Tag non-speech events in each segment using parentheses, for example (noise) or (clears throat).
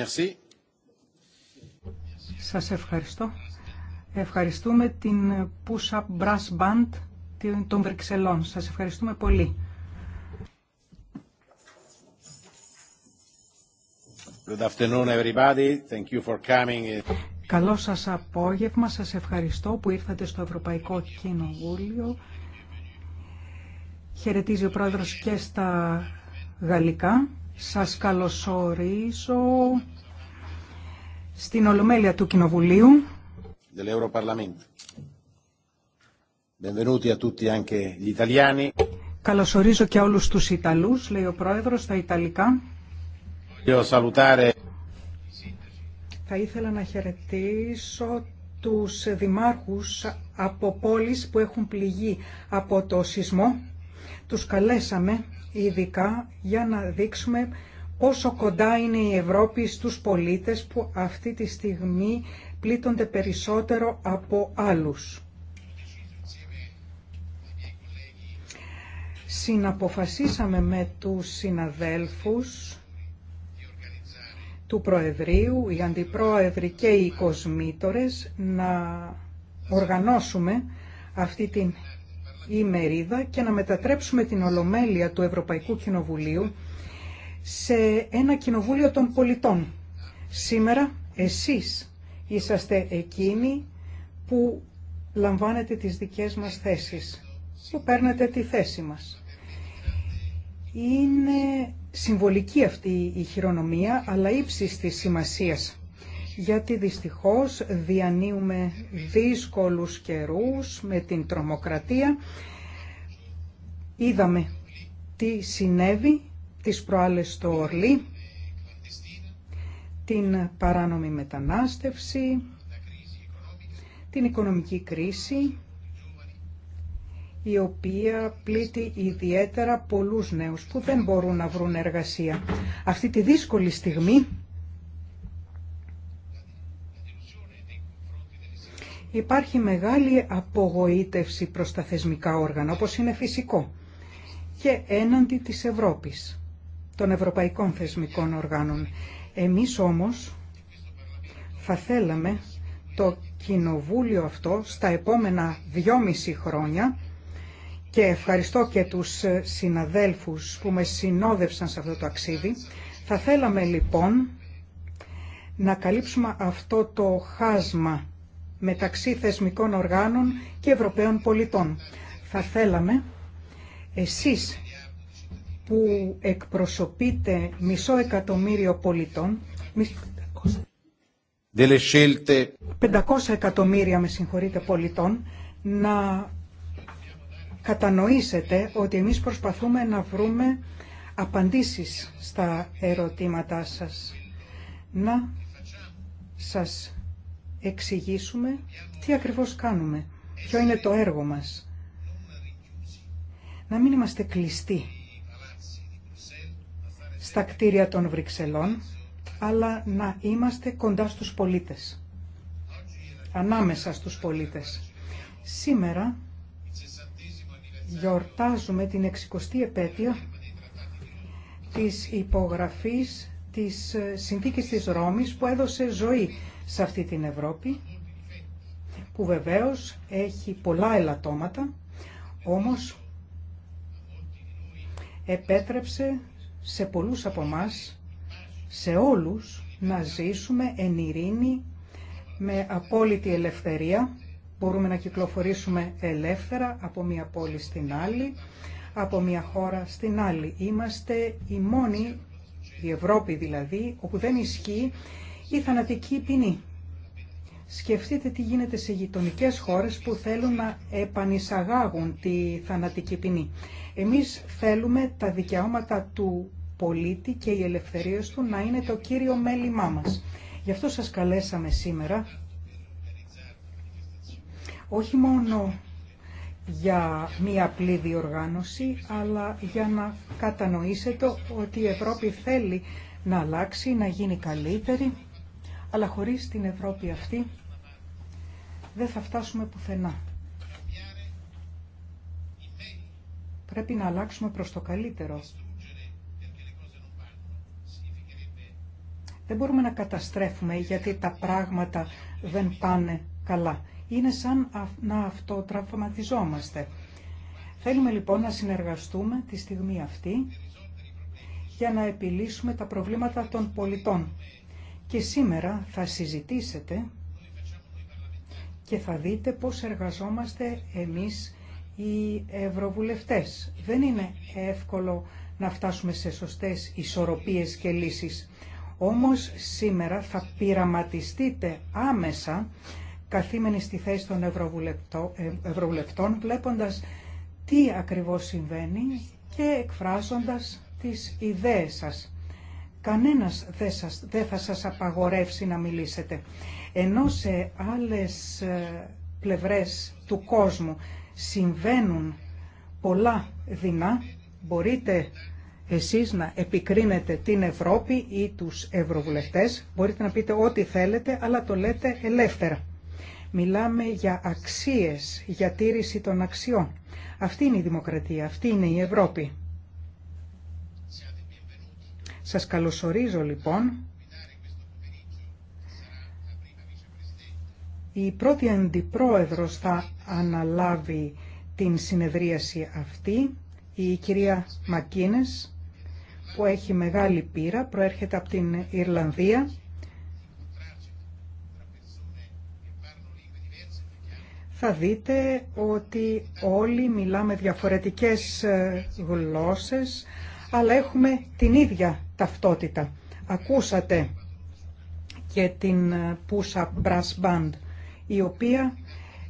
Merci. Σας ευχαριστώ. Ευχαριστούμε την Push Up Brass Band των Βρυξελών. Σας ευχαριστούμε πολύ. Good afternoon everybody. Thank you for coming. Καλό σας απόγευμα. Σας ευχαριστώ που ήρθατε στο Ευρωπαϊκό Κοινοβούλιο. Χαιρετίζει ο Πρόεδρος και στα γαλλικά. Σας καλωσορίζω στην Ολομέλεια του Κοινοβουλίου. Benvenuti a tutti Καλωσορίζω και όλους τους Ιταλούς, λέει ο Πρόεδρος στα Ιταλικά. Θα ήθελα να χαιρετήσω τους δημάρχους από πόλεις που έχουν πληγεί από το σεισμό. Τους καλέσαμε ειδικά για να δείξουμε πόσο κοντά είναι η Ευρώπη στους πολίτες που αυτή τη στιγμή πλήττονται περισσότερο από άλλους. Συναποφασίσαμε με τους συναδέλφους του Προεδρείου, οι Αντιπρόεδροι και οι Κοσμήτορες να οργανώσουμε αυτή την μερίδα και να μετατρέψουμε την Ολομέλεια του Ευρωπαϊκού Κοινοβουλίου σε ένα κοινοβούλιο των πολιτών. Σήμερα εσείς είσαστε εκείνοι που λαμβάνετε τις δικές μας θέσεις, που παίρνετε τη θέση μας. Είναι συμβολική αυτή η χειρονομία, αλλά ύψης της σημασίας γιατί δυστυχώς διανύουμε δύσκολους καιρούς με την τρομοκρατία. Είδαμε τι συνέβη τις προάλλες στο Ορλή, την παράνομη μετανάστευση, την οικονομική κρίση, η οποία πλήττει ιδιαίτερα πολλούς νέους που δεν μπορούν να βρουν εργασία. Αυτή τη δύσκολη στιγμή Υπάρχει μεγάλη απογοήτευση προς τα θεσμικά όργανα, όπως είναι φυσικό, και έναντι της Ευρώπης, των ευρωπαϊκών θεσμικών οργάνων. Εμείς όμως θα θέλαμε το κοινοβούλιο αυτό στα επόμενα δυόμιση χρόνια και ευχαριστώ και τους συναδέλφους που με συνόδευσαν σε αυτό το αξίδι. Θα θέλαμε λοιπόν να καλύψουμε αυτό το χάσμα μεταξύ θεσμικών οργάνων και Ευρωπαίων πολιτών. Θα θέλαμε εσείς που εκπροσωπείτε μισό εκατομμύριο πολιτών, 500 εκατομμύρια με συγχωρείτε πολιτών, να κατανοήσετε ότι εμείς προσπαθούμε να βρούμε απαντήσεις στα ερωτήματά σας. Να σας εξηγήσουμε τι ακριβώς κάνουμε, ποιο είναι το έργο μας. Να μην είμαστε κλειστοί στα κτίρια των Βρυξελών, αλλά να είμαστε κοντά στους πολίτες, ανάμεσα στους πολίτες. Σήμερα γιορτάζουμε την 60η επέτειο της υπογραφής της ε, Συνθήκης της Ρώμης που έδωσε ζωή σε αυτή την Ευρώπη, που βεβαίως έχει πολλά ελαττώματα, όμως επέτρεψε σε πολλούς από μας, σε όλους, να ζήσουμε εν ειρήνη, με απόλυτη ελευθερία. Μπορούμε να κυκλοφορήσουμε ελεύθερα από μία πόλη στην άλλη, από μία χώρα στην άλλη. Είμαστε οι μόνοι, η Ευρώπη δηλαδή, όπου δεν ισχύει η θανατική ποινή. Σκεφτείτε τι γίνεται σε γειτονικέ χώρες που θέλουν να επανεισαγάγουν τη θανατική ποινή. Εμείς θέλουμε τα δικαιώματα του πολίτη και οι ελευθερίες του να είναι το κύριο μέλημά μας. Γι' αυτό σας καλέσαμε σήμερα, όχι μόνο για μία απλή διοργάνωση, αλλά για να κατανοήσετε ότι η Ευρώπη θέλει να αλλάξει, να γίνει καλύτερη αλλά χωρίς την Ευρώπη αυτή δεν θα φτάσουμε πουθενά. Πρέπει να αλλάξουμε προς το καλύτερο. Δεν μπορούμε να καταστρέφουμε γιατί τα πράγματα δεν πάνε καλά. Είναι σαν να αυτοτραυματιζόμαστε. Θέλουμε λοιπόν να συνεργαστούμε τη στιγμή αυτή για να επιλύσουμε τα προβλήματα των πολιτών. Και σήμερα θα συζητήσετε και θα δείτε πώς εργαζόμαστε εμείς οι ευρωβουλευτές. Δεν είναι εύκολο να φτάσουμε σε σωστές ισορροπίες και λύσεις. Όμως σήμερα θα πειραματιστείτε άμεσα καθήμενοι στη θέση των ε, ευρωβουλευτών βλέποντας τι ακριβώς συμβαίνει και εκφράζοντας τις ιδέες σας κανένας δεν, θα σας απαγορεύσει να μιλήσετε. Ενώ σε άλλες ε, πλευρές του κόσμου συμβαίνουν πολλά δεινά, μπορείτε εσείς να επικρίνετε την Ευρώπη ή τους ευρωβουλευτές, μπορείτε να πείτε ό,τι θέλετε, αλλά το λέτε ελεύθερα. Μιλάμε για αξίες, για τήρηση των αξιών. Αυτή είναι η δημοκρατία, αυτή είναι η Ευρώπη. Σας καλωσορίζω λοιπόν. Η πρώτη αντιπρόεδρος θα αναλάβει την συνεδρίαση αυτή, η κυρία Μακίνες, που έχει μεγάλη πείρα, προέρχεται από την Ιρλανδία. Θα δείτε ότι όλοι μιλάμε διαφορετικές ε, γλώσσες, αλλά έχουμε την ίδια ταυτότητα. Ακούσατε και την Πούσα Brass Band, η οποία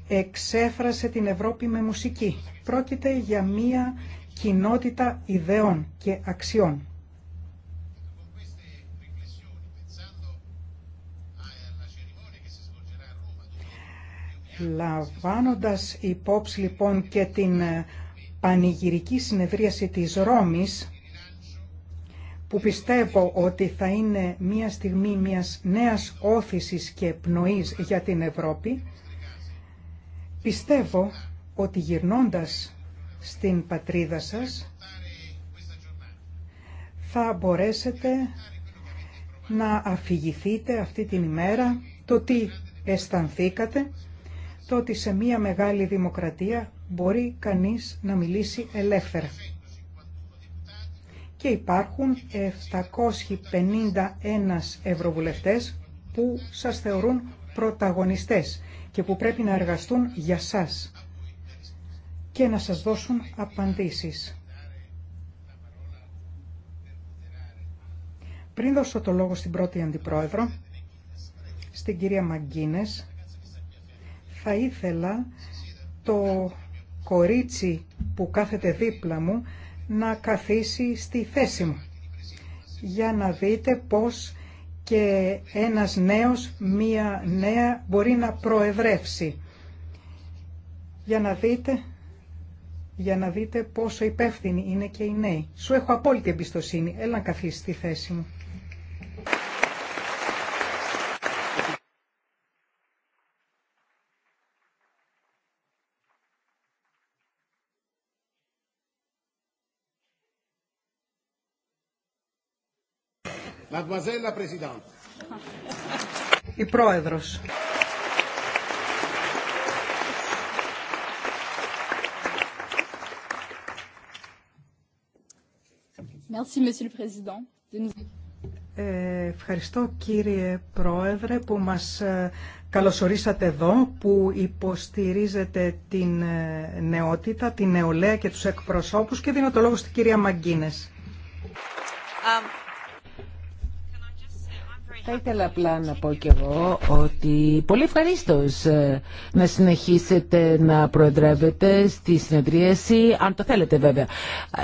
εξέφρασε την Ευρώπη με μουσική. Πρόκειται για μία κοινότητα ιδεών και αξιών. Λαμβάνοντας υπόψη λοιπόν και την πανηγυρική συνεδρίαση της Ρώμης που πιστεύω ότι θα είναι μια στιγμή μιας νέας όθησης και πνοής για την Ευρώπη, πιστεύω ότι γυρνώντας στην πατρίδα σας θα μπορέσετε να αφηγηθείτε αυτή την ημέρα το τι αισθανθήκατε, το ότι σε μια μεγάλη δημοκρατία μπορεί κανείς να μιλήσει ελεύθερα και υπάρχουν 751 ευρωβουλευτές που σας θεωρούν πρωταγωνιστές και που πρέπει να εργαστούν για σας και να σας δώσουν απαντήσεις. Πριν δώσω το λόγο στην πρώτη αντιπρόεδρο, στην κυρία Μαγκίνες, θα ήθελα το κορίτσι που κάθεται δίπλα μου να καθίσει στη θέση μου για να δείτε πώς και ένας νέος, μία νέα μπορεί να προεδρεύσει. Για να δείτε, για να δείτε πόσο υπεύθυνοι είναι και οι νέοι. Σου έχω απόλυτη εμπιστοσύνη. Έλα να καθίσει στη θέση μου. Η Πρόεδρος. Ε, ευχαριστώ κύριε Πρόεδρε που μας ε, καλωσορίσατε εδώ, που υποστηρίζετε την ε, νεότητα, την νεολαία και τους εκπροσώπους και δίνω το λόγο στην κυρία Μαγκίνες. Um, θα ήθελα απλά να πω κι εγώ ότι πολύ ευχαρίστω ε, να συνεχίσετε να προεδρεύετε στη συνεδρίαση, αν το θέλετε βέβαια.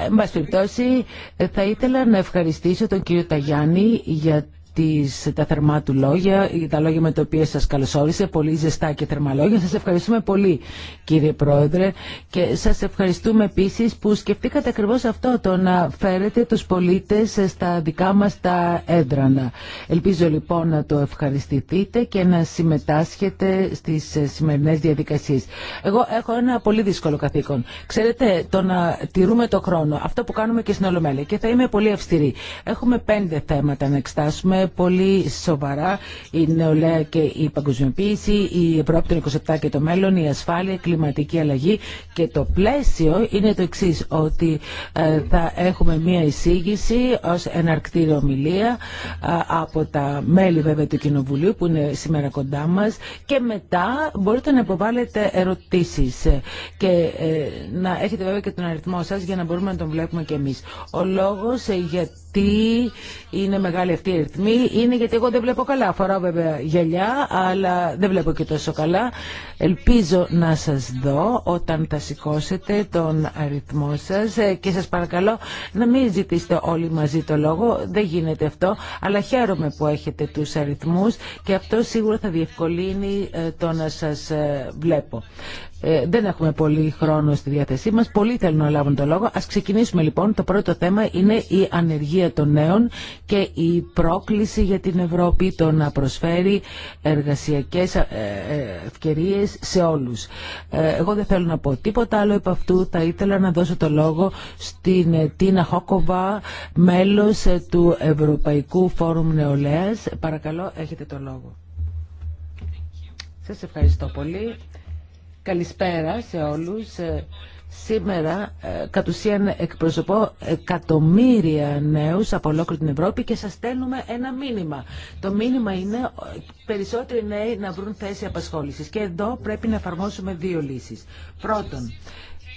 Ε, εν περιπτώσει, θα ήθελα να ευχαριστήσω τον κύριο Ταγιάννη για τις, τα θερμά του λόγια, τα λόγια με τα οποία σας καλωσόρισε, πολύ ζεστά και θερμά λόγια. Σας ευχαριστούμε πολύ κύριε Πρόεδρε και σας ευχαριστούμε επίσης που σκεφτήκατε ακριβώς αυτό, το να φέρετε τους πολίτες στα δικά μας τα έδρανα. Ελπίζω λοιπόν να το ευχαριστηθείτε και να συμμετάσχετε στις σημερινές διαδικασίες. Εγώ έχω ένα πολύ δύσκολο καθήκον. Ξέρετε, το να τηρούμε το χρόνο, αυτό που κάνουμε και στην Ολομέλεια και θα είμαι πολύ αυστηρή. Έχουμε πέντε θέματα να εξτάσουμε πολύ σοβαρά. Η νεολαία και η παγκοσμιοποίηση, η Ευρώπη των 27 και το μέλλον, η ασφάλεια, η κλιματική αλλαγή και το πλαίσιο είναι το εξή ότι ε, θα έχουμε μία εισήγηση ως εναρκτήριο ομιλία ε, από τα μέλη βέβαια του Κοινοβουλίου που είναι σήμερα κοντά μας και μετά μπορείτε να υποβάλλετε ερωτήσεις και ε, να έχετε βέβαια και τον αριθμό σας για να μπορούμε να τον βλέπουμε και εμείς. Ο λόγος γιατί είναι μεγάλη αυτή η αριθμή είναι γιατί εγώ δεν βλέπω καλά. Φοράω βέβαια γυαλιά, αλλά δεν βλέπω και τόσο καλά. Ελπίζω να σας δω όταν θα σηκώσετε τον αριθμό σας ε, και σας παρακαλώ να μην ζητήσετε όλοι μαζί το λόγο. Δεν γίνεται αυτό, αλλά χαίρομαι που έχετε τους αριθμούς και αυτό σίγουρα θα διευκολύνει ε, το να σας ε, βλέπω. Ε, δεν έχουμε πολύ χρόνο στη διάθεσή μας. Πολλοί θέλουν να λάβουν το λόγο. Ας ξεκινήσουμε λοιπόν. Το πρώτο θέμα είναι η ανεργία των νέων και η πρόκληση για την Ευρώπη το να προσφέρει εργασιακές ε, ε, ευκαιρίες σε όλους. εγώ δεν θέλω να πω τίποτα άλλο επ' αυτού. Θα ήθελα να δώσω το λόγο στην Τίνα Χόκοβα, μέλος του Ευρωπαϊκού Φόρουμ Νεολαίας. Παρακαλώ, έχετε το λόγο. Σας ευχαριστώ πολύ. Καλησπέρα σε όλους. Ε, σήμερα ε, κατ' ουσίαν εκπροσωπώ εκατομμύρια νέους από ολόκληρη την Ευρώπη και σας στέλνουμε ένα μήνυμα. Το μήνυμα είναι ε, περισσότεροι νέοι να βρουν θέση απασχόλησης και εδώ πρέπει να εφαρμόσουμε δύο λύσεις. Πρώτον,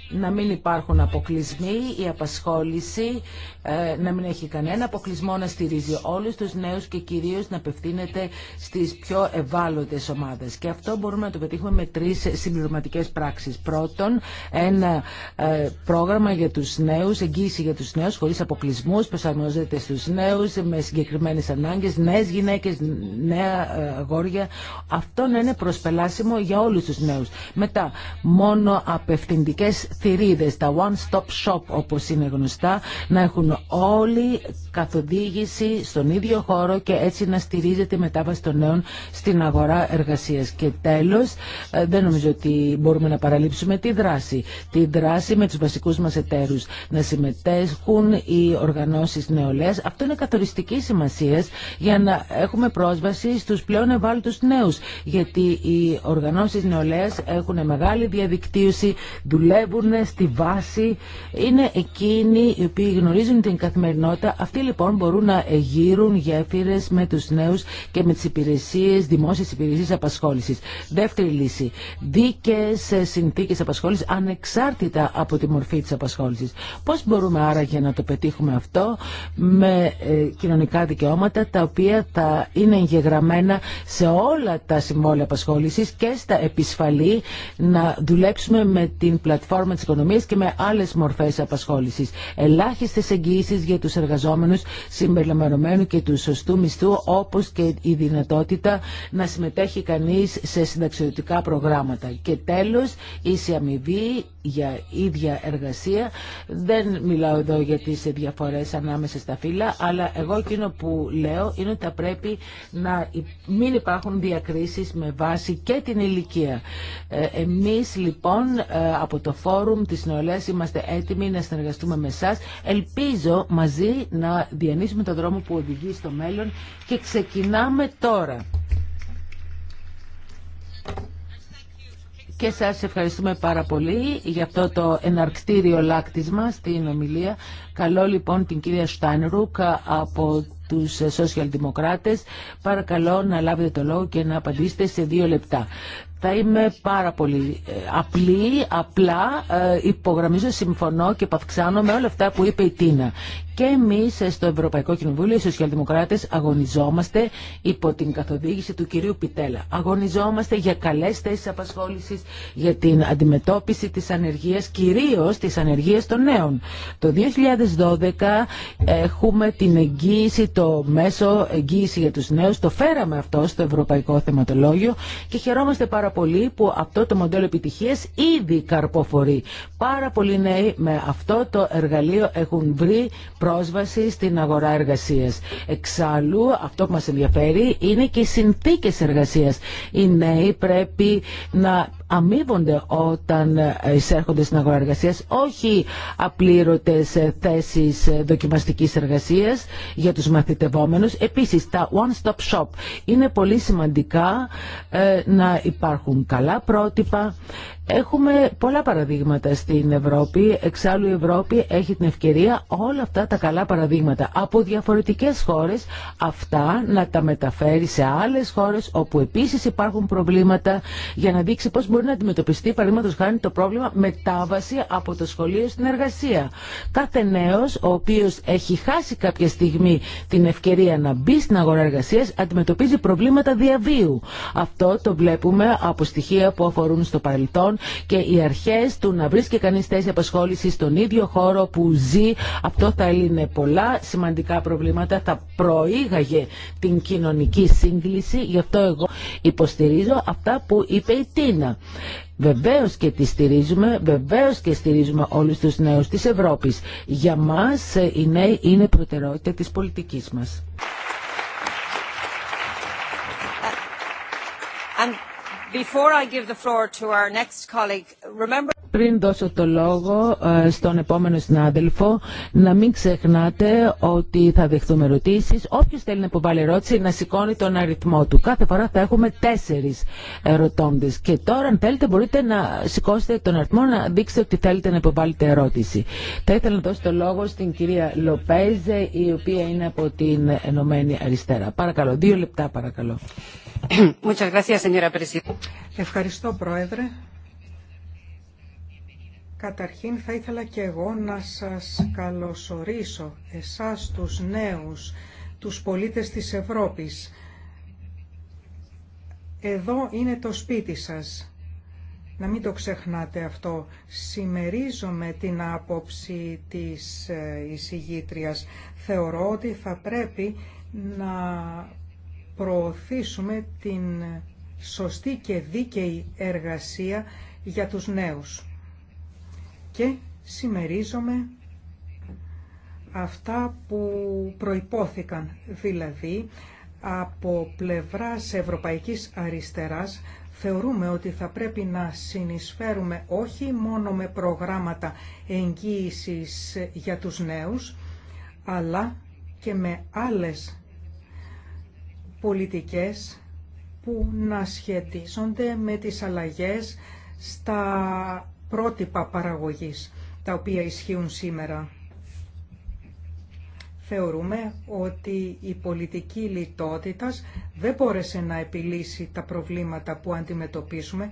να μην υπάρχουν αποκλεισμοί, η απασχόληση ε, να μην έχει κανένα αποκλεισμό, να στηρίζει όλους τους νέους και κυρίως να απευθύνεται στις πιο ευάλωτες ομάδες. Και αυτό μπορούμε να το πετύχουμε με τρεις συμπληρωματικές πράξεις. Πρώτον, ένα ε, πρόγραμμα για τους νέους, εγγύηση για τους νέους, χωρίς αποκλεισμούς, προσαρμοζεται στους νέους, με συγκεκριμένες ανάγκες, νέες γυναίκες, νέα ε, αγόρια. Αυτό να είναι προσπελάσιμο για όλους τους νέους. Μετά, μόνο απευθυντικές θηρίδες, τα one-stop shop όπως είναι γνωστά, να έχουν όλοι καθοδήγηση στον ίδιο χώρο και έτσι να στηρίζεται η μετάβαση των νέων στην αγορά εργασίας. Και τέλος, ε, δεν νομίζω ότι μπορούμε να παραλείψουμε τη δράση. Τη δράση με τους βασικούς μας εταίρους να συμμετέχουν οι οργανώσεις νεολαίας. Αυτό είναι καθοριστική σημασία για να έχουμε πρόσβαση στους πλέον ευάλωτους νέους. Γιατί οι οργανώσεις νεολαίας έχουν μεγάλη διαδικτύωση, δουλεύουν είναι στη βάση, είναι εκείνοι οι οποίοι γνωρίζουν την καθημερινότητα. Αυτοί λοιπόν μπορούν να γύρουν γέφυρες με τους νέους και με τις υπηρεσίες, δημόσιες υπηρεσίες απασχόλησης. Δεύτερη λύση, δίκες συνθήκες απασχόλησης ανεξάρτητα από τη μορφή της απασχόλησης. Πώς μπορούμε άραγε να το πετύχουμε αυτό με ε, κοινωνικά δικαιώματα τα οποία θα είναι εγγεγραμμένα σε όλα τα συμβόλαια απασχόλησης και στα επισφαλή να δουλέψουμε με την πλατφόρμα της οικονομίας και με άλλες μορφές απασχόλησης. Ελάχιστες εγγυήσεις για τους εργαζόμενους συμπεριλαμβανομένου και του σωστού μισθού όπως και η δυνατότητα να συμμετέχει κανείς σε συνταξιωτικά προγράμματα. Και τέλος, ίση αμοιβή για ίδια εργασία. Δεν μιλάω εδώ για τις διαφορές ανάμεσα στα φύλλα, αλλά εγώ εκείνο που λέω είναι ότι θα πρέπει να μην υπάρχουν διακρίσεις με βάση και την ηλικία. Ε, εμείς λοιπόν ε, από το φόρουμ της νεολαίας. Είμαστε έτοιμοι να συνεργαστούμε με εσά. Ελπίζω μαζί να διανύσουμε τον δρόμο που οδηγεί στο μέλλον και ξεκινάμε τώρα. Και σας ευχαριστούμε πάρα πολύ για αυτό το εναρκτήριο λάκτισμα στην ομιλία. Καλό λοιπόν την κυρία Στάνρουκ από τους σοσιαλδημοκράτες. Παρακαλώ να λάβετε το λόγο και να απαντήσετε σε δύο λεπτά. Θα είμαι πάρα πολύ ε, απλή, απλά ε, υπογραμμίζω, συμφωνώ και παυξάνω με όλα αυτά που είπε η Τίνα. Και εμεί στο Ευρωπαϊκό Κοινοβούλιο, οι σοσιαλδημοκράτε, αγωνιζόμαστε υπό την καθοδήγηση του κυρίου Πιτέλα. Αγωνιζόμαστε για καλέ θέσει απασχόληση, για την αντιμετώπιση τη ανεργία, κυρίω τη ανεργία των νέων. Το 2012 έχουμε την εγγύηση, το μέσο εγγύηση για του νέου. Το φέραμε αυτό στο Ευρωπαϊκό Θεματολόγιο και χαιρόμαστε πάρα πολύ που αυτό το μοντέλο επιτυχία ήδη καρποφορεί. Πάρα πολλοί νέοι με αυτό το εργαλείο έχουν βρει πρόσβαση στην αγορά εργασίας. Εξάλλου αυτό που μας ενδιαφέρει είναι και οι συνθήκες εργασίας. Οι νέοι πρέπει να αμείβονται όταν εισέρχονται στην αγορά εργασία, όχι απλήρωτες θέσει δοκιμαστική εργασία για τους μαθητευόμενους. Επίση, τα one-stop shop είναι πολύ σημαντικά ε, να υπάρχουν καλά πρότυπα, Έχουμε πολλά παραδείγματα στην Ευρώπη. Εξάλλου η Ευρώπη έχει την ευκαιρία όλα αυτά τα καλά παραδείγματα από διαφορετικές χώρες αυτά να τα μεταφέρει σε άλλες χώρες όπου επίσης υπάρχουν προβλήματα για να δείξει πώς μπορεί να αντιμετωπιστεί παραδείγματος χάνει το πρόβλημα μετάβαση από το σχολείο στην εργασία. Κάθε νέος ο οποίος έχει χάσει κάποια στιγμή την ευκαιρία να μπει στην αγορά εργασίας αντιμετωπίζει προβλήματα διαβίου. Αυτό το βλέπουμε από στοιχεία που αφορούν στο παρελθόν και οι αρχέ του να βρίσκει κανεί θέση απασχόληση στον ίδιο χώρο που ζει. Αυτό θα έλυνε πολλά σημαντικά προβλήματα, θα προήγαγε την κοινωνική σύγκληση. Γι' αυτό εγώ υποστηρίζω αυτά που είπε η Τίνα. Βεβαίω και τη στηρίζουμε, βεβαίω και στηρίζουμε όλου του νέου τη Ευρώπη. Για μα ε, οι νέοι είναι προτεραιότητα τη πολιτική μα. Πριν δώσω το λόγο ε, στον επόμενο συνάδελφο, να μην ξεχνάτε ότι θα δεχτούμε ερωτήσει. Όποιο θέλει να υποβάλει ερώτηση, να σηκώνει τον αριθμό του. Κάθε φορά θα έχουμε τέσσερι ερωτώντε. Και τώρα, αν θέλετε, μπορείτε να σηκώσετε τον αριθμό, να δείξετε ότι θέλετε να υποβάλλετε ερώτηση. Θα ήθελα να δώσω το λόγο στην κυρία Λοπέζε, η οποία είναι από την Ενωμένη Αριστερά. Παρακαλώ, δύο λεπτά παρακαλώ. (clears throat) Ευχαριστώ, Πρόεδρε. Καταρχήν θα ήθελα και εγώ να σας καλωσορίσω, εσάς τους νέους, τους πολίτες της Ευρώπης. Εδώ είναι το σπίτι σας. Να μην το ξεχνάτε αυτό. Σημερίζομαι την άποψη της ε, εισηγήτριας. Θεωρώ ότι θα πρέπει να προωθήσουμε την σωστή και δίκαιη εργασία για τους νέους. Και συμμερίζομαι αυτά που προϋπόθηκαν, δηλαδή από πλευράς Ευρωπαϊκής Αριστεράς θεωρούμε ότι θα πρέπει να συνεισφέρουμε όχι μόνο με προγράμματα εγγύησης για τους νέους, αλλά και με άλλες πολιτικές που να σχετίζονται με τις αλλαγές στα πρότυπα παραγωγής τα οποία ισχύουν σήμερα. Θεωρούμε ότι η πολιτική λιτότητας δεν μπόρεσε να επιλύσει τα προβλήματα που αντιμετωπίσουμε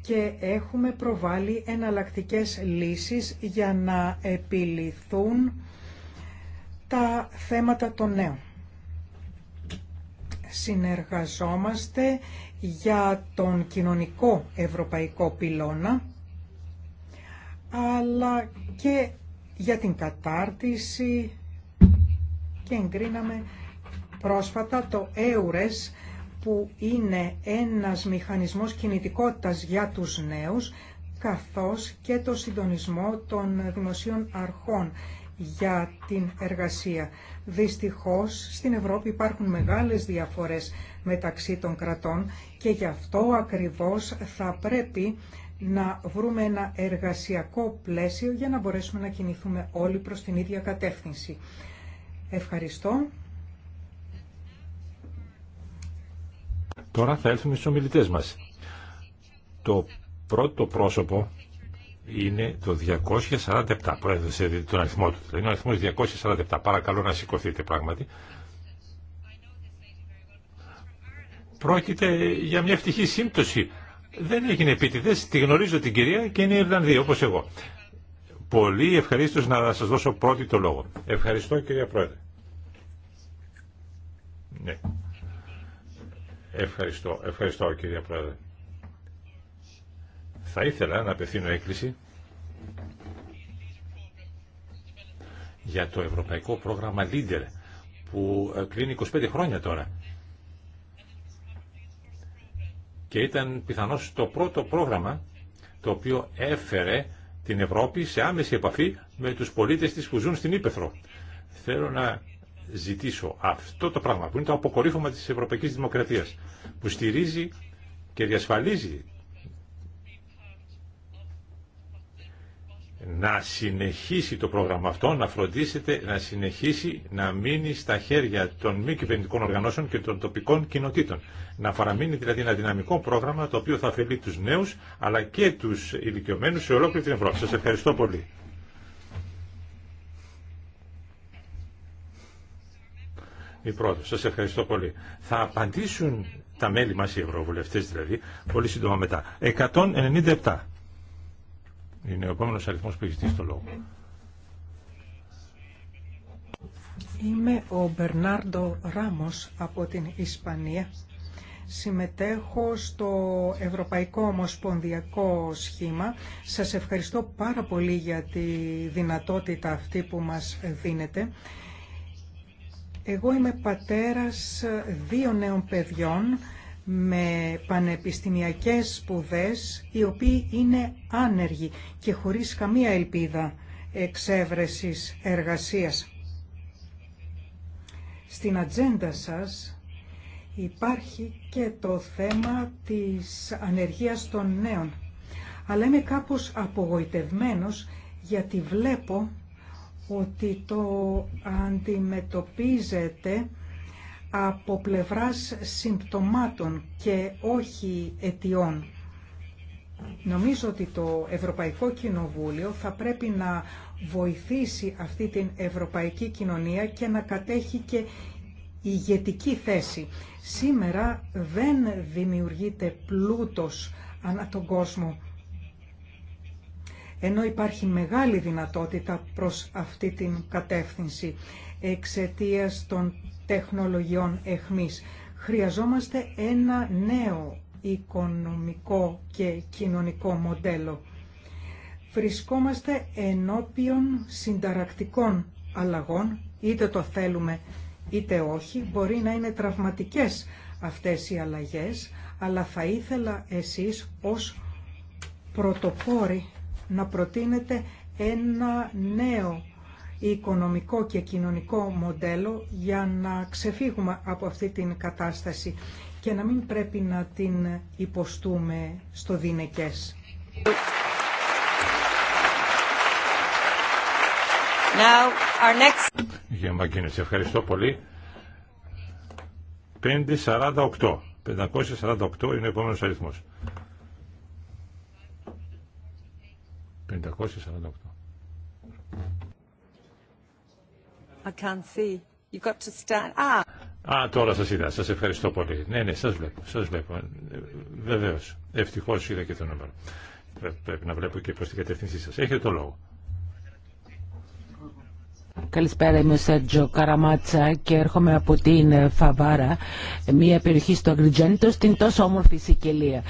και έχουμε προβάλει εναλλακτικές λύσεις για να επιληθούν τα θέματα των νέων συνεργαζόμαστε για τον κοινωνικό ευρωπαϊκό πυλώνα, αλλά και για την κατάρτιση και εγκρίναμε πρόσφατα το EURES που είναι ένας μηχανισμός κινητικότητας για τους νέους καθώς και το συντονισμό των δημοσίων αρχών για την εργασία. Δυστυχώς στην Ευρώπη υπάρχουν μεγάλες διαφορές μεταξύ των κρατών και γι' αυτό ακριβώς θα πρέπει να βρούμε ένα εργασιακό πλαίσιο για να μπορέσουμε να κινηθούμε όλοι προς την ίδια κατεύθυνση. Ευχαριστώ. Τώρα θα έρθουμε στους ομιλητές μας. Το πρώτο πρόσωπο είναι το 247. δείτε τον αριθμό του. Δηλαδή, είναι ο αριθμό 247. Παρακαλώ να σηκωθείτε πράγματι. Πρόκειται για μια ευτυχή σύμπτωση. Δεν έγινε επίτηδε. Τη γνωρίζω την κυρία και είναι Ιρλανδή όπω. εγώ. Πολύ ευχαρίστω να σας δώσω πρώτη το λόγο. Ευχαριστώ κυρία Πρόεδρε. Ναι. Ευχαριστώ. Ευχαριστώ κυρία Πρόεδρε. Θα ήθελα να απευθύνω έκκληση για το ευρωπαϊκό πρόγραμμα Leader που ε, κλείνει 25 χρόνια τώρα. Και ήταν πιθανώς το πρώτο πρόγραμμα το οποίο έφερε την Ευρώπη σε άμεση επαφή με τους πολίτες της που ζουν στην Ήπεθρο. Θέλω να ζητήσω αυτό το πράγμα που είναι το αποκορύφωμα της Ευρωπαϊκής Δημοκρατίας που στηρίζει και διασφαλίζει να συνεχίσει το πρόγραμμα αυτό, να φροντίσετε να συνεχίσει να μείνει στα χέρια των μη κυβερνητικών οργανώσεων και των τοπικών κοινοτήτων. Να παραμείνει δηλαδή ένα δυναμικό πρόγραμμα το οποίο θα αφαιρεί τους νέους αλλά και τους ηλικιωμένους σε ολόκληρη την Ευρώπη. Σας ευχαριστώ πολύ. Η πρώτη, σας ευχαριστώ πολύ. Θα απαντήσουν τα μέλη μας, οι ευρωβουλευτές δηλαδή, πολύ σύντομα μετά. 197. Είναι ο επόμενο αριθμό που έχει λόγο. Είμαι ο Μπερνάρντο Ράμος από την Ισπανία. Συμμετέχω στο Ευρωπαϊκό Ομοσπονδιακό Σχήμα. Σας ευχαριστώ πάρα πολύ για τη δυνατότητα αυτή που μας δίνετε. Εγώ είμαι πατέρας δύο νέων παιδιών με πανεπιστημιακές σπουδές οι οποίοι είναι άνεργοι και χωρίς καμία ελπίδα εξέβρεσης εργασίας. Στην ατζέντα σας υπάρχει και το θέμα της ανεργίας των νέων. Αλλά είμαι κάπως απογοητευμένος γιατί βλέπω ότι το αντιμετωπίζετε από πλευράς συμπτωμάτων και όχι αιτιών. Νομίζω ότι το Ευρωπαϊκό Κοινοβούλιο θα πρέπει να βοηθήσει αυτή την ευρωπαϊκή κοινωνία και να κατέχει και ηγετική θέση. Σήμερα δεν δημιουργείται πλούτος ανά τον κόσμο, ενώ υπάρχει μεγάλη δυνατότητα προς αυτή την κατεύθυνση εξαιτίας των τεχνολογιών εχμής. Χρειαζόμαστε ένα νέο οικονομικό και κοινωνικό μοντέλο. Βρισκόμαστε ενώπιον συνταρακτικών αλλαγών, είτε το θέλουμε είτε όχι. Μπορεί να είναι τραυματικές αυτές οι αλλαγές, αλλά θα ήθελα εσείς ως πρωτοπόροι να προτείνετε ένα νέο οικονομικό και κοινωνικό μοντέλο για να ξεφύγουμε από αυτή την κατάσταση και να μην πρέπει να την υποστούμε στο δίνεκες. Now, ευχαριστώ πολύ. 548. 548 είναι ο επόμενος αριθμός. 548. I can't see. You got to stand. Ah. Α, τώρα σας είδα. Σας ευχαριστώ πολύ. Ναι, ναι, σας βλέπω. Σας βλέπω. Ε, βεβαίως. Ευτυχώς είδα και το νούμερο. Πρέπει να βλέπω και προς την κατεύθυνσή σας. Έχετε το λόγο. Καλησπέρα, είμαι ο Σέρτζο Καραμάτσα και έρχομαι από την Φαβάρα, μια περιοχή στο Αγριτζέντο, στην τόσο όμορφη Σικελία.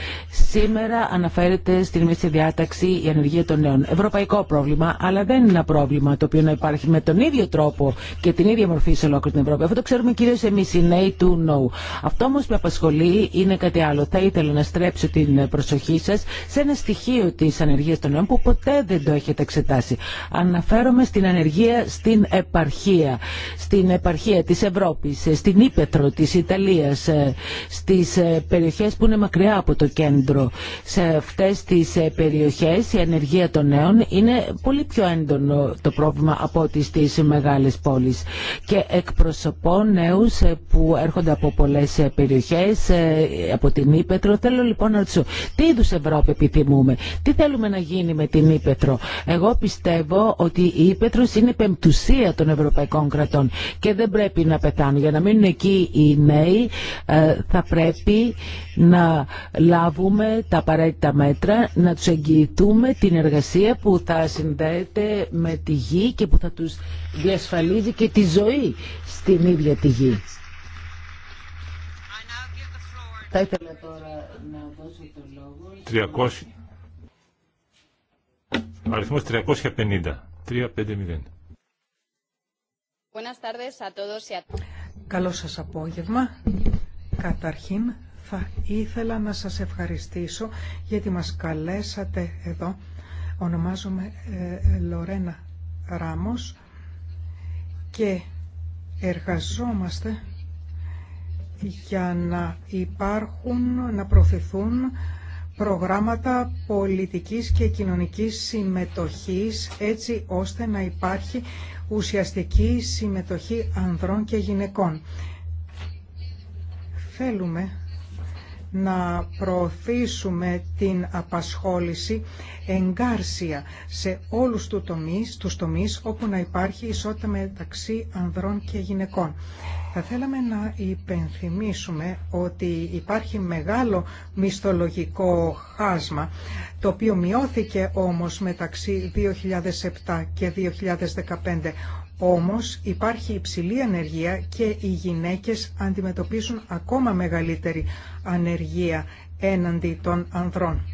Σήμερα αναφέρεται στην μέση διάταξη η ανεργία των νέων. Ευρωπαϊκό πρόβλημα, αλλά δεν είναι ένα πρόβλημα το οποίο να υπάρχει με τον ίδιο τρόπο και την ίδια μορφή σε ολόκληρη την Ευρώπη. Αυτό το ξέρουμε κυρίω εμεί, οι νέοι του νόου. Αυτό όμω που απασχολεί είναι κάτι άλλο. Θα ήθελα να στρέψω την προσοχή σα σε ένα στοιχείο τη ανεργία των νέων που ποτέ δεν το έχετε εξετάσει. Αναφέρομαι στην ανεργία στην επαρχία, στην επαρχία της Ευρώπης, ε, στην Ήπετρο της Ιταλίας, ε, στις ε, περιοχές που είναι μακριά από το κέντρο. Σε αυτές τις περιοχές η ανεργία των νέων είναι πολύ πιο έντονο το πρόβλημα από ό,τι στις μεγάλες πόλεις. Και εκπροσωπώ νέους που έρχονται από πολλές περιοχές, από την Ήπετρο Θέλω λοιπόν να ρωτήσω, τι είδους Ευρώπη επιθυμούμε, τι θέλουμε να γίνει με την Ήπετρο, Εγώ πιστεύω ότι η Ήπετρος είναι πεμπτουσία σημασία των ευρωπαϊκών κρατών και δεν πρέπει να πετάνε. Για να μείνουν εκεί οι νέοι ε, θα πρέπει να λάβουμε τα απαραίτητα μέτρα, να τους εγγυηθούμε την εργασία που θα συνδέεται με τη γη και που θα τους διασφαλίζει και τη ζωή στην ίδια τη γη. Θα ήθελα τώρα να δώσω το λόγο... 300... Αριθμός 350. 350. Καλό σας απόγευμα. Καταρχήν θα ήθελα να σας ευχαριστήσω γιατί μας καλέσατε εδώ. Ονομάζομαι ε, Λορένα Ράμος και εργαζόμαστε για να υπάρχουν, να προωθηθούν προγράμματα πολιτικής και κοινωνικής συμμετοχής έτσι ώστε να υπάρχει ουσιαστική συμμετοχή ανδρών και γυναικών. Θέλουμε να προωθήσουμε την απασχόληση εγκάρσια σε όλους τους τομείς, τους τομείς όπου να υπάρχει ισότητα μεταξύ ανδρών και γυναικών. Θα θέλαμε να υπενθυμίσουμε ότι υπάρχει μεγάλο μισθολογικό χάσμα, το οποίο μειώθηκε όμως μεταξύ 2007 και 2015. Όμως υπάρχει υψηλή ανεργία και οι γυναίκες αντιμετωπίζουν ακόμα μεγαλύτερη ανεργία έναντι των ανδρών.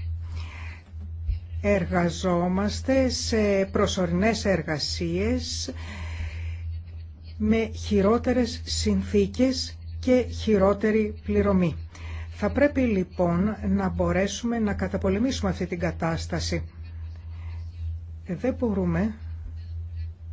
Εργαζόμαστε σε προσωρινές εργασίες με χειρότερες συνθήκες και χειρότερη πληρωμή. Θα πρέπει λοιπόν να μπορέσουμε να καταπολεμήσουμε αυτή την κατάσταση. Δεν μπορούμε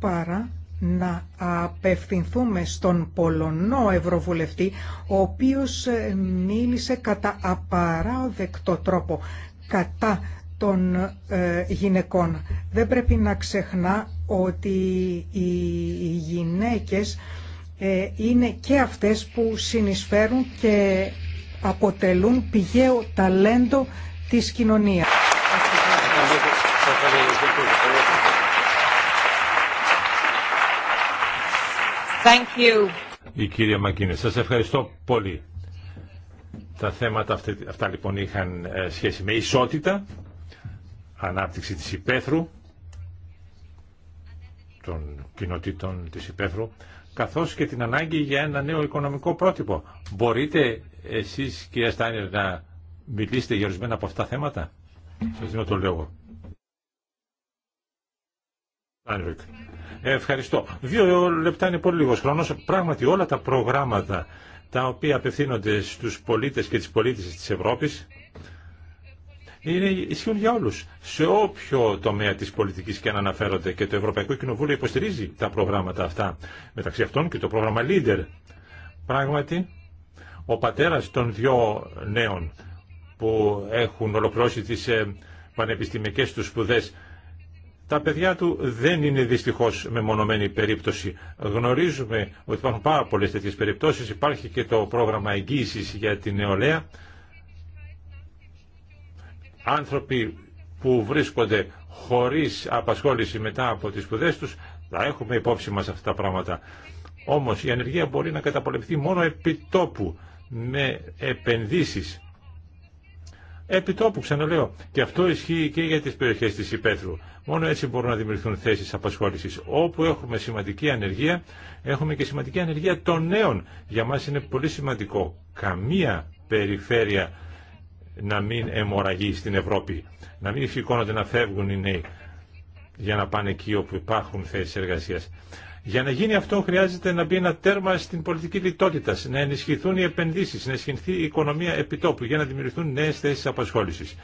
παρά να απευθυνθούμε στον Πολωνό Ευρωβουλευτή, ο οποίος ε, μίλησε κατά απαράδεκτο τρόπο κατά των ε, γυναικών. Δεν πρέπει να ξεχνά ότι οι γυναίκες ε, είναι και αυτές που συνεισφέρουν και αποτελούν πηγαίο ταλέντο της κοινωνίας. Thank you. Η κυρία Μακίνη, σας ευχαριστώ πολύ. Τα θέματα αυτά, αυτά λοιπόν είχαν ε, σχέση με ισότητα, ανάπτυξη της υπαίθρου, των κοινοτήτων της Υπέθρου, καθώς και την ανάγκη για ένα νέο οικονομικό πρότυπο. Μπορείτε εσείς, κυρία Στάνιερ, να μιλήσετε για ορισμένα από αυτά τα θέματα. Σας δίνω το λόγο. Ευχαριστώ. Δύο λεπτά είναι πολύ λίγος χρόνος. Πράγματι όλα τα προγράμματα τα οποία απευθύνονται στους πολίτες και τις πολίτες της Ευρώπης είναι, ισχύουν για όλους, σε όποιο τομέα της πολιτικής και αν αναφέρονται. Και το Ευρωπαϊκό Κοινοβούλιο υποστηρίζει τα προγράμματα αυτά, μεταξύ αυτών και το πρόγραμμα Leader. Πράγματι, ο πατέρας των δυο νέων που έχουν ολοκληρώσει τις ε, πανεπιστημιακές τους σπουδές, τα παιδιά του δεν είναι δυστυχώ μεμονωμένη περίπτωση. Γνωρίζουμε ότι υπάρχουν πάρα πολλέ τέτοιε περιπτώσει. Υπάρχει και το πρόγραμμα εγγύηση για την νεολαία άνθρωποι που βρίσκονται χωρίς απασχόληση μετά από τις σπουδέ τους, θα έχουμε υπόψη μας αυτά τα πράγματα. Όμως η ανεργία μπορεί να καταπολεμηθεί μόνο επί τόπου, με επενδύσεις. Επί τόπου, ξαναλέω. Και αυτό ισχύει και για τις περιοχές της Υπέθρου. Μόνο έτσι μπορούν να δημιουργηθούν θέσεις απασχόλησης. Όπου έχουμε σημαντική ανεργία, έχουμε και σημαντική ανεργία των νέων. Για μας είναι πολύ σημαντικό. Καμία περιφέρεια να μην αιμορραγεί στην Ευρώπη, να μην φυκώνονται να φεύγουν οι νέοι για να πάνε εκεί όπου υπάρχουν θέσεις εργασίας. Για να γίνει αυτό χρειάζεται να μπει ένα τέρμα στην πολιτική λιτότητα, να ενισχυθούν οι επενδύσεις, να ενισχυθεί η οικονομία επιτόπου για να δημιουργηθούν νέες θέσεις απασχόλησης.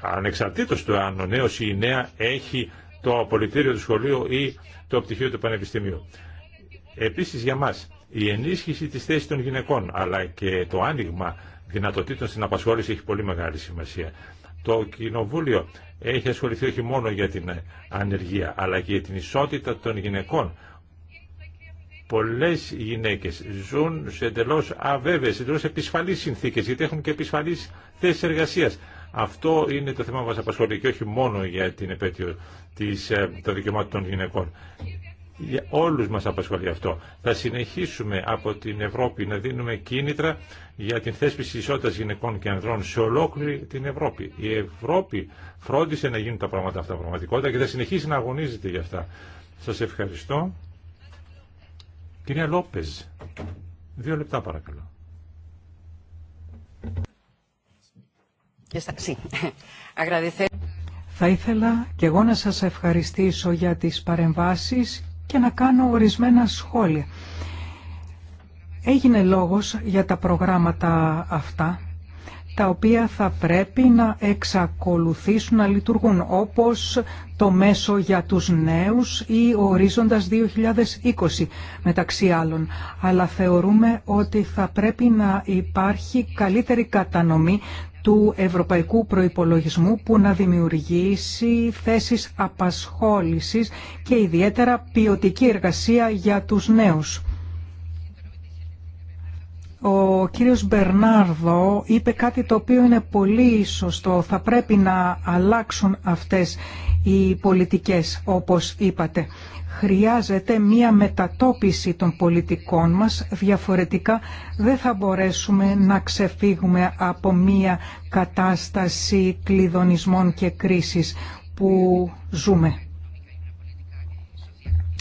Ανεξαρτήτως του αν ο νέος ή η νέα έχει το απολυτήριο του σχολείου ή το πτυχίο του πανεπιστημίου. Επίσης για μας η ενίσχυση της θέσης των γυναικών αλλά και το άνοιγμα δυνατοτήτων στην απασχόληση έχει πολύ μεγάλη σημασία. Το Κοινοβούλιο έχει ασχοληθεί όχι μόνο για την ανεργία, αλλά και για την ισότητα των γυναικών. Πολλές γυναίκες ζουν σε εντελώς αβέβαιες, εντελώς επισφαλείς συνθήκες, γιατί έχουν και επισφαλείς θέσεις εργασίας. Αυτό είναι το θέμα που μας απασχολεί και όχι μόνο για την επέτειο ε, των δικαιωμάτων των γυναικών. Για όλους μας απασχολεί αυτό. Θα συνεχίσουμε από την Ευρώπη να δίνουμε κίνητρα για την θέσπιση ισότητας γυναικών και ανδρών σε ολόκληρη την Ευρώπη. Η Ευρώπη φρόντισε να γίνουν τα πράγματα αυτά πραγματικότητα και θα συνεχίσει να αγωνίζεται για αυτά. Σας ευχαριστώ. Κυρία Λόπεζ, δύο λεπτά παρακαλώ. (laughs) Θα ήθελα και εγώ να σας ευχαριστήσω για τις παρεμβάσεις και να κάνω ορισμένα σχόλια. Έγινε λόγος για τα προγράμματα αυτά, τα οποία θα πρέπει να εξακολουθήσουν να λειτουργούν, όπως το μέσο για τους νέους ή ο ορίζοντας 2020 μεταξύ άλλων. Αλλά θεωρούμε ότι θα πρέπει να υπάρχει καλύτερη κατανομή του ευρωπαϊκού προϋπολογισμού που να δημιουργήσει θέσεις απασχόλησης και ιδιαίτερα ποιοτική εργασία για τους νέους. Ο κύριος Μπερνάρδο είπε κάτι το οποίο είναι πολύ σωστό. Θα πρέπει να αλλάξουν αυτές οι πολιτικές, όπως είπατε. Χρειάζεται μία μετατόπιση των πολιτικών μας, διαφορετικά δεν θα μπορέσουμε να ξεφύγουμε από μία κατάσταση κλειδονισμών και κρίσης που ζούμε.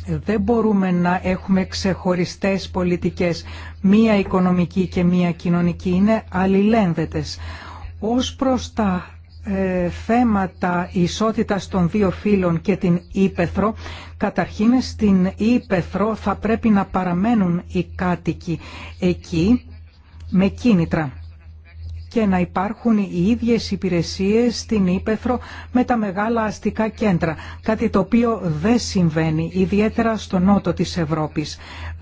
Δεν μπορούμε να έχουμε ξεχωριστές πολιτικές, μία οικονομική και μία κοινωνική, είναι αλληλένδετες. Ως προς τα ε, θέματα ισότητας των δύο φύλων και την Ήπεθρο, καταρχήν στην Ήπεθρο θα πρέπει να παραμένουν οι κάτοικοι εκεί με κίνητρα και να υπάρχουν οι ίδιες υπηρεσίες στην Ήπεθρο με τα μεγάλα αστικά κέντρα, κάτι το οποίο δεν συμβαίνει, ιδιαίτερα στο νότο της Ευρώπης.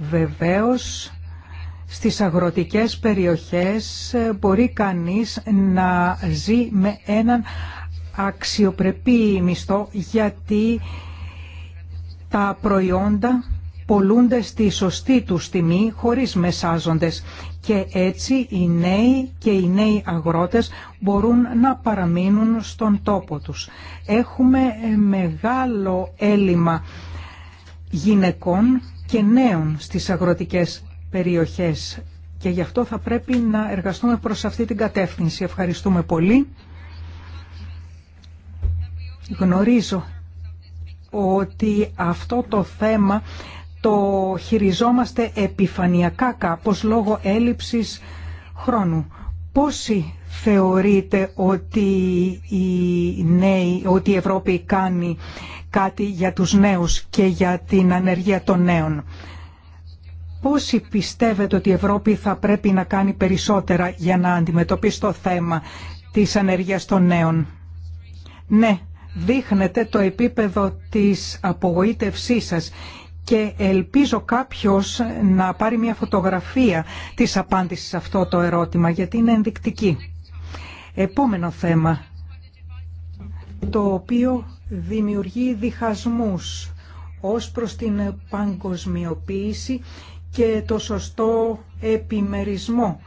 Βεβαίως, στις αγροτικές περιοχές μπορεί κανείς να ζει με έναν αξιοπρεπή μισθό γιατί τα προϊόντα πολλούνται στη σωστή του τιμή χωρίς μεσάζοντες και έτσι οι νέοι και οι νέοι αγρότες μπορούν να παραμείνουν στον τόπο τους. Έχουμε μεγάλο έλλειμμα γυναικών και νέων στις αγροτικές περιοχές και γι' αυτό θα πρέπει να εργαστούμε προς αυτή την κατεύθυνση. Ευχαριστούμε πολύ. Γνωρίζω ότι αυτό το θέμα το χειριζόμαστε επιφανειακά κάπως λόγω έλλειψης χρόνου. Πόσοι θεωρείτε ότι η, ότι η Ευρώπη κάνει κάτι για τους νέους και για την ανεργία των νέων. Πόσοι πιστεύετε ότι η Ευρώπη θα πρέπει να κάνει περισσότερα για να αντιμετωπίσει το θέμα της ανεργίας των νέων. Ναι, δείχνετε το επίπεδο της απογοήτευσής σας και ελπίζω κάποιος να πάρει μια φωτογραφία της απάντησης σε αυτό το ερώτημα γιατί είναι ενδεικτική. Επόμενο θέμα, το οποίο δημιουργεί διχασμούς ως προς την παγκοσμιοποίηση και το σωστό επιμερισμό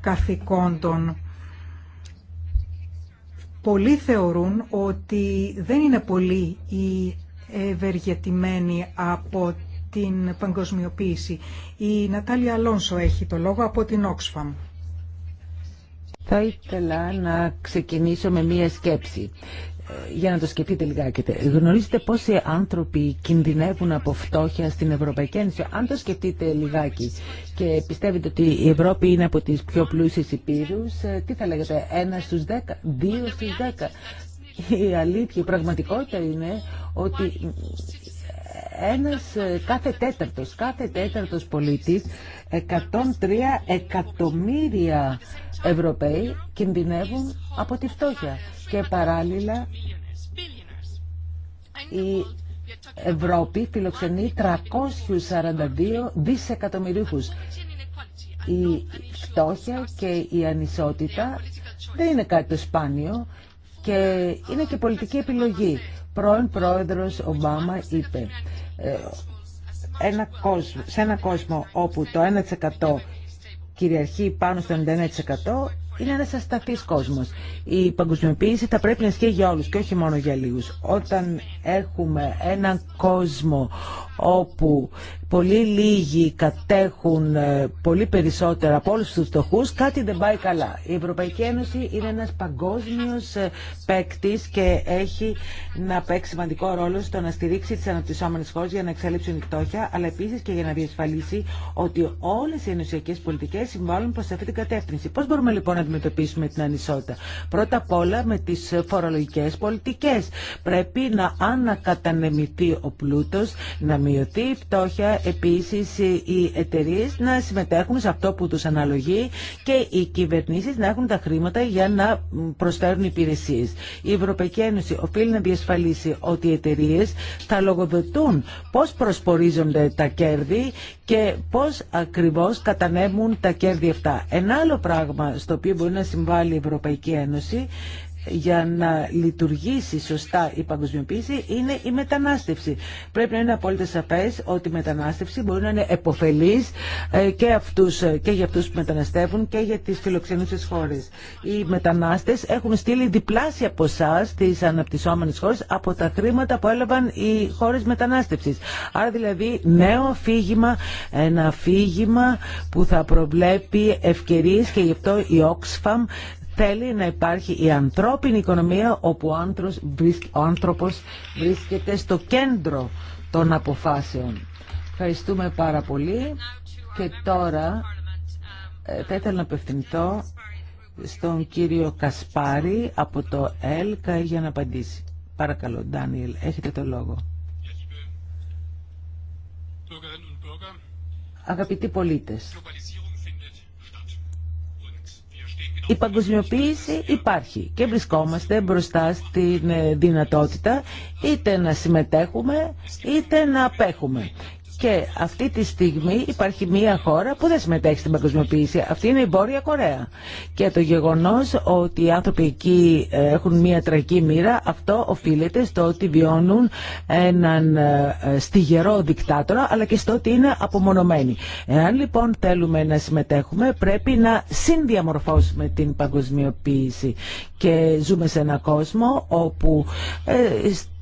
καθηκόντων. Πολλοί θεωρούν ότι δεν είναι πολύ οι ευεργετημένοι από την παγκοσμιοποίηση. Η Νατάλια Αλόνσο έχει το λόγο από την Oxfam. Θα ήθελα να ξεκινήσω με μία σκέψη για να το σκεφτείτε λιγάκι. Γνωρίζετε πόσοι άνθρωποι κινδυνεύουν από φτώχεια στην Ευρωπαϊκή Ένωση. Αν το σκεφτείτε λιγάκι και πιστεύετε ότι η Ευρώπη είναι από τις πιο πλούσιες υπήρους, ε, τι θα λέγατε, ένα στους δέκα, δύο στους δέκα. Η αλήθεια, η πραγματικότητα είναι ότι ένας ε, κάθε τέταρτος, κάθε τέταρτος πολίτης, 103 εκατομμύρια Ευρωπαίοι κινδυνεύουν από τη φτώχεια και παράλληλα η Ευρώπη φιλοξενεί 342 δισεκατομμυρίχους. Η φτώχεια και η ανισότητα δεν είναι κάτι το σπάνιο και είναι και πολιτική επιλογή. Πρώην πρόεδρος Ομπάμα είπε ε, ένα κόσμο, σε ένα κόσμο όπου το 1% κυριαρχεί πάνω στο 99%, είναι ένα ασταθής κόσμος. Η παγκοσμιοποίηση θα πρέπει να ισχύει για όλους και όχι μόνο για λίγου. Όταν έχουμε έναν κόσμο όπου Πολύ λίγοι κατέχουν ε, πολύ περισσότερα από όλου του φτωχού. Κάτι δεν πάει καλά. Η Ευρωπαϊκή Ένωση είναι ένα παγκόσμιο ε, παίκτη και έχει να παίξει σημαντικό ρόλο στο να στηρίξει τι αναπτυσσόμενε χώρε για να εξαλείψουν η φτώχεια, αλλά επίση και για να διασφαλίσει ότι όλε οι ενωσιακέ πολιτικέ συμβάλλουν προ αυτή την κατεύθυνση. Πώ μπορούμε λοιπόν να αντιμετωπίσουμε την ανισότητα. Πρώτα απ' όλα με τι φορολογικέ πολιτικέ. Πρέπει να ανακατανεμηθεί ο πλούτο, να μειωθεί η φτώχεια επίσης οι εταιρείε να συμμετέχουν σε αυτό που τους αναλογεί και οι κυβερνήσεις να έχουν τα χρήματα για να προσφέρουν υπηρεσίες. Η Ευρωπαϊκή Ένωση οφείλει να διασφαλίσει ότι οι εταιρείε θα λογοδοτούν πώς προσπορίζονται τα κέρδη και πώς ακριβώς κατανέμουν τα κέρδη αυτά. Ένα άλλο πράγμα στο οποίο μπορεί να συμβάλλει η Ευρωπαϊκή Ένωση για να λειτουργήσει σωστά η παγκοσμιοποίηση είναι η μετανάστευση. Πρέπει να είναι απόλυτα σαφέ ότι η μετανάστευση μπορεί να είναι επωφελή ε, και, ε, και για αυτού που μεταναστεύουν και για τι φιλοξενούσε χώρε. Οι μετανάστε έχουν στείλει διπλάσια ποσά στι αναπτυσσόμενε χώρε από τα χρήματα που έλαβαν οι χώρε μετανάστευση. Άρα δηλαδή νέο αφήγημα, ένα αφήγημα που θα προβλέπει ευκαιρίε και γι' αυτό η Oxfam θέλει να υπάρχει η ανθρώπινη οικονομία όπου ο άνθρωπος βρίσκεται στο κέντρο των αποφάσεων. Ευχαριστούμε πάρα πολύ και τώρα ε, θα ήθελα να απευθυνθώ στον κύριο Κασπάρη από το ΕΛΚΑ για να απαντήσει. Παρακαλώ, Ντάνιελ, έχετε το λόγο. Αγαπητοί πολίτες, η παγκοσμιοποίηση υπάρχει και βρισκόμαστε μπροστά στην ε, δυνατότητα είτε να συμμετέχουμε είτε να απέχουμε. Και αυτή τη στιγμή υπάρχει μία χώρα που δεν συμμετέχει στην παγκοσμιοποίηση. Αυτή είναι η Βόρεια Κορέα. Και το γεγονός ότι οι άνθρωποι εκεί ε, έχουν μία τραγική μοίρα, αυτό οφείλεται στο ότι βιώνουν έναν ε, στιγερό δικτάτορα, αλλά και στο ότι είναι απομονωμένοι. Εάν λοιπόν θέλουμε να συμμετέχουμε, πρέπει να συνδιαμορφώσουμε την παγκοσμιοποίηση. Και ζούμε σε ένα κόσμο όπου ε,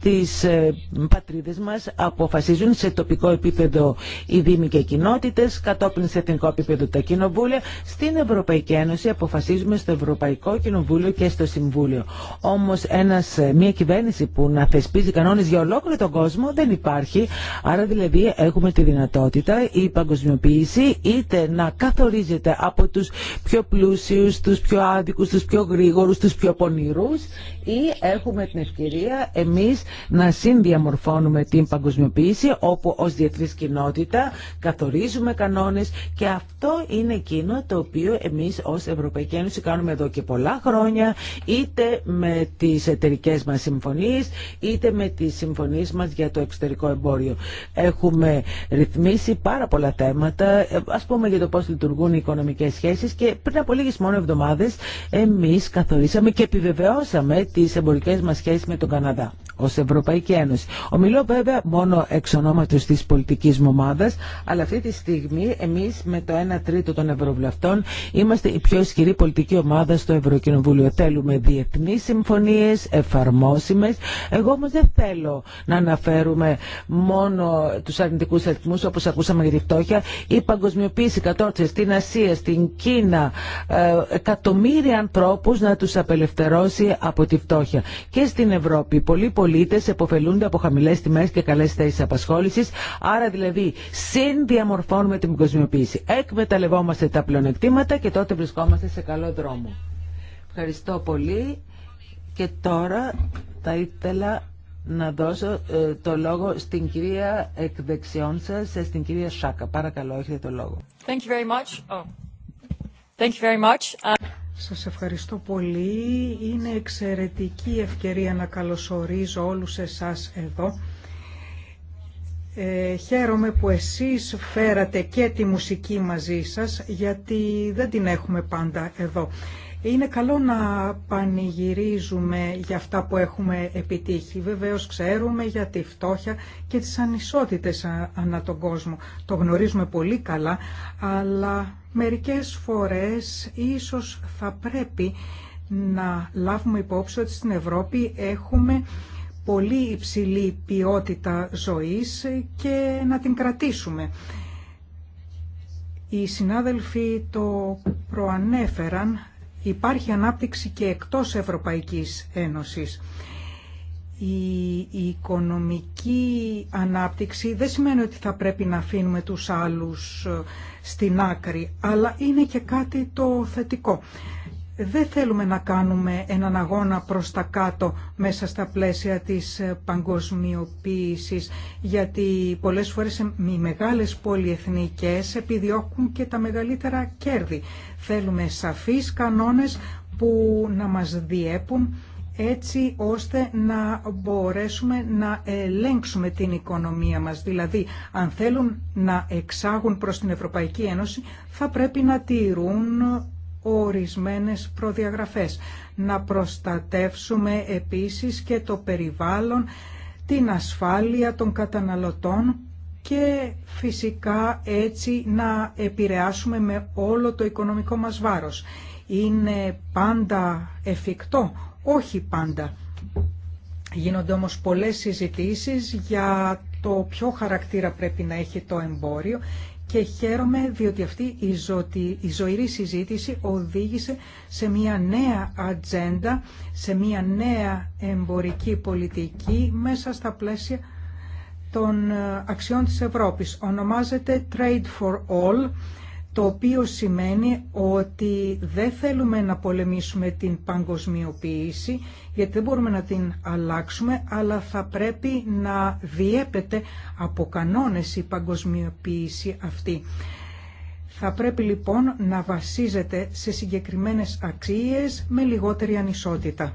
στις ε, πατρίδες μας αποφασίζουν σε τοπικό επίπεδο οι δήμοι και οι κοινότητες, κατόπιν σε εθνικό επίπεδο τα κοινοβούλια. Στην Ευρωπαϊκή Ένωση αποφασίζουμε στο Ευρωπαϊκό Κοινοβούλιο και στο Συμβούλιο. Όμως ένας, ε, μια κυβέρνηση που να θεσπίζει κανόνες για ολόκληρο τον κόσμο δεν υπάρχει. Άρα δηλαδή έχουμε τη δυνατότητα η παγκοσμιοποίηση είτε να καθορίζεται από τους πιο πλούσιους, τους πιο άδικους, τους πιο γρήγορους, τους πιο πονηρούς ή έχουμε την ευκαιρία εμείς να συνδιαμορφώνουμε την παγκοσμιοποίηση όπου ως διεθνής κοινότητα καθορίζουμε κανόνες και αυτό είναι εκείνο το οποίο εμείς ως Ευρωπαϊκή Ένωση κάνουμε εδώ και πολλά χρόνια είτε με τις εταιρικέ μας συμφωνίες είτε με τις συμφωνίες μας για το εξωτερικό εμπόριο. Έχουμε ρυθμίσει πάρα πολλά θέματα ε, ας πούμε για το πώς λειτουργούν οι οικονομικές σχέσεις και πριν από λίγες μόνο εβδομάδες εμείς καθορίσαμε και επιβεβαιώσαμε τις εμπορικές μας σχέσεις με τον Καναδά ως Ευρωπαϊκή Ένωση. Ομιλώ βέβαια μόνο εξ ονόματος της πολιτικής μου ομάδας, αλλά αυτή τη στιγμή εμείς με το 1 τρίτο των Ευρωβουλευτών είμαστε η πιο ισχυρή πολιτική ομάδα στο Ευρωκοινοβούλιο. Θέλουμε διεθνείς συμφωνίες, εφαρμόσιμες. Εγώ όμως δεν θέλω να αναφέρουμε μόνο τους αρνητικούς αριθμούς όπως ακούσαμε για τη φτώχεια. Η παγκοσμιοποίηση κατόρθωσε στην Ασία, στην Κίνα, ε, εκατομμύρια ανθρώπους να τους απελευθερώσει από τη φτώχεια. Και στην Ευρώπη πολύ πολίτες εποφελούνται από χαμηλές τιμές και καλέ θέσει απασχόλησης. Άρα δηλαδή συνδιαμορφώνουμε την κοσμιοποίηση. Εκμεταλλευόμαστε τα πλεονεκτήματα και τότε βρισκόμαστε σε καλό δρόμο. Ευχαριστώ πολύ και τώρα θα ήθελα να δώσω ε, το λόγο στην κυρία εκ δεξιών σας, ε, στην κυρία Σάκα. Παρακαλώ, έχετε το λόγο. Thank you very much. Oh. Thank you very much. Uh, σας ευχαριστώ πολύ. Είναι εξαιρετική ευκαιρία να καλωσορίζω όλους εσάς εδώ. Ε, χαίρομαι που εσείς φέρατε και τη μουσική μαζί σας, γιατί δεν την έχουμε πάντα εδώ. Είναι καλό να πανηγυρίζουμε για αυτά που έχουμε επιτύχει. Βεβαίως ξέρουμε για τη φτώχεια και τις ανισότητες ανά τον κόσμο. Το γνωρίζουμε πολύ καλά, αλλά Μερικές φορές ίσως θα πρέπει να λάβουμε υπόψη ότι στην Ευρώπη έχουμε πολύ υψηλή ποιότητα ζωής και να την κρατήσουμε. Οι συνάδελφοι το προανέφεραν, υπάρχει ανάπτυξη και εκτός Ευρωπαϊκής Ένωσης η οικονομική ανάπτυξη δεν σημαίνει ότι θα πρέπει να αφήνουμε τους άλλους ε, στην άκρη, αλλά είναι και κάτι το θετικό. Δεν θέλουμε να κάνουμε έναν αγώνα προς τα κάτω μέσα στα πλαίσια της ε, παγκοσμιοποίησης, γιατί πολλές φορές οι μεγάλες πολυεθνικές επιδιώκουν και τα μεγαλύτερα κέρδη. Θέλουμε σαφείς κανόνες που να μας διέπουν έτσι ώστε να μπορέσουμε να ελέγξουμε την οικονομία μας. Δηλαδή, αν θέλουν να εξάγουν προς την Ευρωπαϊκή Ένωση, θα πρέπει να τηρούν ορισμένες προδιαγραφές. Να προστατεύσουμε επίσης και το περιβάλλον, την ασφάλεια των καταναλωτών και φυσικά έτσι να επηρεάσουμε με όλο το οικονομικό μας βάρος. Είναι πάντα εφικτό όχι πάντα. Γίνονται όμως πολλές συζητήσεις για το ποιο χαρακτήρα πρέπει να έχει το εμπόριο και χαίρομαι διότι αυτή η, ζω... η ζωηρή συζήτηση οδήγησε σε μια νέα ατζέντα, σε μια νέα εμπορική πολιτική μέσα στα πλαίσια των ε, αξιών της Ευρώπης. Ονομάζεται Trade for All το οποίο σημαίνει ότι δεν θέλουμε να πολεμήσουμε την παγκοσμιοποίηση, γιατί δεν μπορούμε να την αλλάξουμε, αλλά θα πρέπει να διέπεται από κανόνες η παγκοσμιοποίηση αυτή. Θα πρέπει λοιπόν να βασίζεται σε συγκεκριμένες αξίες με λιγότερη ανισότητα.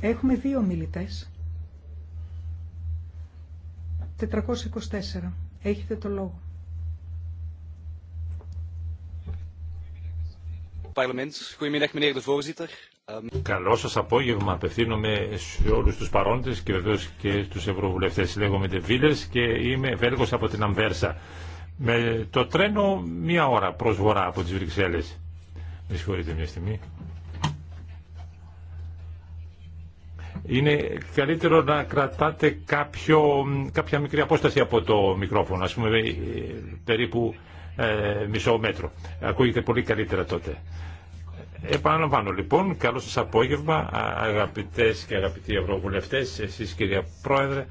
Έχουμε δύο μιλητές. 424. Έχετε το λόγο. parlement. Goedemiddag ehm, Καλό σας απόγευμα. Απευθύνομαι σε όλους τους παρόντες και βεβαίως και τους ευρωβουλευτές. Λέγομαι Ντεβίλες και είμαι Βέλγος από την Αμβέρσα. Με το τρένο μία ώρα προς βορρά από τις Βρυξέλλες. Με συγχωρείτε μια ωρα προς απο Είναι καλύτερο να κρατάτε κάποιο, κάποια μικρή απόσταση από το μικρόφωνο, ας πούμε ε, περίπου ε, μισό μέτρο. Ακούγεται πολύ καλύτερα τότε. Επαναλαμβάνω λοιπόν, καλό σας απόγευμα αγαπητές και αγαπητοί ευρωβουλευτές, εσείς κυρία Πρόεδρε,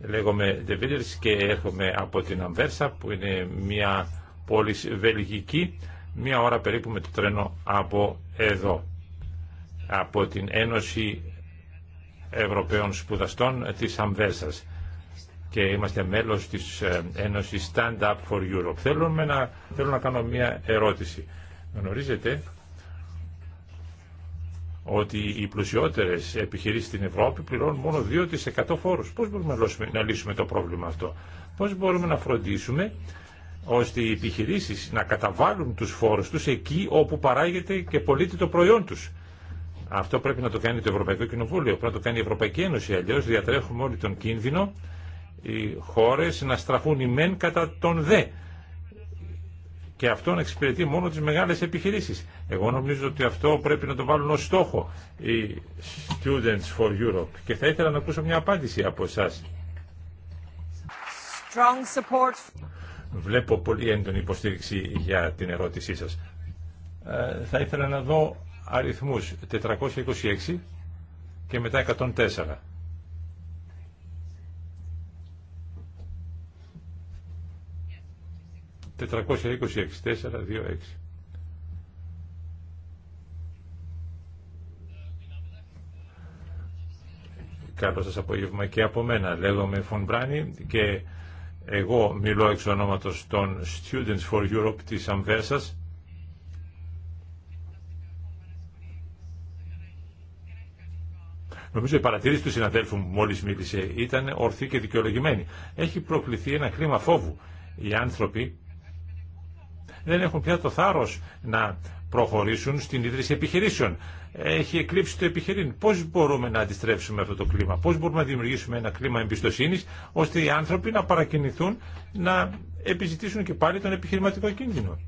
λέγομαι Ντεβίλερς και έρχομαι από την Αμβέρσα που είναι μια πόλη βελγική, μια ώρα περίπου με το τρένο από εδώ, από την Ένωση Ευρωπαίων Σπουδαστών της Αμβέρσας και είμαστε μέλος της ε, Ένωσης Stand Up for Europe. να, θέλω να κάνω μια ερώτηση. Γνωρίζετε ότι οι πλουσιότερες επιχειρήσεις στην Ευρώπη πληρώνουν μόνο 2% φόρους. Πώς μπορούμε να λύσουμε το πρόβλημα αυτό. Πώς μπορούμε να φροντίσουμε ώστε οι επιχειρήσεις να καταβάλουν τους φόρους τους εκεί όπου παράγεται και πωλείται το προϊόν τους. Αυτό πρέπει να το κάνει το Ευρωπαϊκό Κοινοβούλιο, πρέπει να το κάνει η Ευρωπαϊκή Ένωση, αλλιώς διατρέχουμε όλοι τον κίνδυνο οι χώρες να στραφούν οι μεν κατά τον δε και αυτό να εξυπηρετεί μόνο τις μεγάλες επιχειρήσεις. Εγώ νομίζω ότι αυτό πρέπει να το βάλουν ως στόχο οι Students for Europe και θα ήθελα να ακούσω μια απάντηση από εσά. Βλέπω πολύ έντονη υποστήριξη για την ερώτησή σας. Ε, θα ήθελα να δω αριθμούς 426 και μετά 104. 426. 426. Καλό σας απόγευμα και από μένα. Λέγομαι Μπράνι και εγώ μιλώ εξ ονόματος των Students for Europe της Αμβέρσας. Νομίζω η παρατήρηση του συναδέλφου μου μόλις μίλησε ήταν ορθή και δικαιολογημένη. Έχει προκληθεί ένα κλίμα φόβου. Οι άνθρωποι δεν έχουν πια το θάρρος να προχωρήσουν στην ίδρυση επιχειρήσεων. Έχει εκλείψει το επιχειρήν. Πώς μπορούμε να αντιστρέψουμε αυτό το κλίμα, πώς μπορούμε να δημιουργήσουμε ένα κλίμα εμπιστοσύνης, ώστε οι άνθρωποι να παρακινηθούν να επιζητήσουν και πάλι τον επιχειρηματικό κίνδυνο.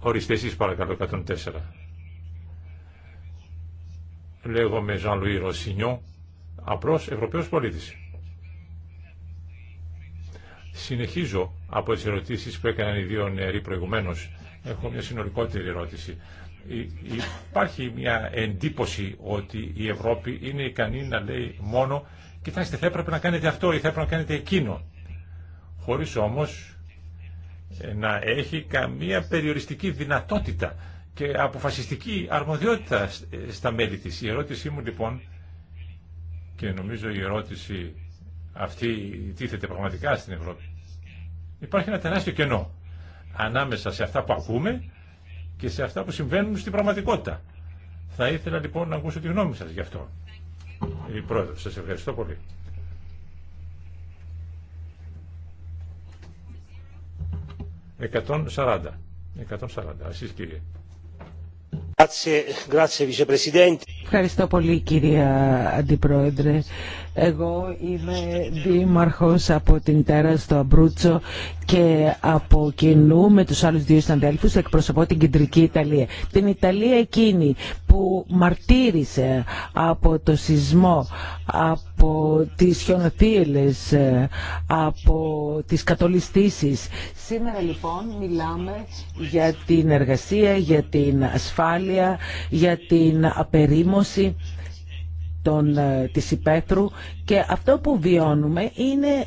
Ορίστε εσείς παρακαλώ 104. Λέγομαι Ζαν Λουί Ρωσινιό, απλός Ευρωπαίος πολίτης. Συνεχίζω από τις ερωτήσεις που έκαναν οι δύο νεαροί προηγουμένως. Έχω μια συνολικότερη ερώτηση. Υπάρχει μια εντύπωση ότι η Ευρώπη είναι ικανή να λέει μόνο «Κοιτάξτε, θα έπρεπε να κάνετε αυτό ή θα έπρεπε να κάνετε εκείνο». Χωρίς όμως ε, να έχει καμία περιοριστική δυνατότητα και αποφασιστική αρμοδιότητα ε, στα μέλη της. Η ερώτησή μου λοιπόν και νομίζω η ερώτηση αυτή τίθεται πραγματικά στην Ευρώπη. Υπάρχει ένα τεράστιο κενό ανάμεσα σε αυτά που ακούμε και σε αυτά που συμβαίνουν στην πραγματικότητα. Θα ήθελα λοιπόν να ακούσω τη γνώμη σας γι' αυτό. Η σας ευχαριστώ πολύ. Εκατόν σαράντα. σαράντα. Ευχαριστώ πολύ κύριε Αντιπρόεδρε. Εγώ είμαι δήμαρχος από την Τέρα στο Αμπρούτσο και από κοινού με τους άλλους δύο συναδέλφους εκπροσωπώ την κεντρική Ιταλία. Την Ιταλία εκείνη που μαρτύρησε από το σεισμό, από τις χιονοθύελες, από τις κατολιστήσεις. Σήμερα λοιπόν μιλάμε για την εργασία, για την ασφάλεια, για την απερίμωση των, ε, της υπαίθρου και αυτό που βιώνουμε είναι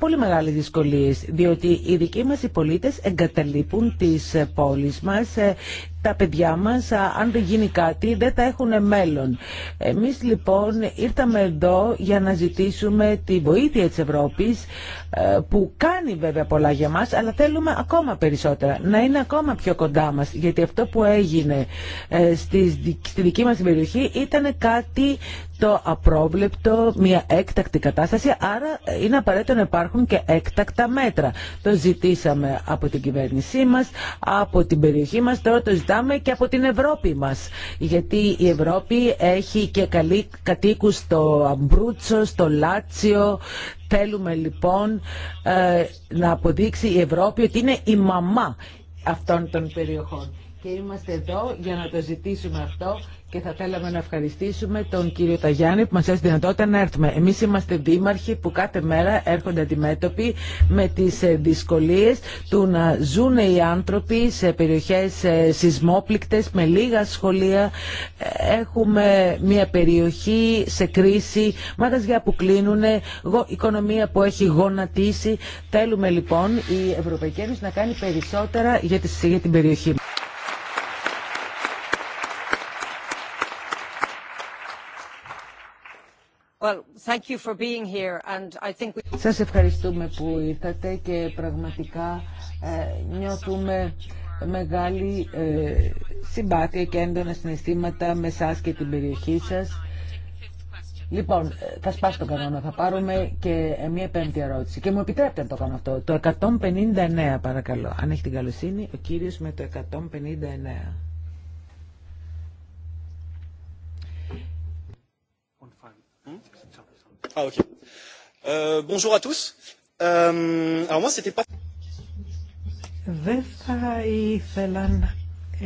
πολύ μεγάλες δυσκολίες, διότι οι δικοί μας οι πολίτες εγκαταλείπουν τις πόλεις μας, ε, τα παιδιά μας, ε, αν δεν γίνει κάτι, δεν τα έχουν μέλλον. Εμείς λοιπόν ήρθαμε εδώ για να ζητήσουμε τη βοήθεια της Ευρώπης, ε, που κάνει βέβαια πολλά για μας, αλλά θέλουμε ακόμα περισσότερα, να είναι ακόμα πιο κοντά μας, γιατί αυτό που έγινε στη δική μας περιοχή ήταν κάτι το απρόβλεπτο, μια έκτακτη κατάσταση, άρα είναι απαραίτητο να υπάρχουν υπάρχουν και έκτακτα μέτρα. Το ζητήσαμε από την κυβέρνησή μας, από την περιοχή μας, τώρα το ζητάμε και από την Ευρώπη μας. Γιατί η Ευρώπη έχει και καλή κατοίκους στο Αμπρούτσο, στο Λάτσιο, Θέλουμε λοιπόν ε, να αποδείξει η Ευρώπη ότι είναι η μαμά αυτών των περιοχών. Και είμαστε εδώ για να το ζητήσουμε αυτό και θα θέλαμε να ευχαριστήσουμε τον κύριο Ταγιάννη που μας έδωσε δυνατότητα να έρθουμε. Εμείς είμαστε δήμαρχοι που κάθε μέρα έρχονται αντιμέτωποι με τις ε, δυσκολίες του να ζουν οι άνθρωποι σε περιοχές ε, σεισμόπληκτες με λίγα σχολεία. Ε, έχουμε μια περιοχή σε κρίση, μαγαζιά που κλείνουν, οικονομία που έχει γονατίσει. Θέλουμε λοιπόν η Ευρωπαϊκή Ένωση να κάνει περισσότερα για την περιοχή μας. Σας ευχαριστούμε που ήρθατε και πραγματικά ε, νιώθουμε μεγάλη ε, συμπάθεια και έντονα συναισθήματα με εσά και την περιοχή σας. Λοιπόν, ε, θα σπάσω τον κανόνα, θα πάρουμε και μια πέμπτη ερώτηση. Και μου επιτρέπετε να το κάνω αυτό. Το 159 παρακαλώ. Αν έχει την καλοσύνη, ο κύριος με το 159. Ah, euh, bonjour à tous. Euh, Δεν θα ήθελα να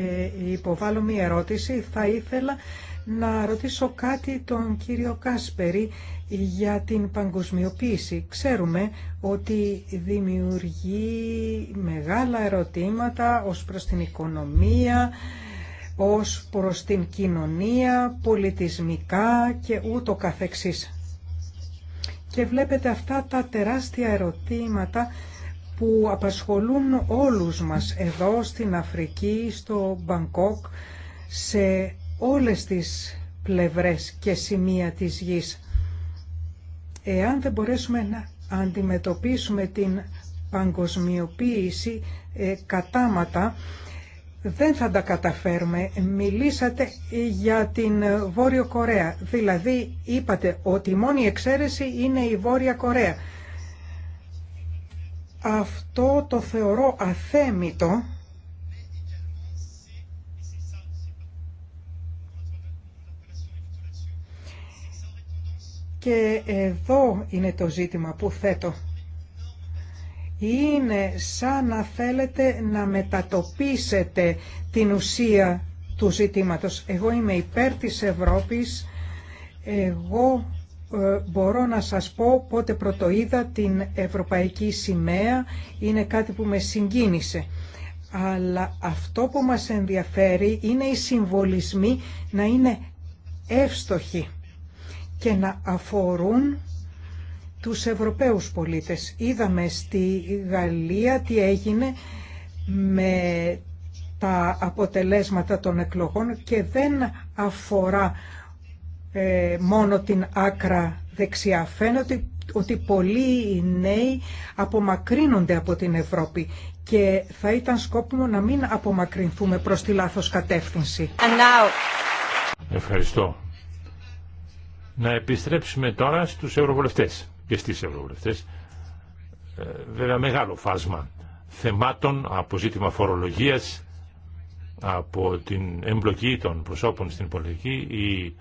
ε, υποβάλω μία ερώτηση. Θα ήθελα να ρωτήσω κάτι τον κύριο Κάσπερη για την παγκοσμιοποίηση. Ξέρουμε ότι δημιουργεί μεγάλα ερωτήματα ως προς την οικονομία, ως προς την κοινωνία, πολιτισμικά και ούτω καθεξής. Και βλέπετε αυτά τα τεράστια ερωτήματα που απασχολούν όλους μας εδώ στην Αφρική, στο Μπαγκόκ, σε όλες τις πλευρές και σημεία της γης. Εάν δεν μπορέσουμε να αντιμετωπίσουμε την παγκοσμιοποίηση ε, κατάματα, δεν θα τα καταφέρουμε. Μιλήσατε για την Βόρειο Κορέα. Δηλαδή είπατε ότι η μόνη εξαίρεση είναι η Βόρεια Κορέα. Αυτό το θεωρώ αθέμητο και εδώ είναι το ζήτημα που θέτω. Είναι σαν να θέλετε να μετατοπίσετε την ουσία του ζητήματος. Εγώ είμαι υπέρ της Ευρώπης. Εγώ ε, μπορώ να σας πω πότε πρωτοείδα την Ευρωπαϊκή Σημαία. Είναι κάτι που με συγκίνησε. Αλλά αυτό που μας ενδιαφέρει είναι οι συμβολισμοί να είναι εύστοχοι και να αφορούν τους Ευρωπαίους πολίτες. Είδαμε στη Γαλλία τι έγινε με τα αποτελέσματα των εκλογών και δεν αφορά ε, μόνο την άκρα δεξιά. Φαίνεται ότι πολλοί νέοι απομακρύνονται από την Ευρώπη και θα ήταν σκόπιμο να μην απομακρυνθούμε προς τη λάθος κατεύθυνση. Ευχαριστώ. Να επιστρέψουμε τώρα στους ευρωβουλευτές και στις ευρωβουλευτές ε, βέβαια μεγάλο φάσμα θεμάτων από ζήτημα φορολογίας από την εμπλοκή των προσώπων στην πολιτική η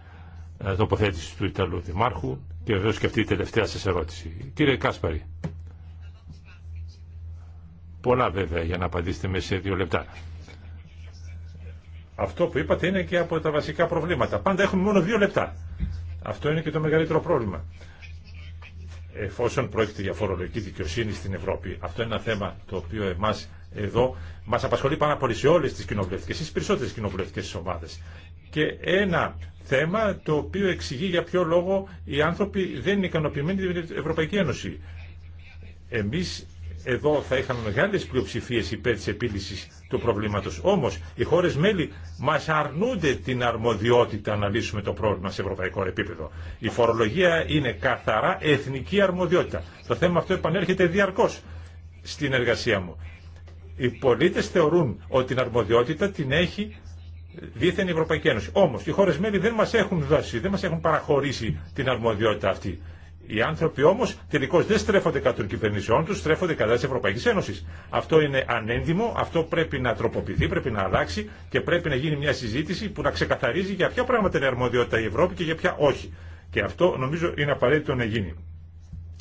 ε, τοποθέτηση του Ιταλού Δημάρχου και βεβαίως και αυτή η τελευταία σας ερώτηση. Κύριε Κάσπαρη, πολλά βέβαια για να απαντήσετε μέσα σε δύο λεπτά. Αυτό που είπατε είναι και από τα βασικά προβλήματα. Πάντα έχουμε μόνο δύο λεπτά. Αυτό είναι και το μεγαλύτερο πρόβλημα εφόσον πρόκειται για φορολογική δικαιοσύνη στην Ευρώπη. Αυτό είναι ένα θέμα το οποίο εμά εδώ μα απασχολεί πάνω πολύ σε όλε τι κοινοβουλευτικέ, στι περισσότερε κοινοβουλευτικέ ομάδε. Και ένα θέμα το οποίο εξηγεί για ποιο λόγο οι άνθρωποι δεν είναι ικανοποιημένοι με την Ευρωπαϊκή Ένωση. Εμείς εδώ θα είχαμε μεγάλε πλειοψηφίε υπέρ τη επίλυσης του προβλήματο. Όμω, οι χώρες μέλη μας αρνούνται την αρμοδιότητα να λύσουμε το πρόβλημα σε ευρωπαϊκό επίπεδο. Η φορολογία είναι καθαρά εθνική αρμοδιότητα. Το θέμα αυτό επανέρχεται διαρκώ στην εργασία μου. Οι πολίτε θεωρούν ότι την αρμοδιότητα την έχει δίθεν η Ευρωπαϊκή Ένωση. Όμω, οι χώρε μέλη δεν μα έχουν δώσει, δεν μα έχουν παραχωρήσει την αρμοδιότητα αυτή. Οι άνθρωποι όμω τελικώ δεν στρέφονται κατά των κυβερνήσεων του, στρέφονται κατά τη Ευρωπαϊκή Ένωση. Αυτό είναι ανένδυμο αυτό πρέπει να τροποποιηθεί, πρέπει να αλλάξει και πρέπει να γίνει μια συζήτηση που να ξεκαθαρίζει για ποια πράγματα είναι αρμοδιότητα η Ευρώπη και για ποια όχι. Και αυτό νομίζω είναι απαραίτητο να γίνει.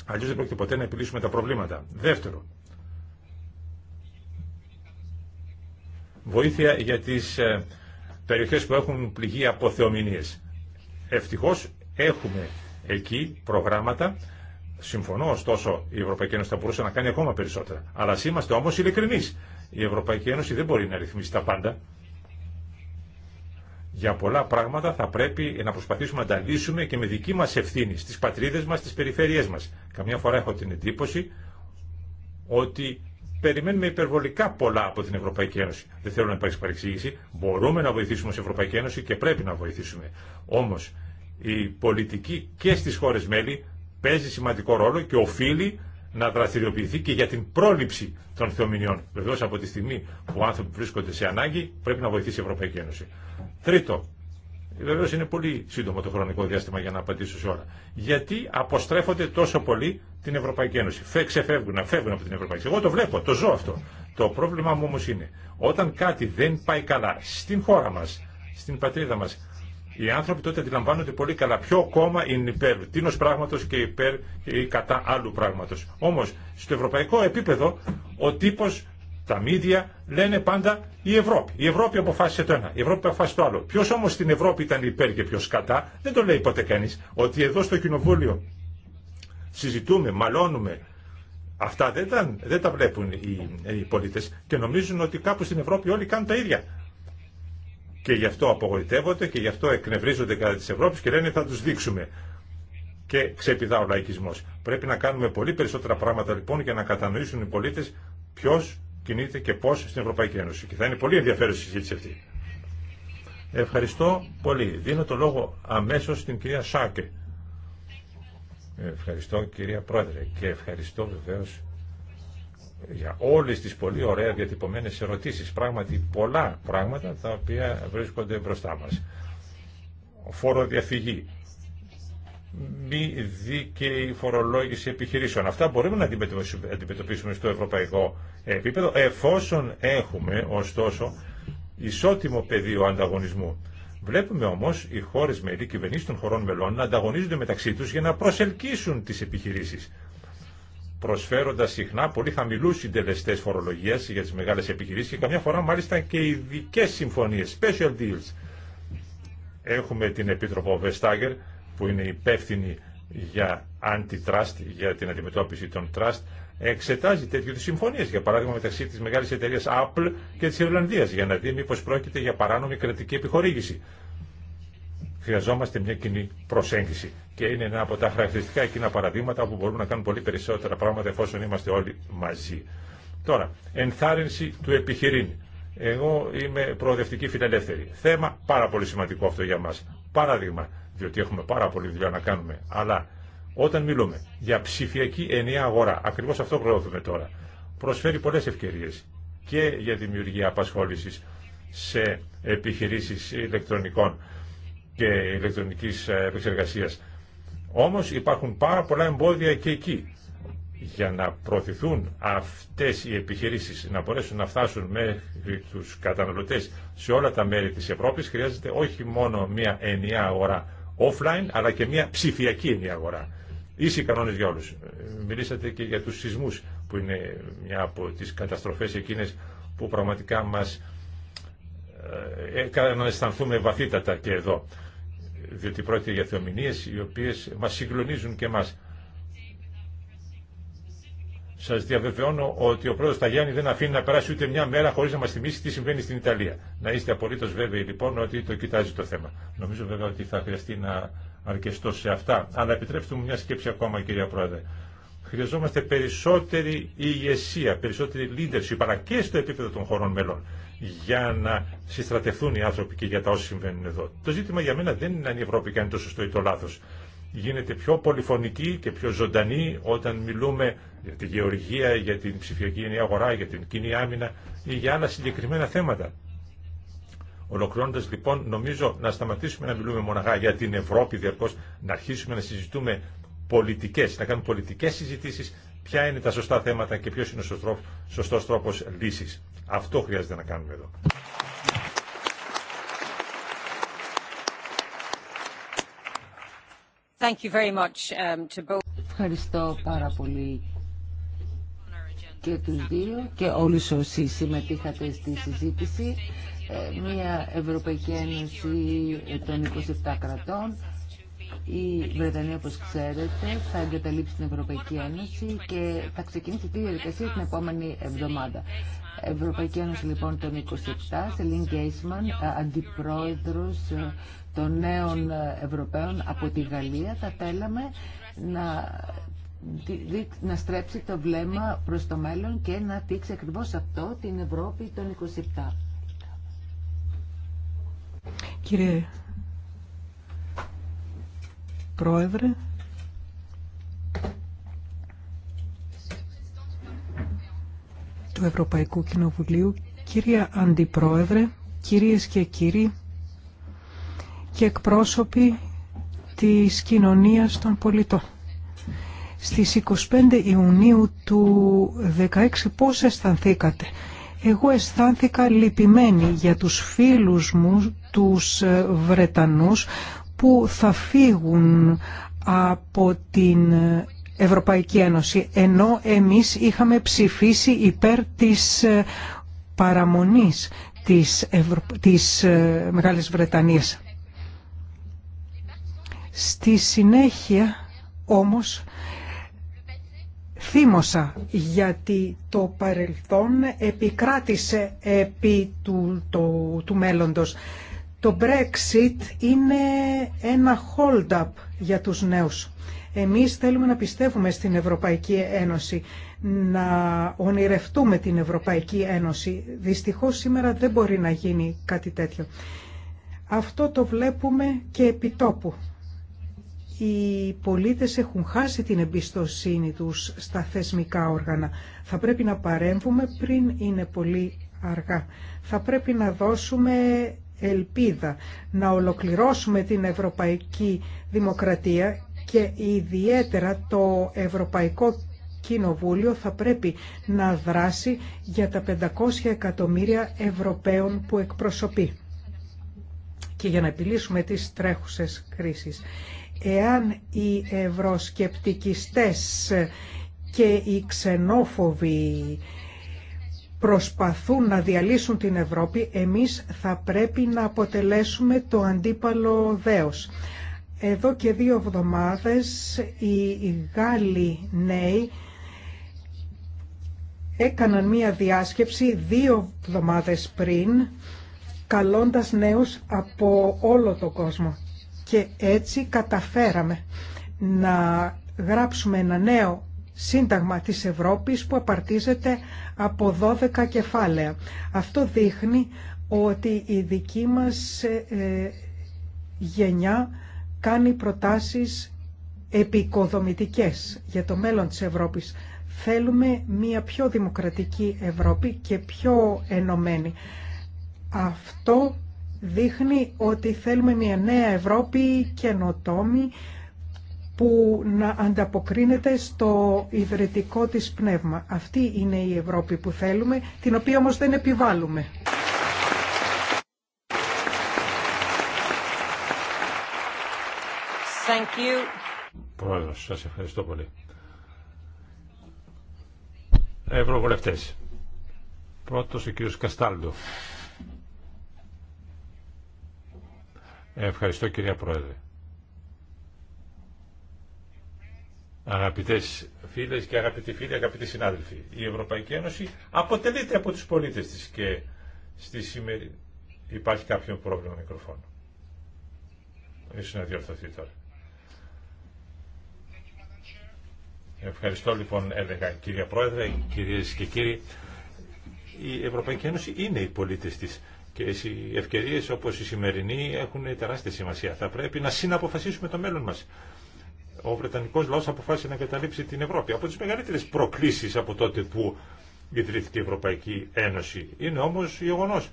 Αλλιώ δεν πρόκειται ποτέ να επιλύσουμε τα προβλήματα. Δεύτερο, βοήθεια για τις ε, περιοχέ που έχουν πληγεί από θεομηνίε. Ευτυχώ έχουμε εκεί προγράμματα. Συμφωνώ, ωστόσο, η Ευρωπαϊκή Ένωση θα μπορούσε να κάνει ακόμα περισσότερα. Αλλά είμαστε όμως ειλικρινεί. Η Ευρωπαϊκή Ένωση δεν μπορεί να ρυθμίσει τα πάντα. Για πολλά πράγματα θα πρέπει να προσπαθήσουμε να τα λύσουμε και με δική μας ευθύνη, στις πατρίδες μας, στις περιφέρειές μας. Καμιά φορά έχω την εντύπωση ότι περιμένουμε υπερβολικά πολλά από την Ευρωπαϊκή Ένωση. Δεν θέλω να υπάρξει παρεξήγηση. Μπορούμε να βοηθήσουμε ω Ευρωπαϊκή Ένωση και πρέπει να βοηθήσουμε. Όμω η πολιτική και στις χώρες μέλη παίζει σημαντικό ρόλο και οφείλει να δραστηριοποιηθεί και για την πρόληψη των θεομηνιών. Βεβαίω από τη στιγμή που άνθρωποι βρίσκονται σε ανάγκη πρέπει να βοηθήσει η Ευρωπαϊκή Ένωση. Τρίτο, βεβαίω είναι πολύ σύντομο το χρονικό διάστημα για να απαντήσω σε όλα. Γιατί αποστρέφονται τόσο πολύ την Ευρωπαϊκή Ένωση. ξεφεύγουν, φεύγουν από την Ευρωπαϊκή Ένωση. Εγώ το βλέπω, το ζω αυτό. Το πρόβλημα μου όμω είναι όταν κάτι δεν πάει καλά στην χώρα μα, στην πατρίδα μας οι άνθρωποι τότε αντιλαμβάνονται πολύ καλά ποιο κόμμα είναι υπέρ τίνο πράγματο και υπέρ ή κατά άλλου πράγματο. Όμω, στο ευρωπαϊκό επίπεδο, ο τύπο, τα μίδια λένε πάντα η Ευρώπη. Η Ευρώπη αποφάσισε το ένα, η Ευρώπη αποφάσισε το άλλο. Ποιο όμω στην Ευρώπη ήταν υπέρ και ποιο κατά, δεν το λέει ποτέ κανεί. Ότι εδώ στο κοινοβούλιο συζητούμε, μαλώνουμε, Αυτά δεν τα, τα βλέπουν οι, οι πολίτες και νομίζουν ότι κάπου στην Ευρώπη όλοι κάνουν τα ίδια και γι' αυτό απογοητεύονται και γι' αυτό εκνευρίζονται κατά τη Ευρώπης και λένε θα τους δείξουμε. Και ξεπηδά ο λαϊκισμός. Πρέπει να κάνουμε πολύ περισσότερα πράγματα λοιπόν για να κατανοήσουν οι πολίτες ποιο κινείται και πώς στην Ευρωπαϊκή Ένωση. Και θα είναι πολύ ενδιαφέρον η συζήτηση αυτή. Ευχαριστώ πολύ. Δίνω το λόγο αμέσως στην κυρία Σάκε. Ευχαριστώ κυρία Πρόεδρε και ευχαριστώ βεβαίως για όλες τις πολύ ωραία διατυπωμένες ερωτήσεις. Πράγματι πολλά πράγματα τα οποία βρίσκονται μπροστά μας. Φόρο μη δίκαιη φορολόγηση επιχειρήσεων. Αυτά μπορούμε να αντιμετωπίσουμε στο ευρωπαϊκό επίπεδο, εφόσον έχουμε ωστόσο ισότιμο πεδίο ανταγωνισμού. Βλέπουμε όμω οι χώρε μέλη, κυβερνήσει των χωρών μελών να ανταγωνίζονται μεταξύ του για να προσελκύσουν τι επιχειρήσει προσφέροντας συχνά πολύ χαμηλούς συντελεστέ φορολογίας για τις μεγάλες επιχειρήσεις και καμιά φορά μάλιστα και ειδικέ συμφωνίες, special deals. Έχουμε την Επίτροπο Βεστάγκερ που είναι υπεύθυνη για antitrust, για την αντιμετώπιση των trust, εξετάζει τέτοιου συμφωνίε, για παράδειγμα μεταξύ τη μεγάλη εταιρεία Apple και της Ιρλανδία, για να δει μήπω πρόκειται για παράνομη κρατική επιχορήγηση. Χρειαζόμαστε μια κοινή προσέγγιση. Και είναι ένα από τα χαρακτηριστικά εκείνα παραδείγματα που μπορούμε να κάνουν πολύ περισσότερα πράγματα εφόσον είμαστε όλοι μαζί. Τώρα, ενθάρρυνση του επιχειρήν. Εγώ είμαι προοδευτική φιλελεύθερη. Θέμα πάρα πολύ σημαντικό αυτό για μα. Παράδειγμα, διότι έχουμε πάρα πολύ δουλειά να κάνουμε. Αλλά όταν μιλούμε για ψηφιακή ενιαία αγορά, ακριβώ αυτό προωθούμε τώρα, προσφέρει πολλέ ευκαιρίε και για δημιουργία απασχόληση σε επιχειρήσει ηλεκτρονικών και ηλεκτρονική επεξεργασία. Όμω υπάρχουν πάρα πολλά εμπόδια και εκεί για να προωθηθούν αυτέ οι επιχειρήσει να μπορέσουν να φτάσουν μέχρι του καταναλωτέ σε όλα τα μέρη τη Ευρώπη. χρειάζεται όχι μόνο μια ενιαία αγορά offline αλλά και μια ψηφιακή ενιαία αγορά. Ίσοι κανόνες για όλου. Μιλήσατε και για του σεισμού, που είναι μια από τι καταστροφέ εκείνε που πραγματικά μα έκαναν να αισθανθούμε βαθύτατα και εδώ διότι πρόκειται για θεομηνίες οι οποίες μας συγκλονίζουν και μας. Σα διαβεβαιώνω ότι ο πρόεδρο Ταγιάννη δεν αφήνει να περάσει ούτε μια μέρα χωρί να μα θυμίσει τι συμβαίνει στην Ιταλία. Να είστε απολύτω βέβαιοι λοιπόν ότι το κοιτάζει το θέμα. Νομίζω βέβαια ότι θα χρειαστεί να αρκεστώ σε αυτά. Αλλά επιτρέψτε μου μια σκέψη ακόμα, κυρία Πρόεδρε. Χρειαζόμαστε περισσότερη ηγεσία, περισσότερη leadership, αλλά και στο επίπεδο των χωρών μελών για να συστρατευτούν οι άνθρωποι και για τα όσα συμβαίνουν εδώ. Το ζήτημα για μένα δεν είναι αν η Ευρώπη κάνει το σωστό ή το λάθο. Γίνεται πιο πολυφωνική και πιο ζωντανή όταν μιλούμε για τη γεωργία, για την ψηφιακή ενιαία αγορά, για την κοινή άμυνα ή για άλλα συγκεκριμένα θέματα. Ολοκληρώνοντα λοιπόν, νομίζω να σταματήσουμε να μιλούμε μοναχά για την Ευρώπη διαρκώ, να αρχίσουμε να συζητούμε πολιτικέ, να κάνουμε πολιτικέ συζητήσει, ποια είναι τα σωστά θέματα και ποιο είναι ο σωστό τρόπο λύση. Αυτό χρειάζεται να κάνουμε εδώ. Thank you very much, um, to both. Ευχαριστώ πάρα πολύ και τους δύο και όλους όσοι συμμετείχατε στη συζήτηση. Ε, μια Ευρωπαϊκή Ένωση των 27 κρατών. Η Βρετανία, όπως ξέρετε, θα εγκαταλείψει την Ευρωπαϊκή Ένωση και θα ξεκινήσει τη διαδικασία την επόμενη εβδομάδα. Ευρωπαϊκή Ένωση λοιπόν των 27, Σελίν Κέισμαν, ε, αντιπρόεδρος ε, των νέων ε, Ευρωπαίων από τη Γαλλία, θα θέλαμε να να στρέψει το βλέμμα προς το μέλλον και να δείξει ακριβώς αυτό την Ευρώπη των 27. Κύριε Πρόεδρε, του Ευρωπαϊκού Κοινοβουλίου, κυρία Αντιπρόεδρε, κυρίες και κύριοι και εκπρόσωποι της κοινωνίας των πολιτών. Στις 25 Ιουνίου του 16 πώς αισθανθήκατε. Εγώ αισθάνθηκα λυπημένη για τους φίλους μου, τους ε, Βρετανούς, που θα φύγουν από την ε, Ευρωπαϊκή Ένωση, ενώ εμείς είχαμε ψηφίσει υπέρ της ε, παραμονής της, Ευρω... της ε, Μεγάλης Βρετανίας. Στη συνέχεια όμως θύμωσα γιατί το παρελθόν επικράτησε επί του, το, του μέλλοντος. Το Brexit είναι ένα hold-up για τους νέους. Εμείς θέλουμε να πιστεύουμε στην Ευρωπαϊκή Ένωση, να ονειρευτούμε την Ευρωπαϊκή Ένωση. Δυστυχώς σήμερα δεν μπορεί να γίνει κάτι τέτοιο. Αυτό το βλέπουμε και επί επιτόπου. Οι πολίτες έχουν χάσει την εμπιστοσύνη τους στα θεσμικά όργανα. Θα πρέπει να παρέμβουμε πριν είναι πολύ αργά. Θα πρέπει να δώσουμε ελπίδα, να ολοκληρώσουμε την ευρωπαϊκή δημοκρατία και ιδιαίτερα το Ευρωπαϊκό Κοινοβούλιο θα πρέπει να δράσει για τα 500 εκατομμύρια Ευρωπαίων που εκπροσωπεί και για να επιλύσουμε τις τρέχουσες κρίσεις. Εάν οι ευρωσκεπτικιστές και οι ξενόφοβοι προσπαθούν να διαλύσουν την Ευρώπη, εμείς θα πρέπει να αποτελέσουμε το αντίπαλο δέος. Εδώ και δύο εβδομάδες οι Γάλλοι νέοι έκαναν μία διάσκεψη δύο εβδομάδες πριν καλώντας νέους από όλο τον κόσμο. Και έτσι καταφέραμε να γράψουμε ένα νέο σύνταγμα της Ευρώπης που απαρτίζεται από 12 κεφάλαια. Αυτό δείχνει ότι η δική μας ε, ε, γενιά κάνει προτάσεις επικοδομητικές για το μέλλον της Ευρώπης. Θέλουμε μια πιο δημοκρατική Ευρώπη και πιο ενωμένη. Αυτό δείχνει ότι θέλουμε μια νέα Ευρώπη καινοτόμη που να ανταποκρίνεται στο ιδρυτικό της πνεύμα. Αυτή είναι η Ευρώπη που θέλουμε, την οποία όμως δεν επιβάλλουμε. Thank you. σας ευχαριστώ πολύ. Ευρωβουλευτές. Πρώτος ο κύριος Καστάλντο. Ευχαριστώ κυρία Πρόεδρε. Αγαπητές φίλες και αγαπητοί φίλοι, αγαπητοί συνάδελφοι, η Ευρωπαϊκή Ένωση αποτελείται από τους πολίτες της και στη σήμερα υπάρχει κάποιο πρόβλημα μικροφώνου. Ίσως να διορθωθεί τώρα. Ευχαριστώ λοιπόν έλεγα κύριε Πρόεδρε, κυρίε και κύριοι. Η Ευρωπαϊκή Ένωση είναι οι πολίτε τη και οι ευκαιρίε όπω η σημερινή έχουν τεράστια σημασία. Θα πρέπει να συναποφασίσουμε το μέλλον μα. Ο βρετανικό λαό αποφάσισε να καταλήψει την Ευρώπη από τι μεγαλύτερε προκλήσει από τότε που ιδρύθηκε η Ευρωπαϊκή Ένωση. Είναι όμω γεγονό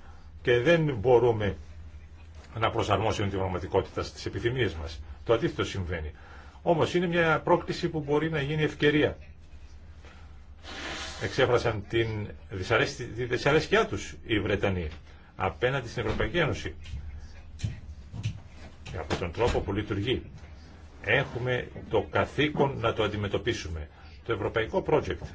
και δεν μπορούμε να προσαρμόσουμε την πραγματικότητα στι επιθυμίε μα. Το αντίθετο συμβαίνει. Όμως είναι μια πρόκληση που μπορεί να γίνει ευκαιρία. Εξέφρασαν την δυσαρέσκειά τους οι Βρετανοί απέναντι στην Ευρωπαϊκή Ένωση και από τον τρόπο που λειτουργεί. Έχουμε το καθήκον να το αντιμετωπίσουμε. Το ευρωπαϊκό project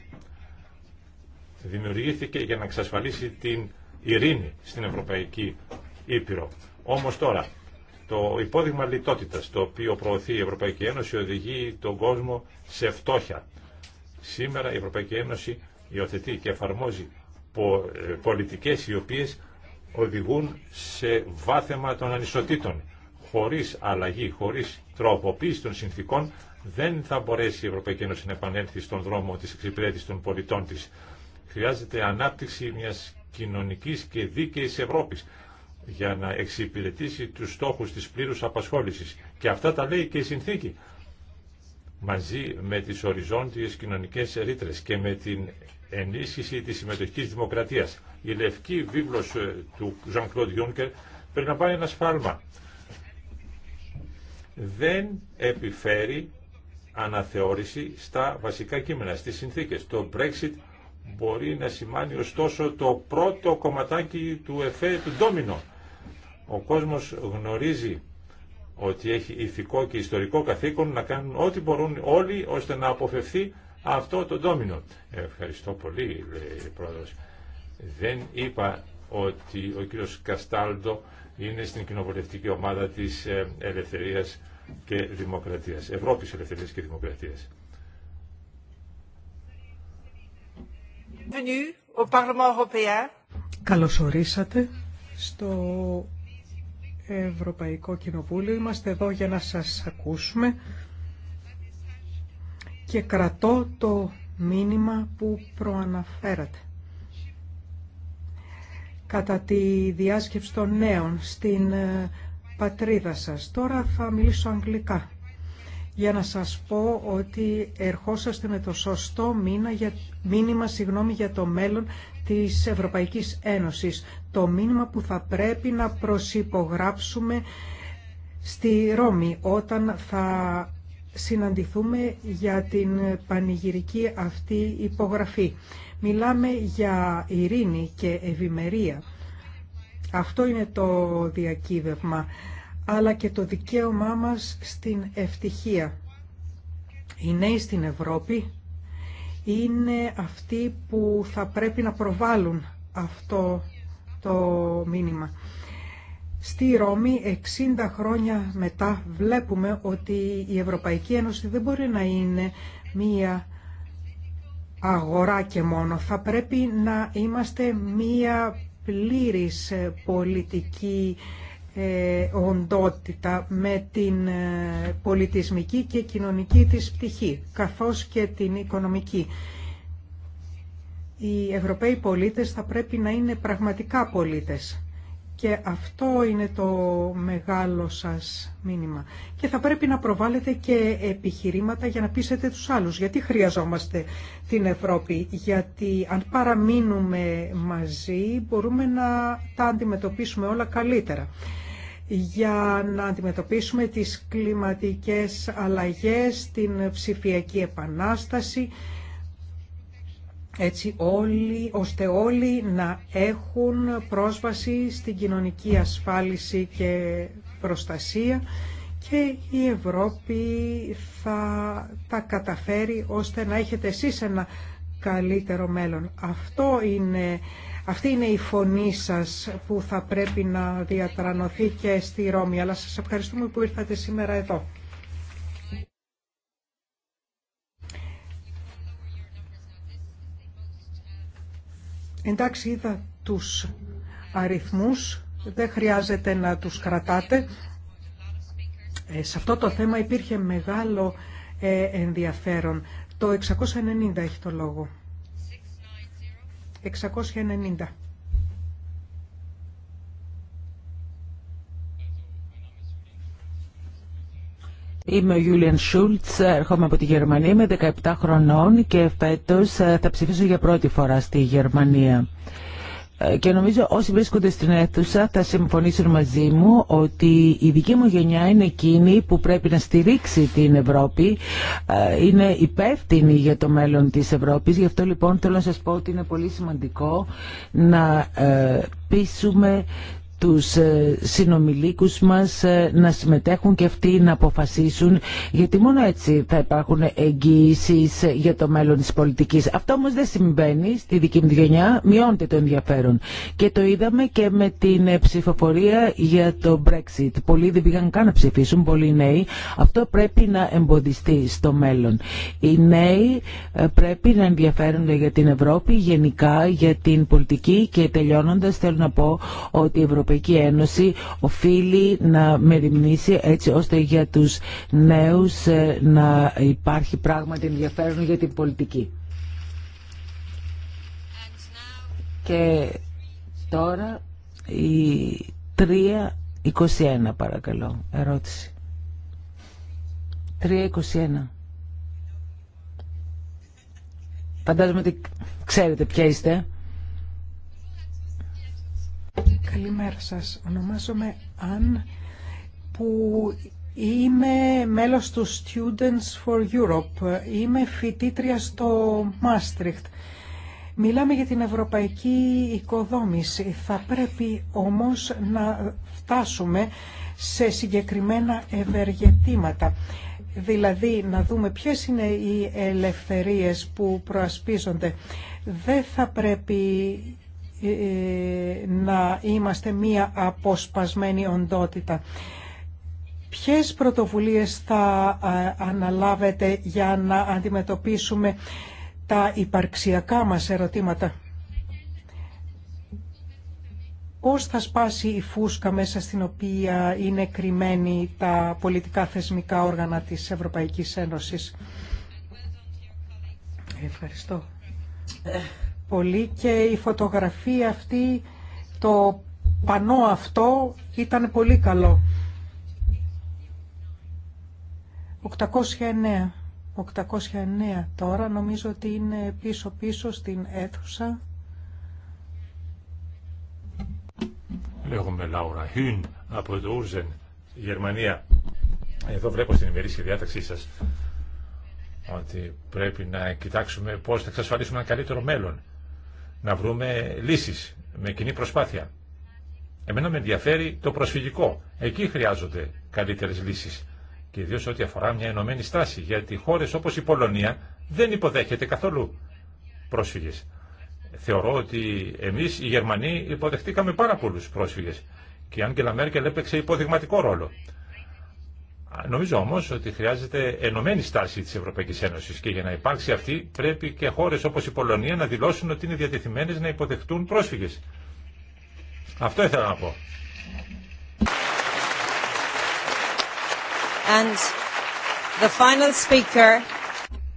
δημιουργήθηκε για να εξασφαλίσει την ειρήνη στην Ευρωπαϊκή Ήπειρο. Όμως τώρα το υπόδειγμα λιτότητας το οποίο προωθεί η Ευρωπαϊκή Ένωση οδηγεί τον κόσμο σε φτώχεια. Σήμερα η Ευρωπαϊκή Ένωση υιοθετεί και εφαρμόζει ε, πολιτικές οι οποίες οδηγούν σε βάθεμα των ανισοτήτων. Χωρίς αλλαγή, χωρίς τροποποίηση των συνθήκων δεν θα μπορέσει η Ευρωπαϊκή Ένωση να επανέλθει στον δρόμο της εξυπηρέτησης των πολιτών της. Χρειάζεται ανάπτυξη μιας κοινωνικής και δίκαιης Ευρώπη για να εξυπηρετήσει τους στόχους της πλήρους απασχόλησης. Και αυτά τα λέει και η συνθήκη μαζί με τις οριζόντιες κοινωνικές ρήτρες και με την ενίσχυση της συμμετοχικής δημοκρατίας. Η λευκή βίβλος ε, του Jean-Claude Juncker πρέπει να πάει ένα σφάλμα. Δεν επιφέρει αναθεώρηση στα βασικά κείμενα, στις συνθήκες. Το Brexit μπορεί να σημάνει ωστόσο το πρώτο κομματάκι του εφέ του ντόμινο ο κόσμος γνωρίζει ότι έχει ηθικό και ιστορικό καθήκον να κάνουν ό,τι μπορούν όλοι ώστε να αποφευθεί αυτό το ντόμινο. Ευχαριστώ πολύ, λέει η πρόεδρος. Δεν είπα ότι ο κύριος Καστάλντο είναι στην κοινοβουλευτική ομάδα της ε, Ελευθερίας και Δημοκρατίας, Ευρώπης Ελευθερίας και Δημοκρατίας. Καλώς ορίσατε στο Ευρωπαϊκό Κοινοβούλιο. Είμαστε εδώ για να σας ακούσουμε και κρατώ το μήνυμα που προαναφέρατε. Κατά τη διάσκεψη των νέων στην ε, πατρίδα σας. Τώρα θα μιλήσω αγγλικά για να σας πω ότι ερχόσαστε με το σωστό μήνα για, μήνυμα συγγνώμη, για το μέλλον της Ευρωπαϊκής Ένωσης. Το μήνυμα που θα πρέπει να προσυπογράψουμε στη Ρώμη όταν θα συναντηθούμε για την πανηγυρική αυτή υπογραφή. Μιλάμε για ειρήνη και ευημερία. Αυτό είναι το διακύβευμα, αλλά και το δικαίωμά μας στην ευτυχία. Οι νέοι στην Ευρώπη είναι αυτοί που θα πρέπει να προβάλλουν αυτό το μήνυμα. Στη Ρώμη, 60 χρόνια μετά, βλέπουμε ότι η Ευρωπαϊκή Ένωση δεν μπορεί να είναι μία αγορά και μόνο. Θα πρέπει να είμαστε μία πλήρης πολιτική ε, οντότητα με την ε, πολιτισμική και κοινωνική της πτυχή, καθώς και την οικονομική. Οι Ευρωπαίοι πολίτες θα πρέπει να είναι πραγματικά πολίτες. Και αυτό είναι το μεγάλο σας μήνυμα. Και θα πρέπει να προβάλλετε και επιχειρήματα για να πείσετε τους άλλους. Γιατί χρειαζόμαστε την Ευρώπη. Γιατί αν παραμείνουμε μαζί μπορούμε να τα αντιμετωπίσουμε όλα καλύτερα για να αντιμετωπίσουμε τις κλιματικές αλλαγές, την ψηφιακή επανάσταση, έτσι όλοι, ώστε όλοι να έχουν πρόσβαση στην κοινωνική ασφάλιση και προστασία και η Ευρώπη θα τα καταφέρει ώστε να έχετε εσείς ένα καλύτερο μέλλον. Αυτό είναι αυτή είναι η φωνή σας που θα πρέπει να διατρανωθεί και στη Ρώμη. Αλλά σας ευχαριστούμε που ήρθατε σήμερα εδώ. Εντάξει, είδα τους αριθμούς, δεν χρειάζεται να τους κρατάτε. Ε, σε αυτό το θέμα υπήρχε μεγάλο ε, ενδιαφέρον. Το 690 έχει το λόγο. Είμαι ο Γιούλιαν Σούλτ, έρχομαι από τη Γερμανία, είμαι 17 χρονών και φέτο ε, θα ψηφίσω για πρώτη φορά στη Γερμανία. Ε, και νομίζω όσοι βρίσκονται στην αίθουσα θα συμφωνήσουν μαζί μου ότι η δική μου γενιά είναι εκείνη που πρέπει να στηρίξει την Ευρώπη, ε, είναι υπεύθυνη για το μέλλον της Ευρώπης. Γι' αυτό λοιπόν θέλω να σας πω ότι είναι πολύ σημαντικό να ε, πείσουμε τους ε, συνομιλίκους μας ε, να συμμετέχουν και αυτοί να αποφασίσουν γιατί μόνο έτσι θα υπάρχουν εγγυήσει ε, για το μέλλον της πολιτικής. Αυτό όμως δεν συμβαίνει στη δική μου γενιά, μειώνεται το ενδιαφέρον. Και το είδαμε και με την ψηφοφορία για το Brexit. Πολλοί δεν πήγαν καν να ψηφίσουν, πολλοί νέοι. Αυτό πρέπει να εμποδιστεί στο μέλλον. Οι νέοι πρέπει να ενδιαφέρονται για την Ευρώπη, γενικά για την πολιτική και τελειώνοντας θέλω να πω ότι η Ευρωπαϊκή Ευρωπαϊκή Ένωση οφείλει να μεριμνήσει έτσι ώστε για τους νέους ε, να υπάρχει πράγματι ενδιαφέρον για την πολιτική. Και τώρα η 3.21 παρακαλώ, ερώτηση. 3.21. Φαντάζομαι ότι ξέρετε ποια είστε. Καλημέρα σας. Ονομάζομαι Αν που είμαι μέλος του Students for Europe. Είμαι φοιτήτρια στο Μάστριχτ. Μιλάμε για την ευρωπαϊκή οικοδόμηση. Θα πρέπει όμως να φτάσουμε σε συγκεκριμένα ευεργετήματα. Δηλαδή να δούμε ποιες είναι οι ελευθερίες που προασπίζονται. Δεν θα πρέπει ε, ε, να είμαστε μία αποσπασμένη οντότητα. Ποιες πρωτοβουλίες θα αναλάβετε για να αντιμετωπίσουμε τα υπαρξιακά μας ερωτήματα. Πώς θα σπάσει η φούσκα μέσα στην οποία είναι κρυμμένοι τα πολιτικά θεσμικά όργανα της Ευρωπαϊκής Ένωσης. Ευχαριστώ. Ε, πολύ και η φωτογραφία αυτή, το πανό αυτό ήταν πολύ καλό. 809. 809 τώρα, νομίζω ότι είναι πίσω-πίσω στην αίθουσα. Λέγομαι Λάουρα Χιν από το Ούρζεν, Γερμανία. Εδώ βλέπω στην ημερήσια διάταξή σας ότι πρέπει να κοιτάξουμε πώς θα εξασφαλίσουμε ένα καλύτερο μέλλον να βρούμε λύσεις με κοινή προσπάθεια. Εμένα με ενδιαφέρει το προσφυγικό. Εκεί χρειάζονται καλύτερες λύσεις. Και ιδίως ό,τι αφορά μια ενωμένη στάση. Γιατί χώρες όπως η Πολωνία δεν υποδέχεται καθόλου πρόσφυγες. Θεωρώ ότι εμείς οι Γερμανοί υποδεχτήκαμε πάρα πολλούς πρόσφυγες. Και η Άγγελα Μέρκελ έπαιξε υποδειγματικό ρόλο. Νομίζω όμω ότι χρειάζεται ενωμένη στάση τη Ευρωπαϊκή Ένωση και για να υπάρξει αυτή πρέπει και χώρε όπω η Πολωνία να δηλώσουν ότι είναι διατεθειμένε να υποδεχτούν πρόσφυγε. Αυτό ήθελα να πω.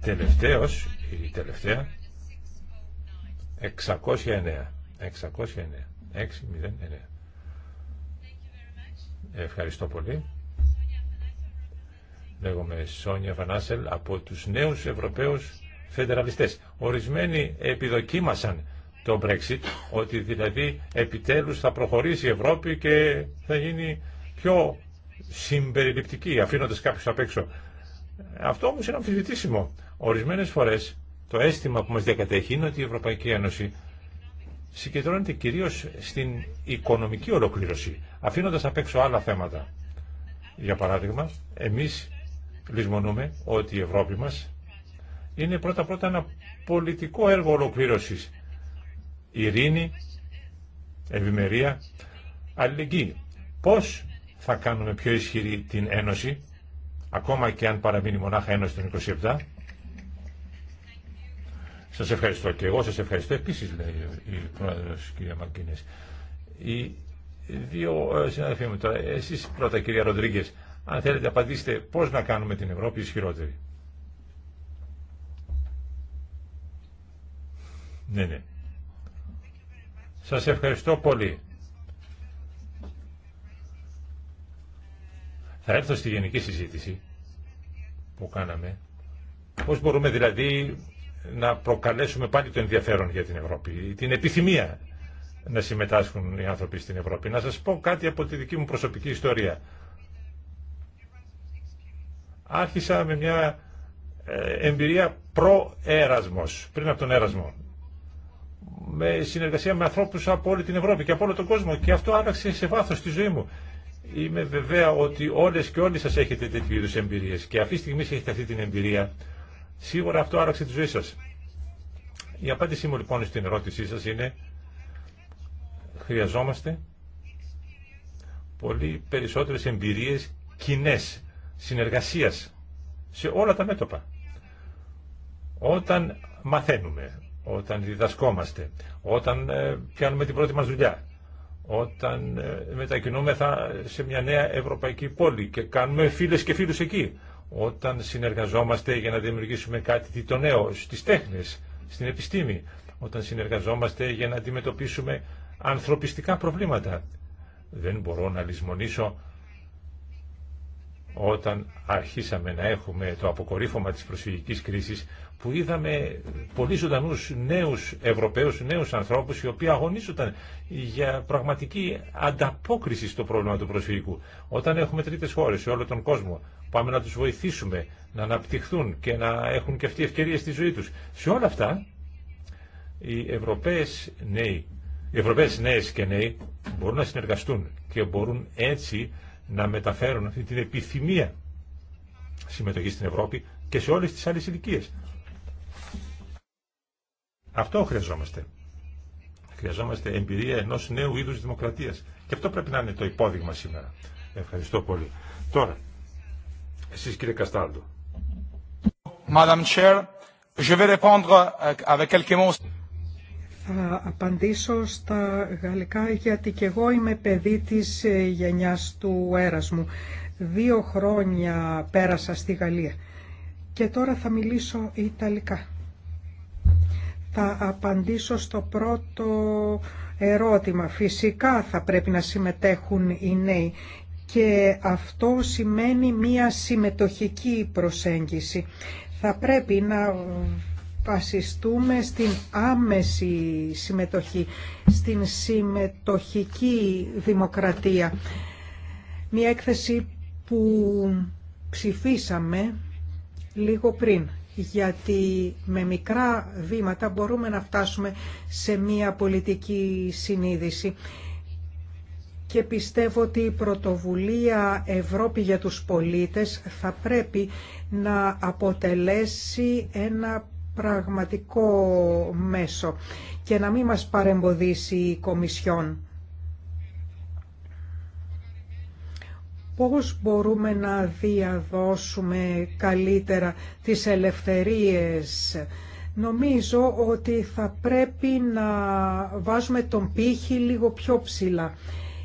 Τελευταίο, Τελευταίος, η τελευταία, 609, 609, 609. Ευχαριστώ πολύ. Λέγομαι Σόνια Φανάσελ από τους νέους Ευρωπαίους Φεντεραλιστές. Ορισμένοι επιδοκίμασαν το Brexit, ότι δηλαδή επιτέλους θα προχωρήσει η Ευρώπη και θα γίνει πιο συμπεριληπτική, αφήνοντας κάποιους απ' έξω. Αυτό όμως είναι αμφισβητήσιμο. Ορισμένες φορές το αίσθημα που μας διακατέχει είναι ότι η Ευρωπαϊκή Ένωση συγκεντρώνεται κυρίως στην οικονομική ολοκλήρωση, αφήνοντας απ' έξω άλλα θέματα. Για παράδειγμα, εμείς λησμονούμε ότι η Ευρώπη μας είναι πρώτα-πρώτα ένα πολιτικό έργο ολοκλήρωσης. Ειρήνη, ευημερία, αλληλεγγύη. Πώς θα κάνουμε πιο ισχυρή την Ένωση, ακόμα και αν παραμείνει μονάχα Ένωση των 27. Σας ευχαριστώ και εγώ σας ευχαριστώ επίσης, λέει η πρόεδρος κυρία Μαρκίνες. Οι δύο ε, συναδελφοί μου τώρα, εσείς πρώτα κυρία Ροντρίγκες, αν θέλετε απαντήστε πώς να κάνουμε την Ευρώπη ισχυρότερη. Ναι, ναι. Σας ευχαριστώ πολύ. Θα έρθω στη γενική συζήτηση που κάναμε. Πώς μπορούμε δηλαδή να προκαλέσουμε πάλι το ενδιαφέρον για την Ευρώπη, την επιθυμία να συμμετάσχουν οι άνθρωποι στην Ευρώπη. Να σας πω κάτι από τη δική μου προσωπική ιστορία άρχισα με μια ε, εμπειρία προ-έρασμος, πριν από τον έρασμο. Με συνεργασία με ανθρώπους από όλη την Ευρώπη και από όλο τον κόσμο και αυτό άλλαξε σε βάθος τη ζωή μου. Είμαι βεβαία ότι όλες και όλοι σας έχετε τέτοιου είδους εμπειρίες και αυτή τη στιγμή έχετε αυτή την εμπειρία. Σίγουρα αυτό άλλαξε τη ζωή σας. Η απάντησή μου λοιπόν στην ερώτησή σας είναι χρειαζόμαστε πολύ περισσότερες εμπειρίες κοινέ συνεργασίας σε όλα τα μέτωπα. Όταν μαθαίνουμε, όταν διδασκόμαστε, όταν ε, πιάνουμε την πρώτη μας δουλειά, όταν ε, μετακινούμεθα σε μια νέα ευρωπαϊκή πόλη και κάνουμε φίλες και φίλους εκεί, όταν συνεργαζόμαστε για να δημιουργήσουμε κάτι το νέο στις τέχνες, στην επιστήμη, όταν συνεργαζόμαστε για να αντιμετωπίσουμε ανθρωπιστικά προβλήματα. Δεν μπορώ να λησμονήσω όταν αρχίσαμε να έχουμε το αποκορύφωμα της προσφυγικής κρίσης που είδαμε πολύ ζωντανού νέους Ευρωπαίους, νέους ανθρώπους οι οποίοι αγωνίζονταν για πραγματική ανταπόκριση στο πρόβλημα του προσφυγικού. Όταν έχουμε τρίτες χώρες σε όλο τον κόσμο, πάμε να τους βοηθήσουμε να αναπτυχθούν και να έχουν και αυτοί ευκαιρία στη ζωή τους. Σε όλα αυτά, οι Ευρωπαίες νέοι, οι Ευρωπαίες νέες και νέοι μπορούν να συνεργαστούν και μπορούν έτσι να μεταφέρουν αυτή την επιθυμία συμμετοχή στην Ευρώπη και σε όλες τις άλλες ηλικίε. Αυτό χρειαζόμαστε. Χρειαζόμαστε εμπειρία ενός νέου είδους δημοκρατίας. Και αυτό πρέπει να είναι το υπόδειγμα σήμερα. Ευχαριστώ πολύ. Τώρα, εσείς κύριε Καστάλτο. Madame Chair, je vais répondre euh, avec quelques mots. Θα απαντήσω στα γαλλικά γιατί και εγώ είμαι παιδί της ε, γενιάς του μου. Δύο χρόνια πέρασα στη Γαλλία και τώρα θα μιλήσω Ιταλικά. Θα απαντήσω στο πρώτο ερώτημα. Φυσικά θα πρέπει να συμμετέχουν οι νέοι και αυτό σημαίνει μία συμμετοχική προσέγγιση. Θα πρέπει να βασιστούμε στην άμεση συμμετοχή, στην συμμετοχική δημοκρατία. Μία έκθεση που ψηφίσαμε λίγο πριν, γιατί με μικρά βήματα μπορούμε να φτάσουμε σε μία πολιτική συνείδηση. Και πιστεύω ότι η πρωτοβουλία Ευρώπη για τους πολίτες θα πρέπει να αποτελέσει ένα πραγματικό μέσο και να μην μας παρεμποδίσει η Κομισιόν. Πώς μπορούμε να διαδώσουμε καλύτερα τις ελευθερίες. Νομίζω ότι θα πρέπει να βάζουμε τον πύχη λίγο πιο ψηλά.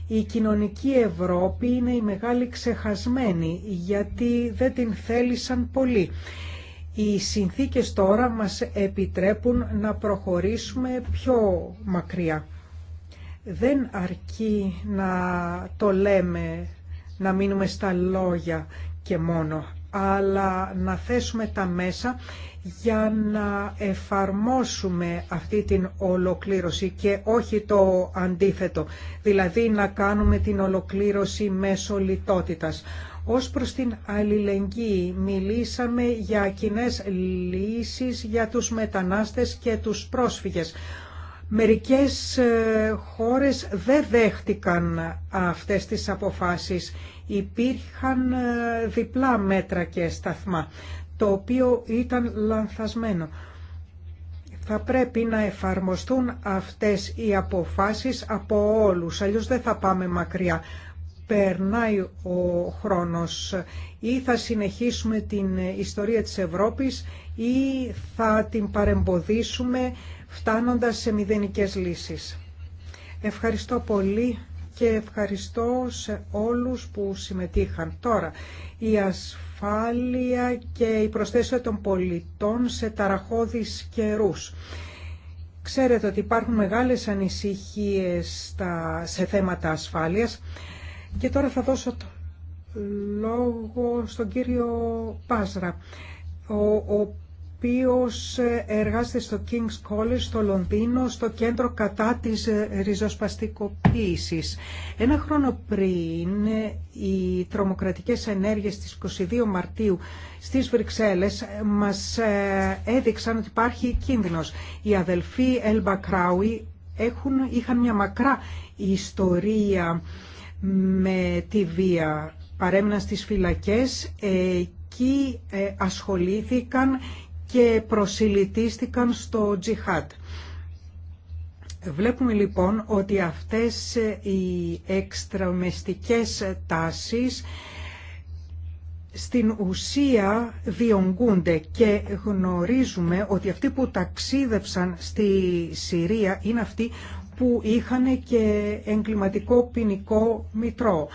Η κοινωνική Ευρώπη είναι η μεγάλη ξεχασμένη γιατί δεν την θέλησαν πολύ. Οι συνθήκες τώρα μας επιτρέπουν να προχωρήσουμε πιο μακριά. Δεν αρκεί να το λέμε, να μείνουμε στα λόγια και μόνο, αλλά να θέσουμε τα μέσα για να εφαρμόσουμε αυτή την ολοκλήρωση και όχι το αντίθετο, δηλαδή να κάνουμε την ολοκλήρωση μέσω λιτότητας. Ως προς την αλληλεγγύη μιλήσαμε για κοινέ λύσεις για τους μετανάστες και τους πρόσφυγες. Μερικές ε, χώρες δεν δέχτηκαν αυτές τις αποφάσεις. Υπήρχαν ε, διπλά μέτρα και σταθμά, το οποίο ήταν λανθασμένο. Θα πρέπει να εφαρμοστούν αυτές οι αποφάσεις από όλους, αλλιώς δεν θα πάμε μακριά περνάει ο χρόνος ή θα συνεχίσουμε την ιστορία της Ευρώπης ή θα την παρεμποδίσουμε φτάνοντας σε μηδενικές λύσεις. Ευχαριστώ πολύ και ευχαριστώ σε όλους που συμμετείχαν. Τώρα, η ασφάλεια και η προσθέσια των πολιτών σε ταραχώδεις καιρούς. Ξέρετε ότι υπάρχουν μεγάλες ανησυχίες σε θέματα ασφάλειας. Και τώρα θα δώσω το λόγο στον κύριο Πάζρα, ο οποίος εργάζεται στο King's College στο Λονδίνο, στο κέντρο κατά της ριζοσπαστικοποίησης. Ένα χρόνο πριν οι τρομοκρατικές ενέργειες της 22 Μαρτίου στις Βρυξέλλες μας ε, έδειξαν ότι υπάρχει κίνδυνος. Οι αδελφοί Ελμπακράουι έχουν, είχαν μια μακρά ιστορία με τη βία. Παρέμειναν στις φυλακές, εκεί ε, ασχολήθηκαν και προσιλητίστηκαν στο τζιχάτ. Βλέπουμε λοιπόν ότι αυτές ε, οι εξτραμεστικές τάσεις στην ουσία διονγκούνται και γνωρίζουμε ότι αυτοί που ταξίδεψαν στη Συρία είναι αυτοί που είχαν και εγκληματικό ποινικό μητρό.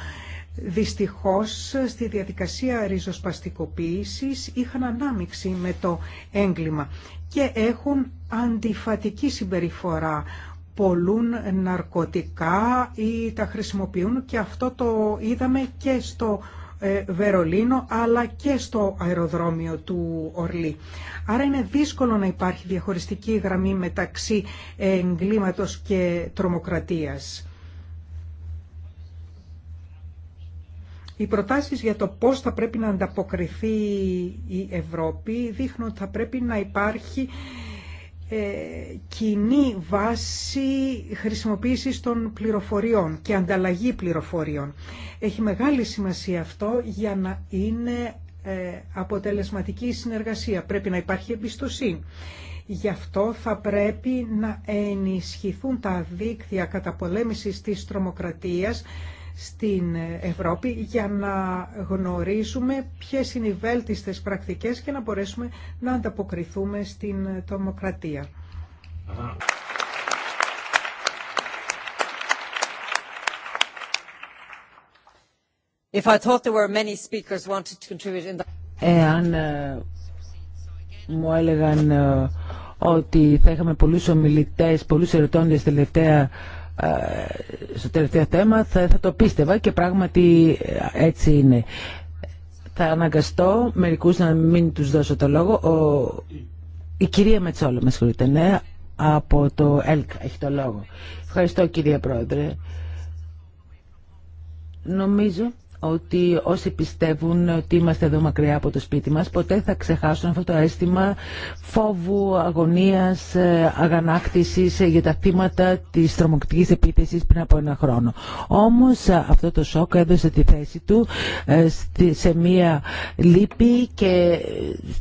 Δυστυχώς στη διαδικασία ριζοσπαστικοποίησης είχαν ανάμιξη με το έγκλημα και έχουν αντιφατική συμπεριφορά. Πολλούν ναρκωτικά ή τα χρησιμοποιούν και αυτό το είδαμε και στο ε, Βερολίνο αλλά και στο αεροδρόμιο του Ορλή. Άρα είναι δύσκολο να υπάρχει διαχωριστική γραμμή μεταξύ εγκλήματος και τρομοκρατίας. Οι προτάσεις για το πώς θα πρέπει να ανταποκριθεί η Ευρώπη δείχνουν ότι θα πρέπει να υπάρχει ε, κοινή βάση χρησιμοποίησης των πληροφοριών και ανταλλαγή πληροφοριών. Έχει μεγάλη σημασία αυτό για να είναι ε, αποτελεσματική συνεργασία. Πρέπει να υπάρχει εμπιστοσύνη. Γι' αυτό θα πρέπει να ενισχυθούν τα δίκτυα καταπολέμησης της τρομοκρατίας στην Ευρώπη για να γνωρίσουμε ποιες είναι οι βέλτιστες πρακτικές και να μπορέσουμε να ανταποκριθούμε στην τομοκρατία. Εάν ε, μου έλεγαν ε, ότι θα είχαμε πολλούς ομιλητές, πολλούς ερωτώντες τελευταία ε, στο τελευταίο θέμα θα, θα το πίστευα και πράγματι ε, έτσι είναι. Θα αναγκαστώ μερικούς να μην τους δώσω το λόγο. η κυρία Μετσόλο, με συγχωρείτε, ναι, από το ΕΛΚ έχει το λόγο. Ευχαριστώ κυρία Πρόεδρε. Νομίζω ότι όσοι πιστεύουν ότι είμαστε εδώ μακριά από το σπίτι μας ποτέ θα ξεχάσουν αυτό το αίσθημα φόβου, αγωνίας, ε, αγανάκτησης ε, για τα θύματα της τρομοκτικής επίθεσης πριν από ένα χρόνο. Όμως ε, αυτό το σοκ έδωσε τη θέση του σε μία λύπη και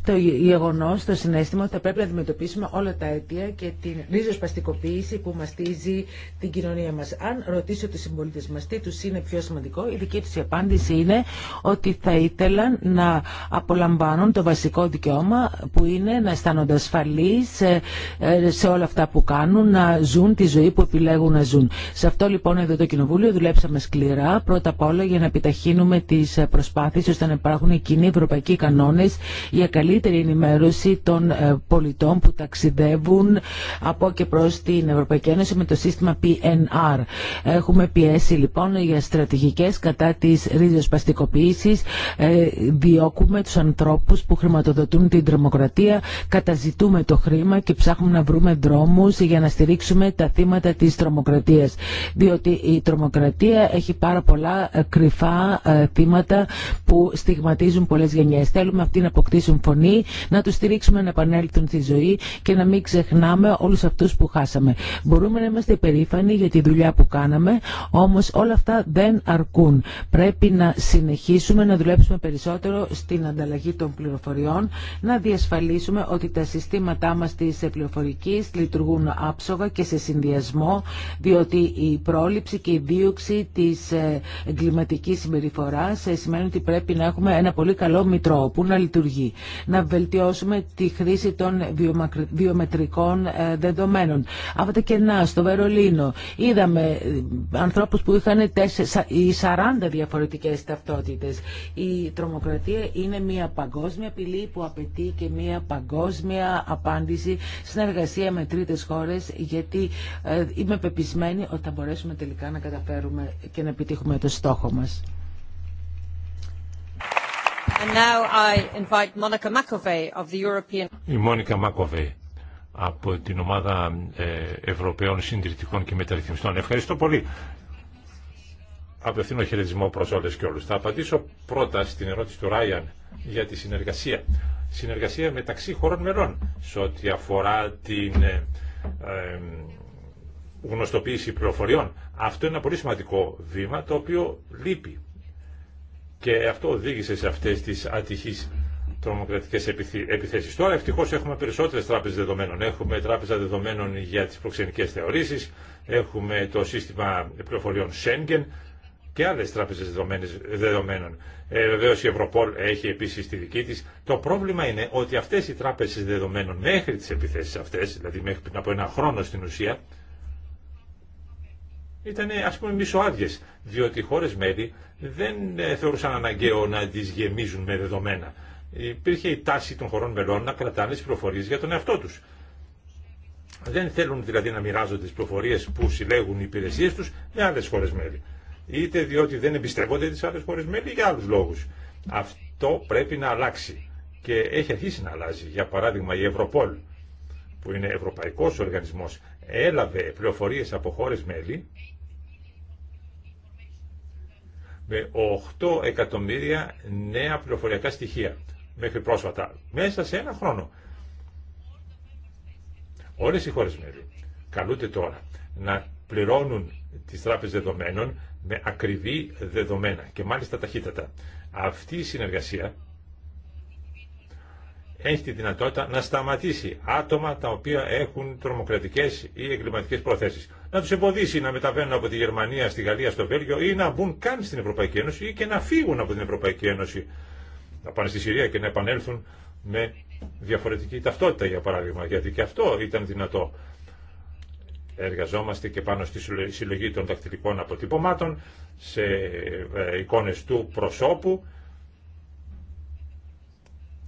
το γεγονό, το συνέστημα ότι θα πρέπει να αντιμετωπίσουμε όλα τα αίτια και την ρίζοσπαστικοποίηση που μαστίζει την κοινωνία μας. Αν ρωτήσω τους συμπολίτες μας τι τους είναι πιο σημαντικό, η δική τους απάντηση απάντηση είναι ότι θα ήθελαν να απολαμβάνουν το βασικό δικαίωμα που είναι να αισθάνονται ασφαλείς ε, ε, σε όλα αυτά που κάνουν, να ζουν τη ζωή που επιλέγουν να ζουν. Σε αυτό λοιπόν εδώ το Κοινοβούλιο δουλέψαμε σκληρά, πρώτα απ' όλα για να επιταχύνουμε τις προσπάθειες ώστε να υπάρχουν κοινοί ευρωπαϊκοί κανόνες για καλύτερη ενημέρωση των ε, πολιτών που ταξιδεύουν από και προς την Ευρωπαϊκή Ένωση με το σύστημα PNR. Έχουμε πιέσει λοιπόν για στρατηγικές κατά της παστικοποίηση, ε, διώκουμε του ανθρώπου που χρηματοδοτούν την τρομοκρατία, καταζητούμε το χρήμα και ψάχνουμε να βρούμε δρόμου για να στηρίξουμε τα θύματα τη τρομοκρατία. Διότι η τρομοκρατία έχει πάρα πολλά ε, κρυφά ε, θύματα που στιγματίζουν πολλέ γενιέ. Θέλουμε αυτοί να αποκτήσουν φωνή, να του στηρίξουμε να επανέλθουν στη ζωή και να μην ξεχνάμε όλου αυτού που χάσαμε. Μπορούμε να είμαστε υπερήφανοι για τη δουλειά που κάναμε, όμω όλα αυτά δεν αρκούν. Πρέπει να συνεχίσουμε να δουλέψουμε περισσότερο στην ανταλλαγή των πληροφοριών, να διασφαλίσουμε ότι τα συστήματά μας της πληροφορικής λειτουργούν άψογα και σε συνδυασμό, διότι η πρόληψη και η δίωξη της ε, εγκληματικής συμπεριφοράς ε, σημαίνει ότι πρέπει να έχουμε ένα πολύ καλό μητρό που να λειτουργεί. Να βελτιώσουμε τη χρήση των βιομετρικών ε, δεδομένων. Από τα κενά στο Βερολίνο είδαμε ανθρώπους που είχαν 40 διαφορετικέ πολιτικές ταυτότητες. Η τρομοκρατία είναι μια παγκόσμια απειλή που απαιτεί και μια παγκόσμια απάντηση στην εργασία με τρίτες χώρες γιατί ε, είμαι πεπισμένη ότι θα μπορέσουμε τελικά να καταφέρουμε και να επιτύχουμε το στόχο μας. And now I invite Monica of the European... Η Μόνικα Μάκοβε από την ομάδα ε, Ευρωπαίων Συντηρητικών και Μεταρρυθμιστών. Ευχαριστώ πολύ απευθύνω χαιρετισμό προ όλε και όλου. Θα απαντήσω πρώτα στην ερώτηση του Ράιαν για τη συνεργασία. Συνεργασία μεταξύ χωρών μερών σε ό,τι αφορά την ε, ε, γνωστοποίηση πληροφοριών. Αυτό είναι ένα πολύ σημαντικό βήμα το οποίο λείπει. Και αυτό οδήγησε σε αυτέ τι ατυχεί τρομοκρατικές επιθέσεις. Τώρα ευτυχώ έχουμε περισσότερε τράπεζε δεδομένων. Έχουμε τράπεζα δεδομένων για τι προξενικέ θεωρήσει, έχουμε το σύστημα πληροφοριών Schengen, και άλλε τράπεζε δεδομένων. Ε, Βεβαίω η Ευρωπόλ έχει επίση τη δική τη. Το πρόβλημα είναι ότι αυτέ οι τράπεζε δεδομένων μέχρι τι επιθέσει αυτέ, δηλαδή μέχρι πριν από ένα χρόνο στην ουσία, ήταν α πούμε μισοάδιες, διότι οι χώρες μέλη δεν ε, θεωρούσαν αναγκαίο να τι γεμίζουν με δεδομένα. Υπήρχε η τάση των χωρών μελών να κρατάνε τι πληροφορίε για τον εαυτό του. Δεν θέλουν δηλαδή να μοιράζονται τις προφορίες που συλλέγουν οι υπηρεσίε του με άλλε χώρε μέλη είτε διότι δεν εμπιστεύονται τις άλλες χώρες μέλη για άλλους λόγους. Αυτό πρέπει να αλλάξει και έχει αρχίσει να αλλάζει. Για παράδειγμα η Ευρωπόλ που είναι ευρωπαϊκός οργανισμός έλαβε πληροφορίες από χώρες μέλη με 8 εκατομμύρια νέα πληροφοριακά στοιχεία μέχρι πρόσφατα, μέσα σε ένα χρόνο. Όλες οι χώρες μέλη καλούνται τώρα να πληρώνουν τις τράπεζες δεδομένων με ακριβή δεδομένα και μάλιστα ταχύτατα. Αυτή η συνεργασία έχει τη δυνατότητα να σταματήσει άτομα τα οποία έχουν τρομοκρατικές ή εγκληματικές προθέσεις. Να τους εμποδίσει να μεταβαίνουν από τη Γερμανία στη Γαλλία, στο Βέλγιο ή να μπουν καν στην Ευρωπαϊκή Ένωση ή και να φύγουν από την Ευρωπαϊκή Ένωση. Να πάνε στη Συρία και να επανέλθουν με διαφορετική ταυτότητα για παράδειγμα, γιατί και αυτό ήταν δυνατό. Εργαζόμαστε και πάνω στη συλλογή των δακτυλικών αποτυπωμάτων, σε ε, εικόνες του προσώπου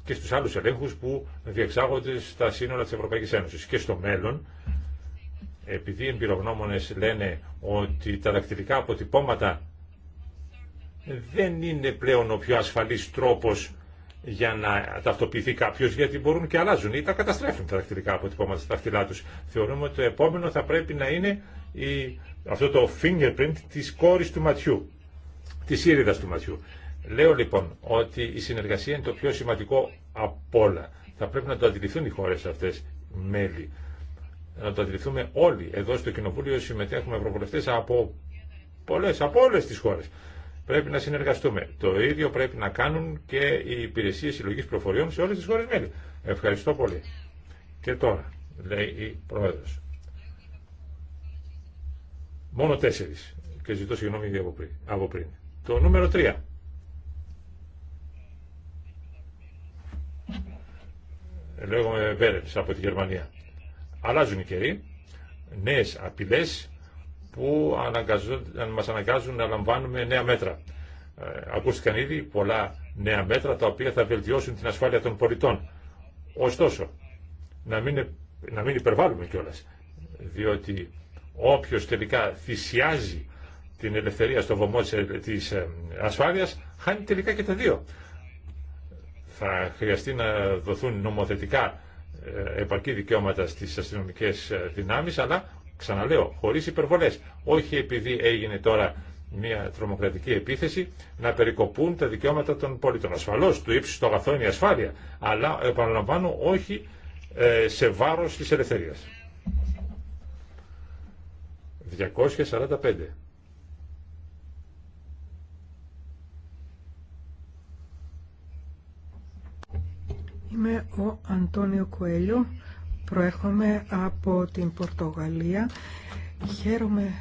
και στους άλλους ελέγχους που διεξάγονται στα σύνορα της Ευρωπαϊκής Ένωσης. Και στο μέλλον, επειδή οι εμπειρογνώμονες λένε ότι τα δακτυλικά αποτυπώματα δεν είναι πλέον ο πιο ασφαλής τρόπος για να ταυτοποιηθεί κάποιο, γιατί μπορούν και αλλάζουν ή τα καταστρέφουν τα δακτυλικά αποτυπώματα στα δακτυλά του. Θεωρούμε ότι το επόμενο θα πρέπει να είναι η, αυτό το fingerprint τη κόρη του ματιού, τη ήρυδα του ματιού. Λέω λοιπόν ότι η συνεργασία είναι το πιο σημαντικό απ' όλα. Θα πρέπει να το αντιληφθούν οι χώρε αυτέ μέλη. Να το αντιληφθούμε όλοι. Εδώ στο Κοινοβούλιο συμμετέχουμε ευρωβουλευτέ από πολλέ, από όλε τι χώρε. Πρέπει να συνεργαστούμε. Το ίδιο πρέπει να κάνουν και οι υπηρεσίε συλλογή προφοριών σε όλε τι χώρε μέλη. Ευχαριστώ πολύ. Και τώρα, λέει η Πρόεδρο. Μόνο τέσσερι. Και ζητώ συγγνώμη από πριν. από πριν. Το νούμερο τρία. Λέγομαι Βέρελ από τη Γερμανία. Αλλάζουν οι καιροί. Νέε απειλέ που μας αναγκάζουν να λαμβάνουμε νέα μέτρα. Ε, ακούστηκαν ήδη πολλά νέα μέτρα τα οποία θα βελτιώσουν την ασφάλεια των πολιτών. Ωστόσο, να μην, ε- να μην υπερβάλλουμε κιόλας, διότι όποιος τελικά θυσιάζει την ελευθερία στο βωμό της ε, ασφάλειας, χάνει τελικά και τα δύο. Θα χρειαστεί να δοθούν νομοθετικά επαρκή δικαιώματα στις αστυνομικές δυνάμεις, αλλά Ξαναλέω, χωρίς υπερβολέ. Όχι επειδή έγινε τώρα μια τρομοκρατική επίθεση να περικοπούν τα δικαιώματα των πολιτών. Ασφαλώς, του ύψου το αγαθό είναι η ασφάλεια. Αλλά, επαναλαμβάνω, όχι ε, σε βάρος της ελευθερίας. 245. Είμαι ο Αντώνιο Κοέλιο Προέρχομαι από την Πορτογαλία. Χαίρομαι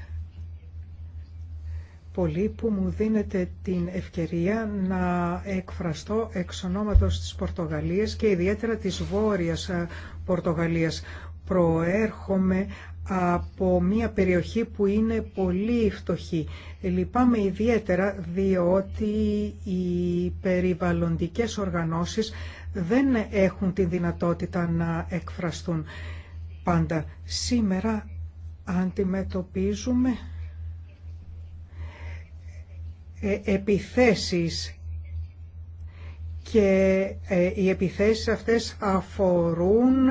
πολύ που μου δίνετε την ευκαιρία να εκφραστώ εξ ονόματος της Πορτογαλίας και ιδιαίτερα της Βόρειας Πορτογαλίας. Προέρχομαι από μια περιοχή που είναι πολύ φτωχή. Λυπάμαι ιδιαίτερα διότι οι περιβαλλοντικές οργανώσεις δεν έχουν τη δυνατότητα να εκφραστούν πάντα. Σήμερα αντιμετωπίζουμε ε, επιθέσεις και ε, οι επιθέσεις αυτές αφορούν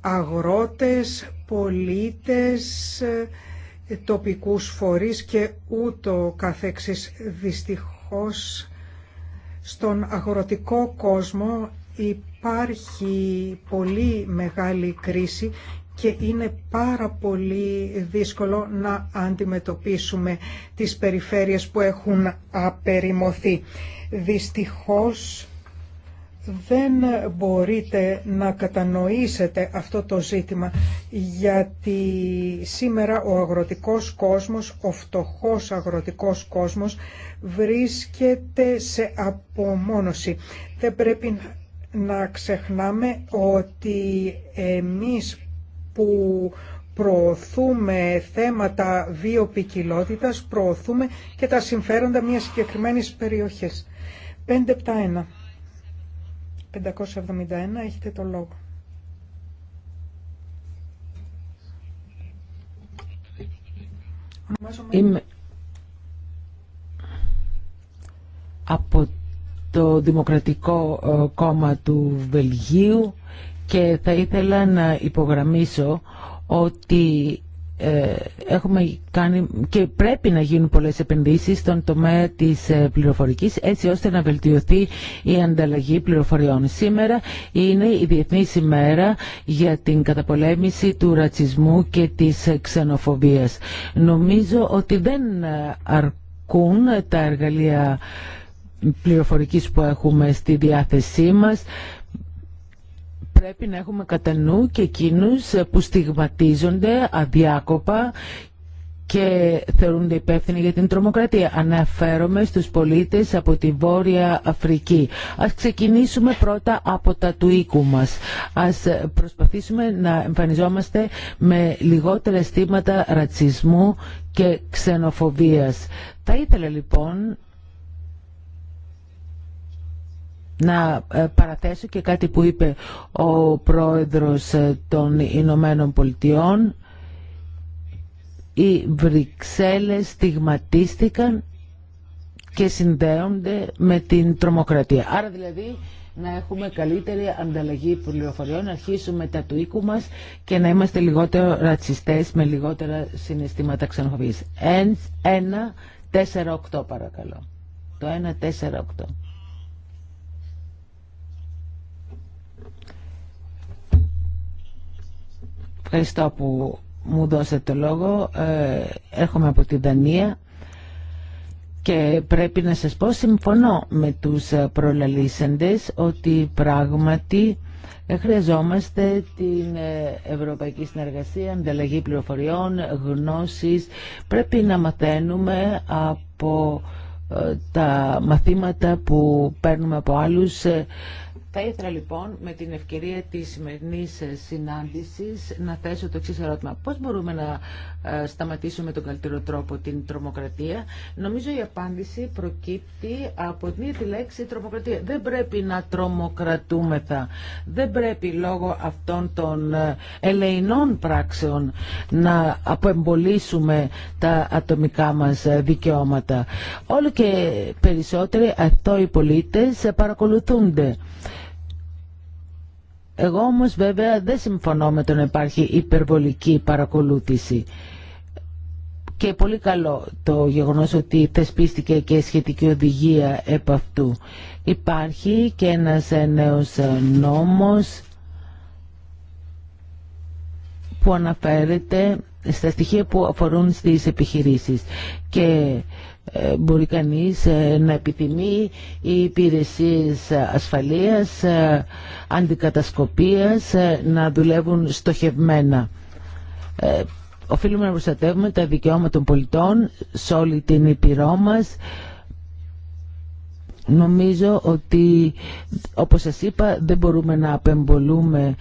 αγρότες, πολίτες, ε, τοπικούς φορείς και ούτω καθεξής. Δυστυχώς στον αγροτικό κόσμο υπάρχει πολύ μεγάλη κρίση και είναι πάρα πολύ δύσκολο να αντιμετωπίσουμε τις περιφέρειες που έχουν απεριμωθεί. Δυστυχώς δεν μπορείτε να κατανοήσετε αυτό το ζήτημα γιατί σήμερα ο αγροτικός κόσμος, ο φτωχός αγροτικός κόσμος βρίσκεται σε απομόνωση. Δεν πρέπει να ξεχνάμε ότι εμείς που προωθούμε θέματα βιοπικιλότητας, προωθούμε και τα συμφέροντα μιας συγκεκριμένης περιοχής. 571 571 έχετε το λόγο. Είμαι από το Δημοκρατικό ε, Κόμμα του Βελγίου και θα ήθελα να υπογραμμίσω ότι ε, έχουμε κάνει και πρέπει να γίνουν πολλές επενδύσεις στον τομέα της ε, πληροφορικής έτσι ώστε να βελτιωθεί η ανταλλαγή πληροφοριών. Σήμερα είναι η Διεθνής ημέρα για την καταπολέμηση του ρατσισμού και της ξενοφοβίας. Νομίζω ότι δεν ε, αρκούν τα εργαλεία πληροφορικής που έχουμε στη διάθεσή μας πρέπει να έχουμε κατά νου και εκείνους ε, που στιγματίζονται αδιάκοπα και θεωρούνται υπεύθυνοι για την τρομοκρατία. Αναφέρομαι στους πολίτες από τη Βόρεια Αφρική. Ας ξεκινήσουμε πρώτα από τα του οίκου μας. Ας ε, προσπαθήσουμε να εμφανιζόμαστε με λιγότερα αισθήματα ρατσισμού και ξενοφοβίας. Θα ήθελα λοιπόν να ε, παραθέσω και κάτι που είπε ο πρόεδρος ε, των Ηνωμένων Πολιτειών. Οι Βρυξέλλες στιγματίστηκαν και συνδέονται με την τρομοκρατία. Άρα δηλαδή να έχουμε καλύτερη ανταλλαγή πληροφοριών, να αρχίσουμε τα του οίκου μας και να είμαστε λιγότερο ρατσιστές με λιγότερα συναισθήματα ξενοφοβίας. ξενοφοβής. 1-4-8 παρακαλώ. Το ένα, 4 8 Ευχαριστώ που μου δώσατε το λόγο. Ε, έρχομαι από την Δανία και πρέπει να σας πω, συμφωνώ με τους προλαλήσαντες ότι πράγματι χρειαζόμαστε την ε, ευρωπαϊκή συνεργασία, ανταλλαγή πληροφοριών, γνώσεις. Πρέπει να μαθαίνουμε από ε, τα μαθήματα που παίρνουμε από άλλους θα ήθελα λοιπόν με την ευκαιρία της σημερινής ε, συνάντησης να θέσω το εξής ερώτημα. Πώς μπορούμε να ε, σταματήσουμε τον καλύτερο τρόπο την τρομοκρατία. Νομίζω η απάντηση προκύπτει από την ίδια τη λέξη τρομοκρατία. Δεν πρέπει να τρομοκρατούμεθα. Δεν πρέπει λόγω αυτών των ε, ελεηνών πράξεων να αποεμπολίσουμε τα ατομικά μας δικαιώματα. Όλο και περισσότεροι αυτό οι πολίτες παρακολουθούνται. Εγώ όμως βέβαια δεν συμφωνώ με το να υπάρχει υπερβολική παρακολούθηση. Και πολύ καλό το γεγονός ότι θεσπίστηκε και σχετική οδηγία επ' αυτού. Υπάρχει και ένας νέος νόμος που αναφέρεται στα στοιχεία που αφορούν στις επιχειρήσεις και ε, μπορεί κανείς ε, να επιθυμεί οι υπηρεσίες ασφαλείας, ε, αντικατασκοπίας να δουλεύουν στοχευμένα. Οφείλουμε να προστατεύουμε τα δικαιώματα των πολιτών σε όλη την υπηρό μας. Νομίζω ότι, όπως σας είπα, δεν μπορούμε να απεμπολούμε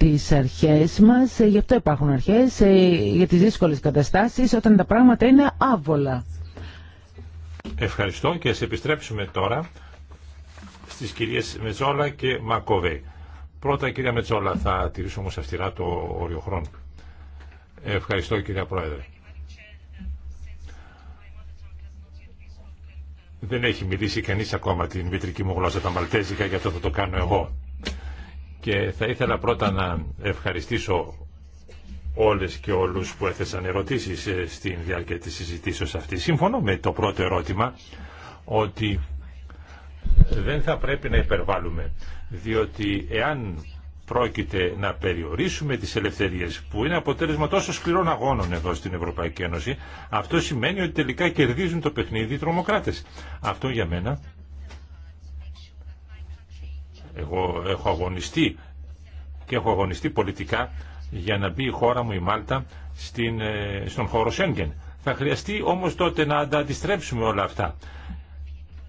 τις αρχές μας, ε, γι' αυτό υπάρχουν αρχές, ε, για τις δύσκολες καταστάσεις όταν τα πράγματα είναι άβολα. Ευχαριστώ και ας επιστρέψουμε τώρα στις κυρίες Μετσόλα και Μακοβέ Πρώτα κυρία Μετσόλα θα τηρήσω όμως αυστηρά το όριο χρόνο. Ευχαριστώ κυρία Πρόεδρε. Δεν έχει μιλήσει κανείς ακόμα την μητρική μου γλώσσα, τα Μαλτέζικα, γι' αυτό θα το κάνω εγώ και θα ήθελα πρώτα να ευχαριστήσω όλες και όλους που έθεσαν ερωτήσεις ε, στην διάρκεια της συζητήσεως αυτή. Σύμφωνο με το πρώτο ερώτημα ότι δεν θα πρέπει να υπερβάλλουμε διότι εάν πρόκειται να περιορίσουμε τις ελευθερίες που είναι αποτέλεσμα τόσο σκληρών αγώνων εδώ στην Ευρωπαϊκή Ένωση αυτό σημαίνει ότι τελικά κερδίζουν το παιχνίδι οι τρομοκράτες. Αυτό για μένα εγώ έχω αγωνιστεί και έχω αγωνιστεί πολιτικά για να μπει η χώρα μου η Μάλτα στην, ε, στον χώρο Σέγγεν. Θα χρειαστεί όμως τότε να αντιστρέψουμε όλα αυτά.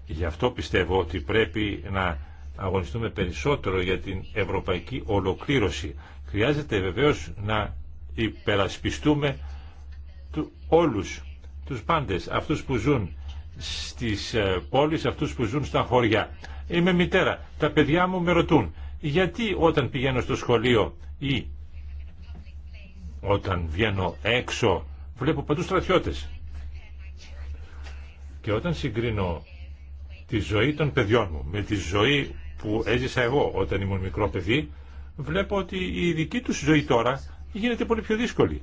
Γι' αυτό πιστεύω ότι πρέπει να αγωνιστούμε περισσότερο για την ευρωπαϊκή ολοκλήρωση. Χρειάζεται βεβαίως να υπερασπιστούμε του, όλους τους πάντες, αυτούς που ζουν στις ε, πόλεις, αυτούς που ζουν στα χωριά. Είμαι μητέρα. Τα παιδιά μου με ρωτούν γιατί όταν πηγαίνω στο σχολείο ή όταν βγαίνω έξω βλέπω παντού στρατιώτες. Και όταν συγκρίνω τη ζωή των παιδιών μου με τη ζωή που έζησα εγώ όταν ήμουν μικρό παιδί, βλέπω ότι η δική τους ζωή τώρα γίνεται πολύ πιο δύσκολη.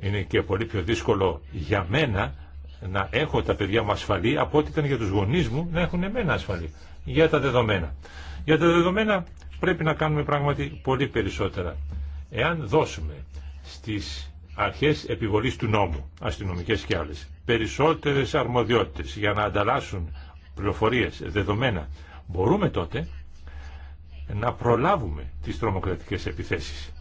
Είναι και πολύ πιο δύσκολο για μένα να έχω τα παιδιά μου ασφαλή από ό,τι ήταν για τους γονείς μου να έχουν εμένα ασφαλή για τα δεδομένα. Για τα δεδομένα πρέπει να κάνουμε πράγματι πολύ περισσότερα. Εάν δώσουμε στις αρχές επιβολής του νόμου, αστυνομικές και άλλες, περισσότερες αρμοδιότητες για να ανταλλάσσουν πληροφορίες, δεδομένα, μπορούμε τότε να προλάβουμε τις τρομοκρατικές επιθέσεις.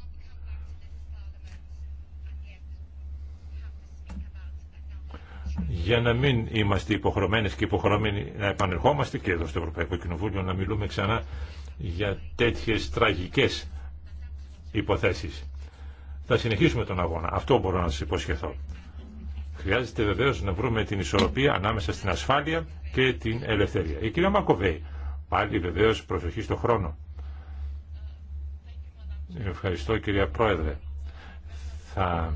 για να μην είμαστε υποχρεωμένες και υποχρεωμένοι να επανερχόμαστε και εδώ στο Ευρωπαϊκό Κοινοβούλιο να μιλούμε ξανά για τέτοιες τραγικές υποθέσεις. Θα συνεχίσουμε τον αγώνα. Αυτό μπορώ να σας υποσχεθώ. Χρειάζεται βεβαίω να βρούμε την ισορροπία ανάμεσα στην ασφάλεια και την ελευθερία. Η κυρία Μακοβέη, πάλι βεβαίω προσοχή στο χρόνο. Ευχαριστώ κυρία Πρόεδρε. Θα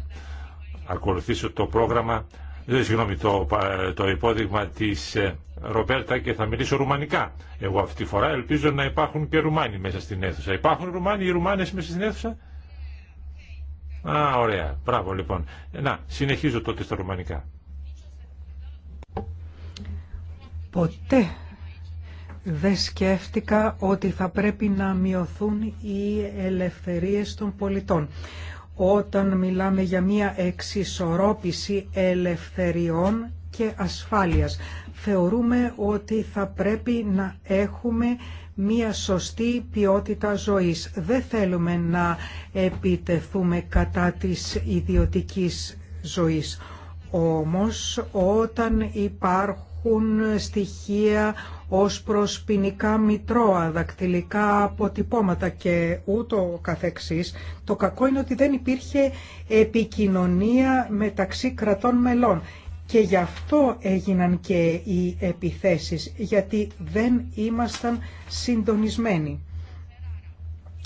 ακολουθήσω το πρόγραμμα ε, συγγνώμη, το, το υπόδειγμα της ε, Ρομπέρτα και θα μιλήσω ρουμανικά. Εγώ αυτή τη φορά ελπίζω να υπάρχουν και Ρουμάνοι μέσα στην αίθουσα. Υπάρχουν Ρουμάνοι ή Ρουμάνες μέσα στην αίθουσα? Α, ωραία. Μπράβο λοιπόν. Ε, να, συνεχίζω τότε στα ρουμανικά. Ποτέ δεν σκέφτηκα ότι θα πρέπει να μειωθούν οι ελευθερίες των πολιτών όταν μιλάμε για μία εξισορρόπηση ελευθεριών και ασφάλειας. Θεωρούμε ότι θα πρέπει να έχουμε μία σωστή ποιότητα ζωής. Δεν θέλουμε να επιτεθούμε κατά της ιδιωτικής ζωής. Όμως όταν υπάρχουν υπάρχουν στοιχεία ως προς ποινικά μητρώα, δακτυλικά αποτυπώματα και ούτω καθεξής. Το κακό είναι ότι δεν υπήρχε επικοινωνία μεταξύ κρατών μελών και γι' αυτό έγιναν και οι επιθέσεις, γιατί δεν ήμασταν συντονισμένοι.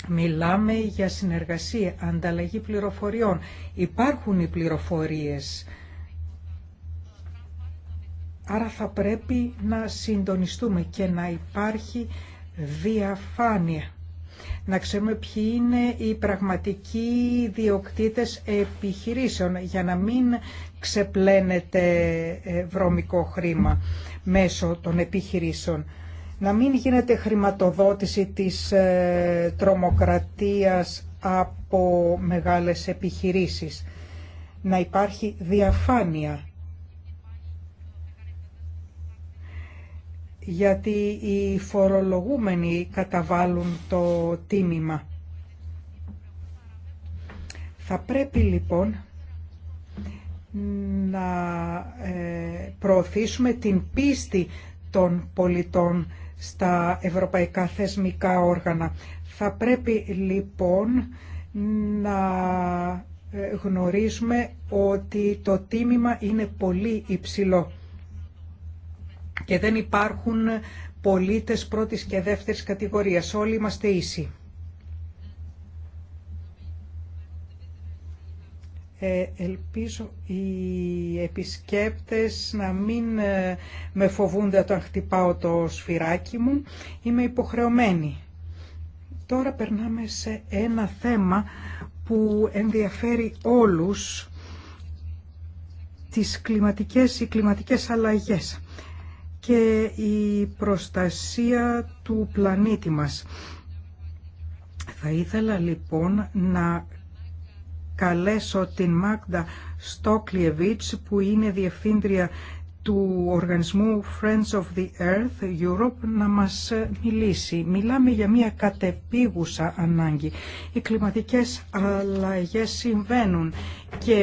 Μιλάμε για συνεργασία, ανταλλαγή πληροφοριών. Υπάρχουν οι πληροφορίες Άρα θα πρέπει να συντονιστούμε και να υπάρχει διαφάνεια. Να ξέρουμε ποιοι είναι οι πραγματικοί διοκτήτες επιχειρήσεων για να μην ξεπλένεται ε, βρωμικό χρήμα μέσω των επιχειρήσεων. Να μην γίνεται χρηματοδότηση της ε, τρομοκρατίας από μεγάλες επιχειρήσεις. Να υπάρχει διαφάνεια γιατί οι φορολογούμενοι καταβάλουν το τίμημα. Θα πρέπει λοιπόν να ε, προωθήσουμε την πίστη των πολιτών στα ευρωπαϊκά θεσμικά όργανα. Θα πρέπει λοιπόν να ε, γνωρίζουμε ότι το τίμημα είναι πολύ υψηλό και δεν υπάρχουν πολίτες πρώτης και δεύτερης κατηγορίας. Όλοι είμαστε ίσοι. Ε, ελπίζω οι επισκέπτες να μην ε, με φοβούνται όταν χτυπάω το σφυράκι μου. Είμαι υποχρεωμένη. Τώρα περνάμε σε ένα θέμα που ενδιαφέρει όλους τις κλιματικές ή κλιματικές αλλαγές και η προστασία του πλανήτη μας. Θα ήθελα λοιπόν να καλέσω την Μάγδα Στόκλιεβιτς που είναι διευθύντρια του οργανισμού Friends of the Earth Europe να μας μιλήσει. Μιλάμε για μια κατεπίγουσα ανάγκη. Οι κλιματικές αλλαγές συμβαίνουν και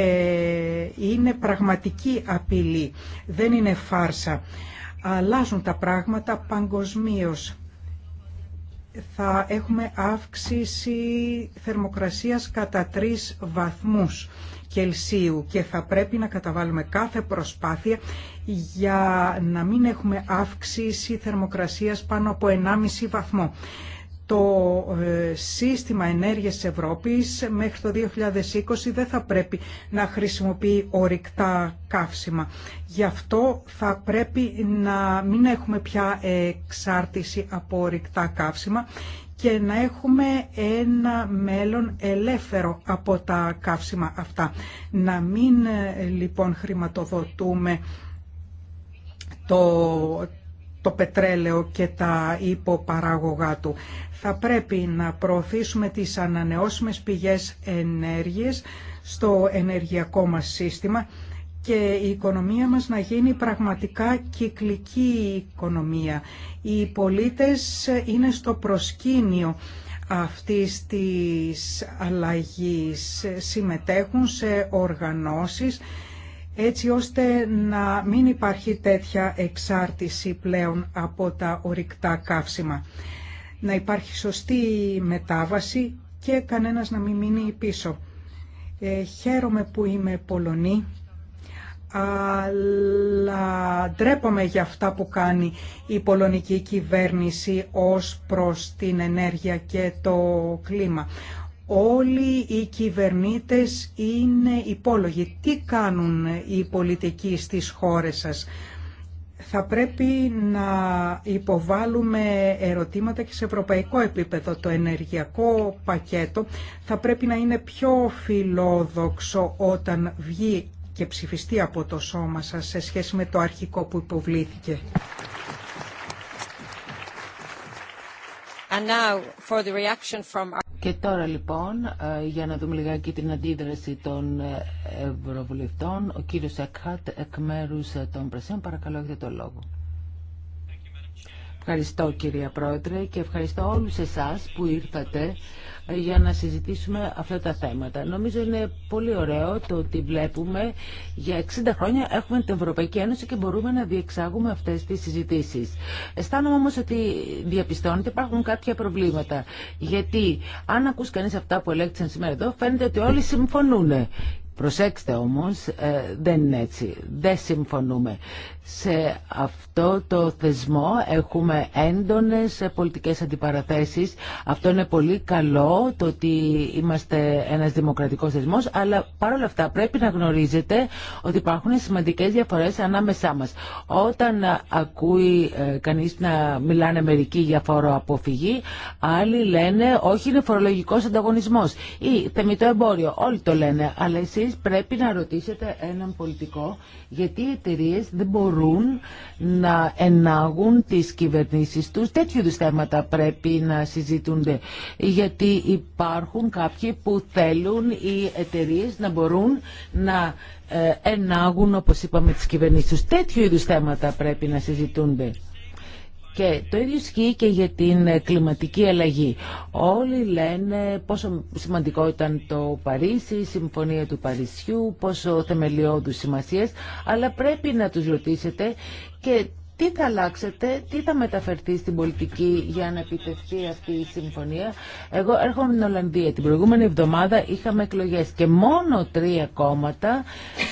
είναι πραγματική απειλή. Δεν είναι φάρσα αλλάζουν τα πράγματα παγκοσμίως. Θα έχουμε αύξηση θερμοκρασίας κατά 3 βαθμούς Κελσίου και θα πρέπει να καταβάλουμε κάθε προσπάθεια για να μην έχουμε αύξηση θερμοκρασίας πάνω από 1,5 βαθμό το ε, σύστημα ενέργειας της Ευρώπης μέχρι το 2020 δεν θα πρέπει να χρησιμοποιεί ορυκτά καύσιμα. Γι' αυτό θα πρέπει να μην έχουμε πια εξάρτηση από ορυκτά καύσιμα και να έχουμε ένα μέλλον ελεύθερο από τα καύσιμα αυτά. Να μην ε, λοιπόν χρηματοδοτούμε το, το πετρέλαιο και τα υποπαράγωγά του. Θα πρέπει να προωθήσουμε τις ανανεώσιμες πηγές ενέργειας στο ενεργειακό μας σύστημα και η οικονομία μας να γίνει πραγματικά κυκλική οικονομία. Οι πολίτες είναι στο προσκήνιο αυτής της αλλαγής, συμμετέχουν σε οργανώσεις έτσι ώστε να μην υπάρχει τέτοια εξάρτηση πλέον από τα ορυκτά καύσιμα. Να υπάρχει σωστή μετάβαση και κανένας να μην μείνει πίσω. Ε, χαίρομαι που είμαι Πολωνή, αλλά ντρέπομαι για αυτά που κάνει η πολωνική κυβέρνηση ως προς την ενέργεια και το κλίμα όλοι οι κυβερνήτες είναι υπόλογοι. Τι κάνουν οι πολιτικοί στις χώρες σας. Θα πρέπει να υποβάλουμε ερωτήματα και σε ευρωπαϊκό επίπεδο. Το ενεργειακό πακέτο θα πρέπει να είναι πιο φιλόδοξο όταν βγει και ψηφιστεί από το σώμα σας σε σχέση με το αρχικό που υποβλήθηκε. Και τώρα λοιπόν, ε, για να δούμε λιγάκι την αντίδραση των ε, ευρωβουλευτών, ο κύριος Εκχάτ εκ μέρους ε, των Πρεσίων παρακαλώ έχετε το λόγο. Ευχαριστώ κυρία Πρόεδρε και ευχαριστώ όλους εσάς που ήρθατε για να συζητήσουμε αυτά τα θέματα. Νομίζω είναι πολύ ωραίο το ότι βλέπουμε για 60 χρόνια έχουμε την Ευρωπαϊκή Ένωση και μπορούμε να διεξάγουμε αυτές τις συζητήσεις. Αισθάνομαι όμως ότι διαπιστώνεται υπάρχουν κάποια προβλήματα. Γιατί αν ακούς κανείς αυτά που ελέγχθησαν σήμερα εδώ φαίνεται ότι όλοι συμφωνούν. Προσέξτε όμως, ε, δεν είναι έτσι. Δεν συμφωνούμε σε αυτό το θεσμό έχουμε έντονες πολιτικές αντιπαραθέσεις. Αυτό είναι πολύ καλό το ότι είμαστε ένας δημοκρατικός θεσμός, αλλά παρόλα αυτά πρέπει να γνωρίζετε ότι υπάρχουν σημαντικές διαφορές ανάμεσά μας. Όταν ακούει ε, κανείς να μιλάνε μερικοί για φοροαποφυγή, άλλοι λένε όχι είναι φορολογικός ανταγωνισμός ή θεμητό εμπόριο. Όλοι το λένε, αλλά εσείς πρέπει να ρωτήσετε έναν πολιτικό γιατί οι εταιρείε δεν μπορούν μπορούν να ενάγουν τις κυβερνήσεις τους. Τέτοιου είδους θέματα πρέπει να συζητούνται. Γιατί υπάρχουν κάποιοι που θέλουν οι εταιρείε να μπορούν να ε, ενάγουν, όπως είπαμε, τις κυβερνήσεις τους. Τέτοιου είδους θέματα πρέπει να συζητούνται. Και το ίδιο ισχύει και για την ε, κλιματική αλλαγή. Όλοι λένε πόσο σημαντικό ήταν το Παρίσι, η Συμφωνία του Παρισιού, πόσο θεμελιώδου σημασίες, αλλά πρέπει να τους ρωτήσετε και τι θα αλλάξετε, τι θα μεταφερθεί στην πολιτική για να επιτευχθεί αυτή η συμφωνία. Εγώ έρχομαι στην Ολλανδία. Την προηγούμενη εβδομάδα είχαμε εκλογέ και μόνο τρία κόμματα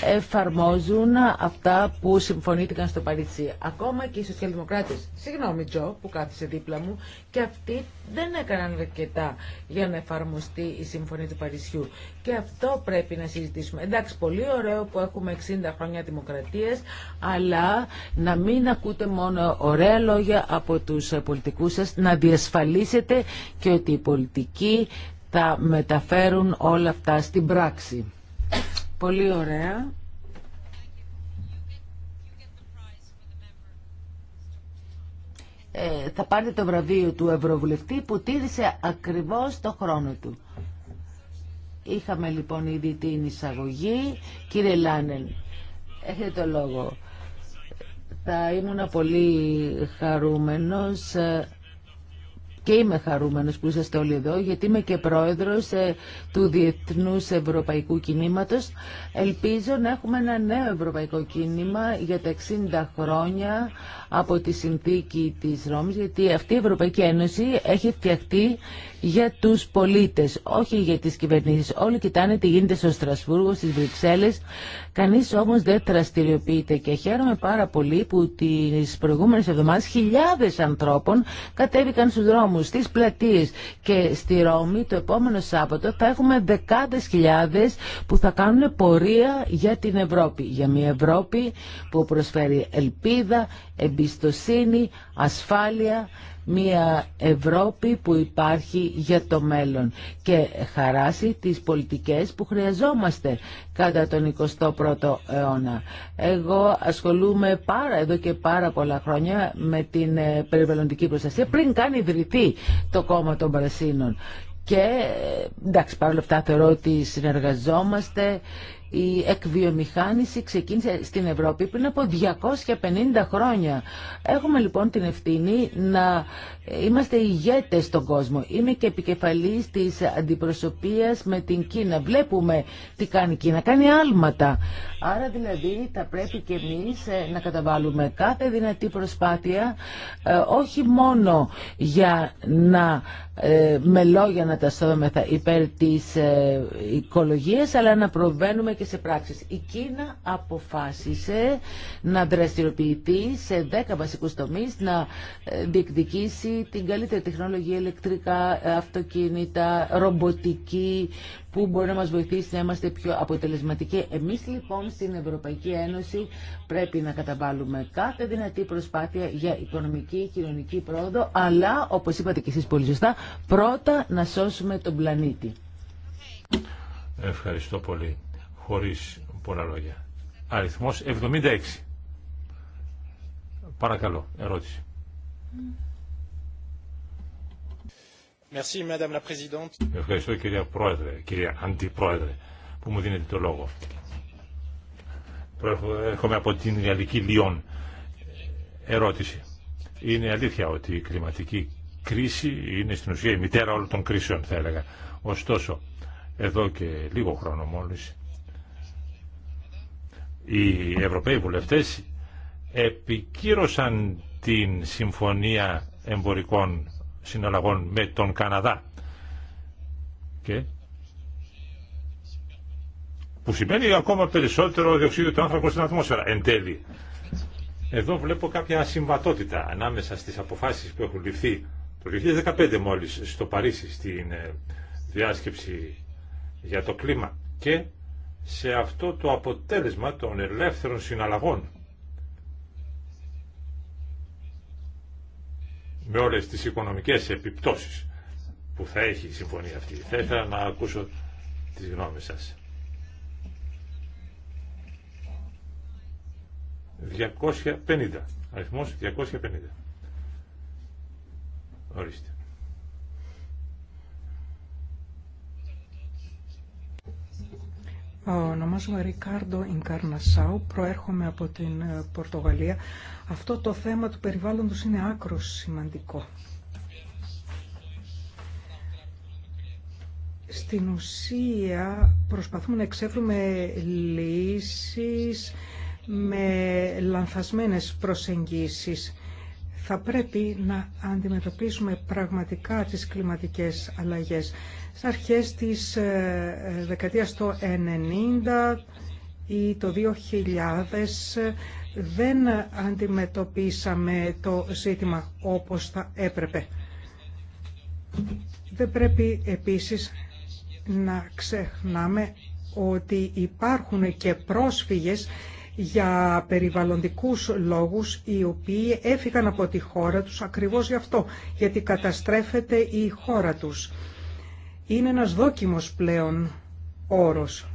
εφαρμόζουν αυτά που συμφωνήθηκαν στο Παρίσι. Ακόμα και οι σοσιαλδημοκράτε. Συγγνώμη, Τζο, που κάθισε δίπλα μου, και αυτοί δεν έκαναν αρκετά για να εφαρμοστεί η συμφωνία του Παρισιού. Και αυτό πρέπει να συζητήσουμε. Εντάξει, πολύ ωραίο που έχουμε 60 χρόνια δημοκρατία, αλλά να μην ακούσουμε ακούτε μόνο ωραία λόγια από τους πολιτικούς σας, να διασφαλίσετε και ότι οι πολιτικοί θα μεταφέρουν όλα αυτά στην πράξη. Πολύ ωραία. Ε, θα πάρετε το βραβείο του Ευρωβουλευτή που τήρησε ακριβώς το χρόνο του. Είχαμε λοιπόν ήδη την εισαγωγή. Κύριε Λάνελ έχετε το λόγο. Θα ήμουν πολύ χαρούμενος ε, και είμαι χαρούμενος που είσαστε όλοι εδώ γιατί είμαι και πρόεδρος ε, του Διεθνούς Ευρωπαϊκού Κινήματος. Ελπίζω να έχουμε ένα νέο ευρωπαϊκό κίνημα για τα 60 χρόνια από τη συνθήκη της Ρώμης γιατί αυτή η Ευρωπαϊκή Ένωση έχει φτιαχτεί για του πολίτε, όχι για τι κυβερνήσει. Όλοι κοιτάνε τι γίνεται στο Στρασβούργο, στι Βρυξέλλε. κανεί όμω δεν δραστηριοποιείται και χαίρομαι πάρα πολύ που τι προηγούμενε εβδομάδε χιλιάδε ανθρώπων κατέβηκαν στου δρόμους, στι πλατείε και στη Ρώμη το επόμενο Σάββατο θα έχουμε δεκάδες χιλιάδε που θα κάνουν πορεία για την Ευρώπη. Για μια Ευρώπη που προσφέρει ελπίδα, εμπιστοσύνη, ασφάλεια μια Ευρώπη που υπάρχει για το μέλλον και χαράσει τις πολιτικές που χρειαζόμαστε κατά τον 21ο αιώνα. Εγώ ασχολούμαι πάρα, εδώ και πάρα πολλά χρόνια με την ε, περιβαλλοντική προστασία πριν καν ιδρυθεί το κόμμα των Πρασίνων. Και ε, εντάξει, παρόλα αυτά θεωρώ ότι συνεργαζόμαστε η εκβιομηχάνηση ξεκίνησε στην Ευρώπη πριν από 250 χρόνια. Έχουμε λοιπόν την ευθύνη να είμαστε ηγέτες στον κόσμο. Είμαι και επικεφαλής της αντιπροσωπείας με την Κίνα. Βλέπουμε τι κάνει η Κίνα. Κάνει άλματα. Άρα δηλαδή θα πρέπει και εμείς ε, να καταβάλουμε κάθε δυνατή προσπάθεια ε, όχι μόνο για να ε, με λόγια να τα στρώμεθα υπέρ της οικολογίας αλλά να προβαίνουμε και σε πράξεις. Η Κίνα αποφάσισε να δραστηριοποιηθεί σε 10 βασικούς τομείς, να ε, διεκδικήσει την καλύτερη τεχνολογία, ηλεκτρικά, ε, αυτοκίνητα, ρομποτική, που μπορεί να μας βοηθήσει να είμαστε πιο αποτελεσματικοί. Εμείς λοιπόν στην Ευρωπαϊκή Ένωση πρέπει να καταβάλουμε κάθε δυνατή προσπάθεια για οικονομική, και κοινωνική πρόοδο, αλλά όπως είπατε και εσείς πολύ σωστά, πρώτα να σώσουμε τον πλανήτη. Ευχαριστώ πολύ χωρίς πολλά λόγια. Αριθμός 76. Παρακαλώ, ερώτηση. Ευχαριστώ κυρία Πρόεδρε, κυρία Αντιπρόεδρε που μου δίνετε το λόγο. Έρχομαι από την Ιαλική Λιόν. Ερώτηση. Είναι αλήθεια ότι η κλιματική κρίση είναι στην ουσία η μητέρα όλων των κρίσεων θα έλεγα. Ωστόσο, εδώ και λίγο χρόνο μόλις οι Ευρωπαίοι βουλευτές επικύρωσαν την Συμφωνία Εμπορικών Συναλλαγών με τον Καναδά και που σημαίνει ακόμα περισσότερο διοξείδιο του άνθρακου στην ατμόσφαιρα εν τέλει. Εδώ βλέπω κάποια συμβατότητα ανάμεσα στις αποφάσεις που έχουν ληφθεί το 2015 μόλις στο Παρίσι στην ε, διάσκεψη για το κλίμα και σε αυτό το αποτέλεσμα των ελεύθερων συναλλαγών με όλες τις οικονομικές επιπτώσεις που θα έχει η συμφωνία αυτή. Θα ήθελα να ακούσω τις γνώμες σας. 250. Αριθμός 250. Ορίστε. Ονομάζομαι Ρικάρντο Ινκαρνασάου, προέρχομαι από την ε, Πορτογαλία. Αυτό το θέμα του περιβάλλοντος είναι άκρος σημαντικό. Στην ουσία προσπαθούμε να εξεύρουμε λύσεις με λανθασμένες προσεγγίσεις. Θα πρέπει να αντιμετωπίσουμε πραγματικά τις κλιματικές αλλαγές. Στις αρχές της ε, ε, δεκαετίας το 90 ή το 2000 ε, δεν αντιμετωπίσαμε το ζήτημα όπως θα έπρεπε. Δεν πρέπει επίσης να ξεχνάμε ότι υπάρχουν και πρόσφυγες για περιβαλλοντικούς λόγους οι οποίοι έφυγαν από τη χώρα τους ακριβώς γι' αυτό, γιατί καταστρέφεται η χώρα τους είναι ένας δόκιμος πλέον όρος.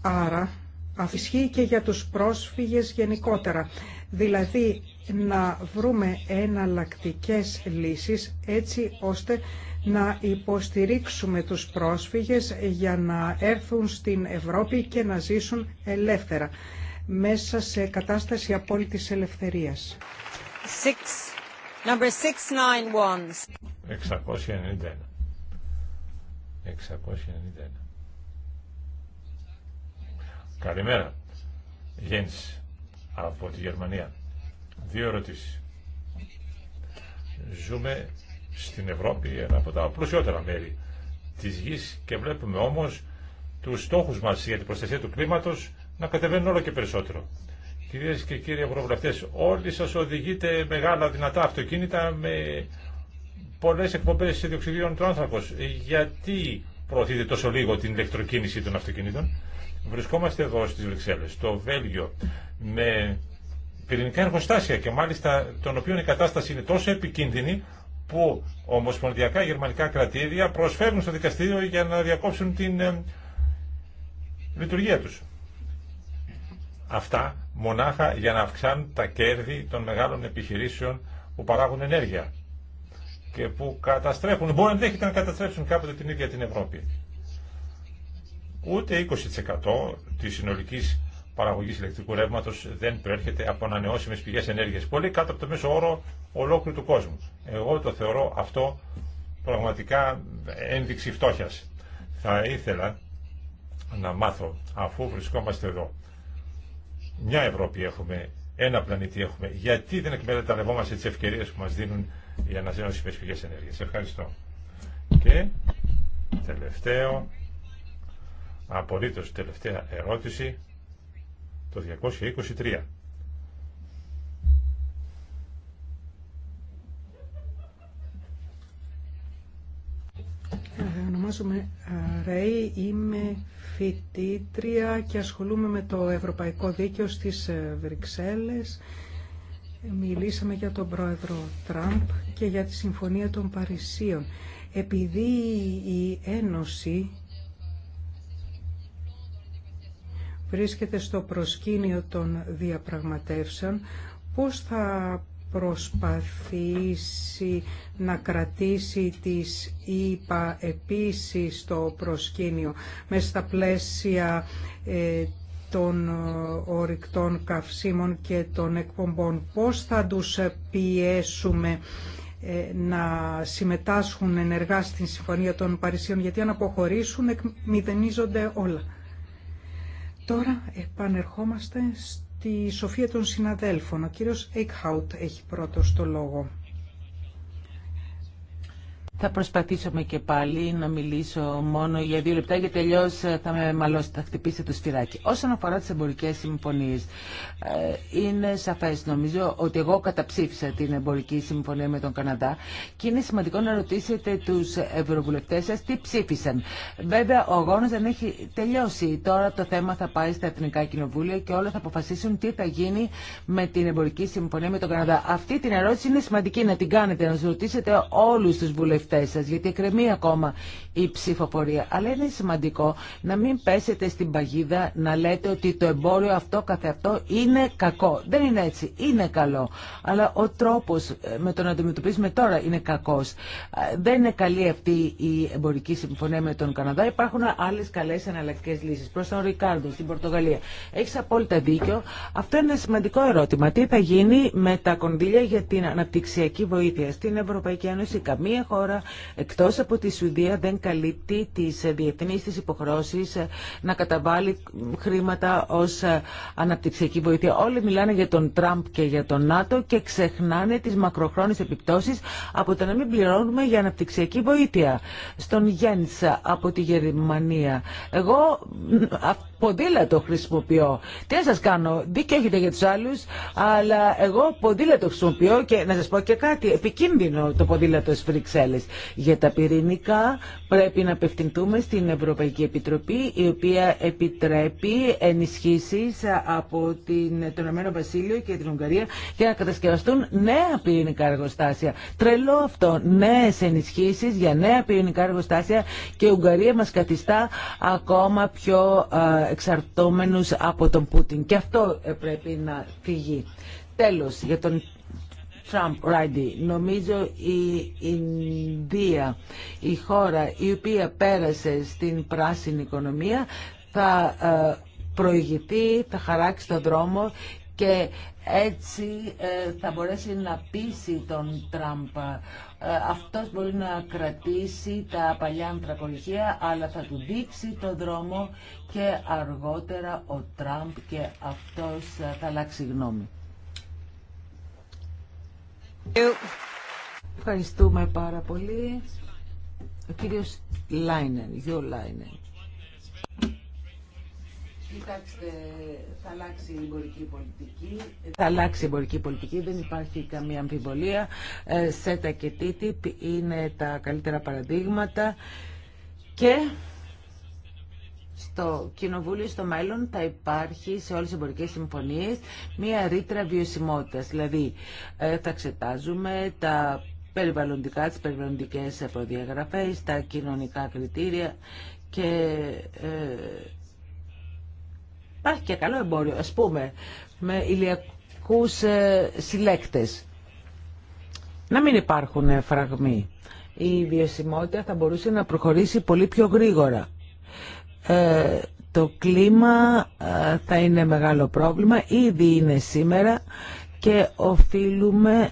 Άρα, αφισχύει και για τους πρόσφυγες γενικότερα. Δηλαδή, να βρούμε εναλλακτικέ λύσεις έτσι ώστε να υποστηρίξουμε τους πρόσφυγες για να έρθουν στην Ευρώπη και να ζήσουν ελεύθερα μέσα σε κατάσταση απόλυτης ελευθερίας. Number 691. 691. Καλημέρα. Γέννης από τη Γερμανία. Δύο ερωτήσεις. Ζούμε στην Ευρώπη, ένα από τα πλουσιότερα μέρη της γης και βλέπουμε όμως τους στόχους μας για την προστασία του κλίματος να κατεβαίνουν όλο και περισσότερο. Κυρίε και κύριοι ευρωβουλευτέ, όλοι σας οδηγείτε μεγάλα δυνατά αυτοκίνητα με πολλές εκπομπές διοξιδίων του άνθρακος. Γιατί προωθείτε τόσο λίγο την ηλεκτροκίνηση των αυτοκινήτων. Βρισκόμαστε εδώ στις Βρυξέλλες, στο Βέλγιο, με πυρηνικά εργοστάσια και μάλιστα των οποίων η κατάσταση είναι τόσο επικίνδυνη που ομοσπονδιακά γερμανικά κρατήδια προσφέρουν στο δικαστήριο για να διακόψουν την ε, λειτουργία τους αυτά μονάχα για να αυξάνουν τα κέρδη των μεγάλων επιχειρήσεων που παράγουν ενέργεια και που καταστρέφουν, μπορεί ενδέχεται να καταστρέψουν κάποτε την ίδια την Ευρώπη. Ούτε 20% της συνολικής παραγωγής ηλεκτρικού ρεύματος δεν προέρχεται από ανανεώσιμες πηγές ενέργειας. Πολύ κάτω από το μέσο όρο ολόκληρου του κόσμου. Εγώ το θεωρώ αυτό πραγματικά ένδειξη φτώχειας. Θα ήθελα να μάθω, αφού βρισκόμαστε εδώ, μια Ευρώπη έχουμε, ένα πλανήτη έχουμε. Γιατί δεν εκμεταλλευόμαστε τι ευκαιρίε που μα δίνουν οι στι πηγές ενέργεια. Ευχαριστώ. Και τελευταίο, απολύτω τελευταία ερώτηση, το 223. Ε, ονομάζομαι ε, Ρέι, είμαι φοιτήτρια και ασχολούμαι με το Ευρωπαϊκό Δίκαιο στις ε, Βρυξέλλες. Μιλήσαμε για τον πρόεδρο Τραμπ και για τη Συμφωνία των Παρισίων. Επειδή η Ένωση βρίσκεται στο προσκήνιο των διαπραγματεύσεων, πώς θα προσπαθήσει να κρατήσει τις ΙΠΑ επίσης στο προσκήνιο μέσα στα πλαίσια ε, των ε, ορυκτών καυσίμων και των εκπομπών. Πώς θα τους πιέσουμε ε, να συμμετάσχουν ενεργά στην Συμφωνία των Παρισίων, γιατί αν αποχωρήσουν μηδενίζονται όλα. Τώρα επανερχόμαστε τη σοφία των συναδέλφων. Ο κύριος Eichhout έχει πρώτος το λόγο. Θα προσπαθήσουμε και πάλι να μιλήσω μόνο για δύο λεπτά γιατί τελειώ ε, θα με μαλώσει, θα χτυπήσει το σφυράκι. Όσον αφορά τι εμπορικέ συμφωνίε, ε, είναι σαφέ νομίζω ότι εγώ καταψήφισα την εμπορική συμφωνία με τον Καναδά και είναι σημαντικό να ρωτήσετε του ευρωβουλευτέ σα τι ψήφισαν. Βέβαια, ο αγώνα δεν έχει τελειώσει. Τώρα το θέμα θα πάει στα εθνικά κοινοβούλια και όλα θα αποφασίσουν τι θα γίνει με την εμπορική συμφωνία με τον Καναδά. Αυτή την ερώτηση είναι σημαντική να την κάνετε, να ρωτήσετε όλου του βουλευτέ βουλευτέ σα, γιατί εκκρεμεί ακόμα η ψηφοφορία. Αλλά είναι σημαντικό να μην πέσετε στην παγίδα να λέτε ότι το εμπόριο αυτό καθεαυτό είναι κακό. Δεν είναι έτσι. Είναι καλό. Αλλά ο τρόπο ε, με τον αντιμετωπίζουμε τώρα είναι κακό. Ε, δεν είναι καλή αυτή η εμπορική συμφωνία με τον Καναδά. Υπάρχουν άλλε καλέ εναλλακτικές λύσει. Προ τον Ρικάρδο στην Πορτογαλία. Έχει απόλυτα δίκιο. Αυτό είναι ένα σημαντικό ερώτημα. Τι θα γίνει με τα κονδύλια για την αναπτυξιακή βοήθεια. Στην Ευρωπαϊκή Ένωση καμία χώρα εκτός από τη Σουηδία δεν καλύπτει τις διεθνείς της υποχρώσεις ε, να καταβάλει χρήματα ως ε, αναπτυξιακή βοήθεια. Όλοι μιλάνε για τον Τραμπ και για τον ΝΑΤΟ και ξεχνάνε τις μακροχρόνιες επιπτώσεις από το να μην πληρώνουμε για αναπτυξιακή βοήθεια. Στον Γέντσα από τη Γερμανία. Εγώ ποδήλατο χρησιμοποιώ. Τι να σα κάνω, δίκιο έχετε για του άλλου, αλλά εγώ ποδήλατο χρησιμοποιώ και να σα πω και κάτι. Επικίνδυνο το ποδήλατο στι Βρυξέλλε. Για τα πυρηνικά πρέπει να απευθυνθούμε στην Ευρωπαϊκή Επιτροπή, η οποία επιτρέπει ενισχύσει από την, το Ηνωμένο Βασίλειο και την Ουγγαρία για να κατασκευαστούν νέα πυρηνικά εργοστάσια. Τρελό αυτό. Νέε ενισχύσει για νέα πυρηνικά εργοστάσια και η Ουγγαρία μα καθιστά ακόμα πιο ε, εξαρτώμενους από τον Πούτιν. Και αυτό πρέπει να φυγεί. Τέλος, για τον Τραμπ Ράιντι νομίζω η Ινδία, η χώρα η οποία πέρασε στην πράσινη οικονομία, θα ε, προηγηθεί, θα χαράξει τον δρόμο και έτσι ε, θα μπορέσει να πείσει τον Τραμπ. Ε, αυτός μπορεί να κρατήσει τα παλιά ανθρακοριχεία, αλλά θα του δείξει το δρόμο και αργότερα ο Τραμπ και αυτός ε, θα αλλάξει γνώμη. Ευχαριστούμε πάρα πολύ. Ο κύριος Λάινερ, Γιώ Κοιτάξτε, θα αλλάξει η εμπορική πολιτική. Θα αλλάξει η εμπορική πολιτική, δεν υπάρχει καμία αμφιβολία. ΣΕΤΑ και ΤΙΤΙΠ είναι τα καλύτερα παραδείγματα. Και στο κοινοβούλιο στο μέλλον θα υπάρχει σε όλες τις εμπορικές συμφωνίες μία ρήτρα βιωσιμότητας. Δηλαδή ε, θα εξετάζουμε τα περιβαλλοντικά, τις περιβαλλοντικές προδιαγραφές, τα κοινωνικά κριτήρια και ε, Υπάρχει και καλό εμπόριο, ας πούμε, με ηλιακούς ε, συλλέκτες. Να μην υπάρχουν ε, φραγμοί. Η βιωσιμότητα θα μπορούσε να προχωρήσει πολύ πιο γρήγορα. Ε, το κλίμα θα είναι μεγάλο πρόβλημα, ήδη είναι σήμερα και οφείλουμε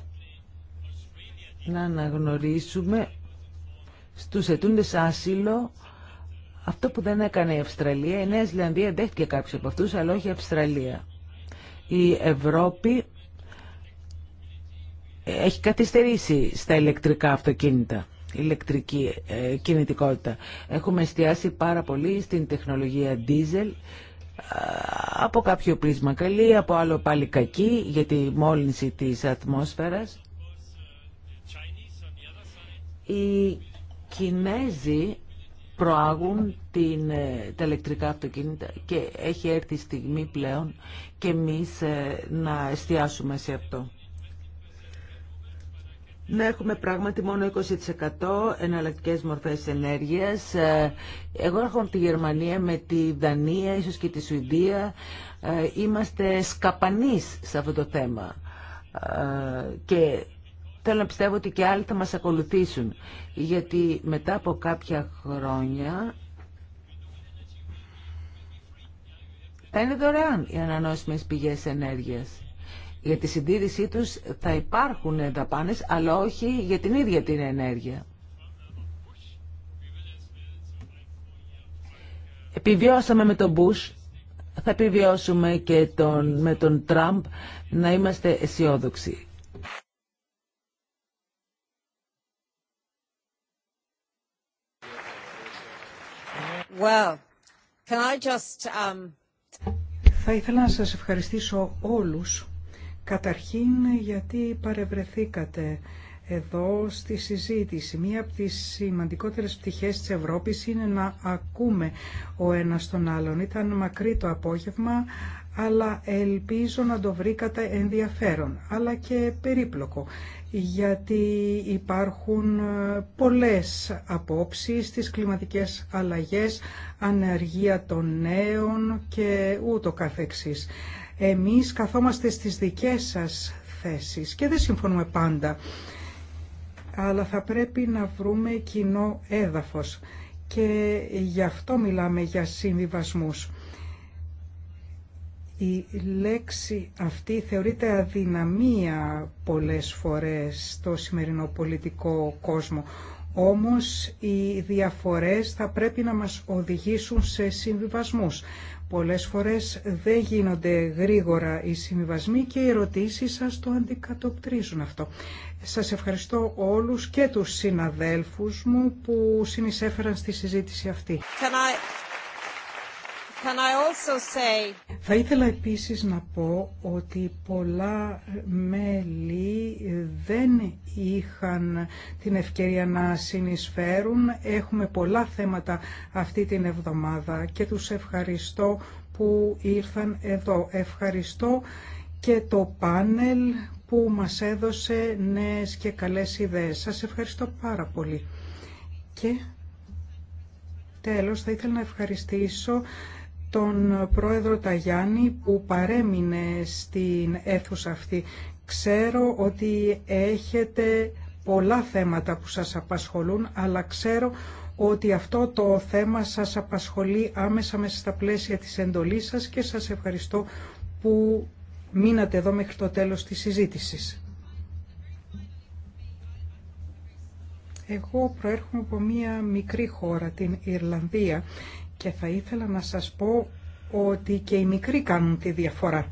να αναγνωρίσουμε στους ετούντες άσυλο αυτό που δεν έκανε η Αυστραλία, η Νέα Ζηλανδία δέχτηκε κάποιους από αυτούς, αλλά όχι η Αυστραλία. Η Ευρώπη έχει καθυστερήσει στα ηλεκτρικά αυτοκίνητα ηλεκτρική ε, κινητικότητα. Έχουμε εστιάσει πάρα πολύ στην τεχνολογία diesel, ε, από κάποιο πρίσμα καλή, από άλλο πάλι κακή για τη μόλυνση της ατμόσφαιρας. Οι Κινέζοι προάγουν την, ε, τα ηλεκτρικά αυτοκίνητα και έχει έρθει η στιγμή πλέον και εμείς ε, να εστιάσουμε σε αυτό. Να έχουμε πράγματι μόνο 20% εναλλακτικές μορφές ενέργειας. Ε, εγώ έχω τη Γερμανία με τη Δανία, ίσως και τη Σουηδία. Είμαστε σκαπανείς σε αυτό το θέμα. Και Θέλω να πιστεύω ότι και άλλοι θα μας ακολουθήσουν, γιατί μετά από κάποια χρόνια θα είναι δωρεάν οι ανανόσιμες πηγές ενέργειας. Για τη συντήρησή τους θα υπάρχουν δαπάνες, αλλά όχι για την ίδια την ενέργεια. Επιβιώσαμε με τον Μπούς, θα επιβιώσουμε και τον, με τον Τραμπ να είμαστε αισιόδοξοι. Um, Θα ήθελα να σας ευχαριστήσω όλους, καταρχήν γιατί παρευρεθήκατε εδώ στη συζήτηση. Μία από τις σημαντικότερες πτυχές της Ευρώπης είναι να ακούμε ο ένας τον άλλον. Ήταν μακρύ το απόγευμα, αλλά ελπίζω να το βρήκατε ενδιαφέρον, αλλά και περίπλοκο γιατί υπάρχουν ε, πολλές απόψεις στις κλιματικές αλλαγές, ανεργία των νέων και ούτω καθεξής. Εμείς καθόμαστε στις δικές σας θέσεις και δεν συμφωνούμε πάντα, αλλά θα πρέπει να βρούμε κοινό έδαφος και γι' αυτό μιλάμε για συμβιβασμούς. Η λέξη αυτή θεωρείται αδυναμία πολλές φορές στο σημερινό πολιτικό κόσμο. Όμως οι διαφορές θα πρέπει να μας οδηγήσουν σε συμβιβασμούς. Πολλές φορές δεν γίνονται γρήγορα οι συμβιβασμοί και οι ερωτήσεις σας το αντικατοπτρίζουν αυτό. Σας ευχαριστώ όλους και τους συναδέλφους μου που συνεισέφεραν στη συζήτηση αυτή. Θα ήθελα επίσης να πω ότι πολλά μέλη δεν είχαν την ευκαιρία να συνεισφέρουν. Έχουμε πολλά θέματα αυτή την εβδομάδα και τους ευχαριστώ που ήρθαν εδώ. Ευχαριστώ και το πάνελ που μας έδωσε νέες και καλές ιδέες. Σας ευχαριστώ πάρα πολύ. Και τέλος θα ήθελα να ευχαριστήσω τον πρόεδρο Ταγιάννη που παρέμεινε στην αίθουσα αυτή. Ξέρω ότι έχετε πολλά θέματα που σας απασχολούν, αλλά ξέρω ότι αυτό το θέμα σας απασχολεί άμεσα μέσα στα πλαίσια της εντολής σας και σας ευχαριστώ που μείνατε εδώ μέχρι το τέλος της συζήτησης. Εγώ προέρχομαι από μία μικρή χώρα, την Ιρλανδία, και θα ήθελα να σας πω ότι και οι μικροί κάνουν τη διαφορά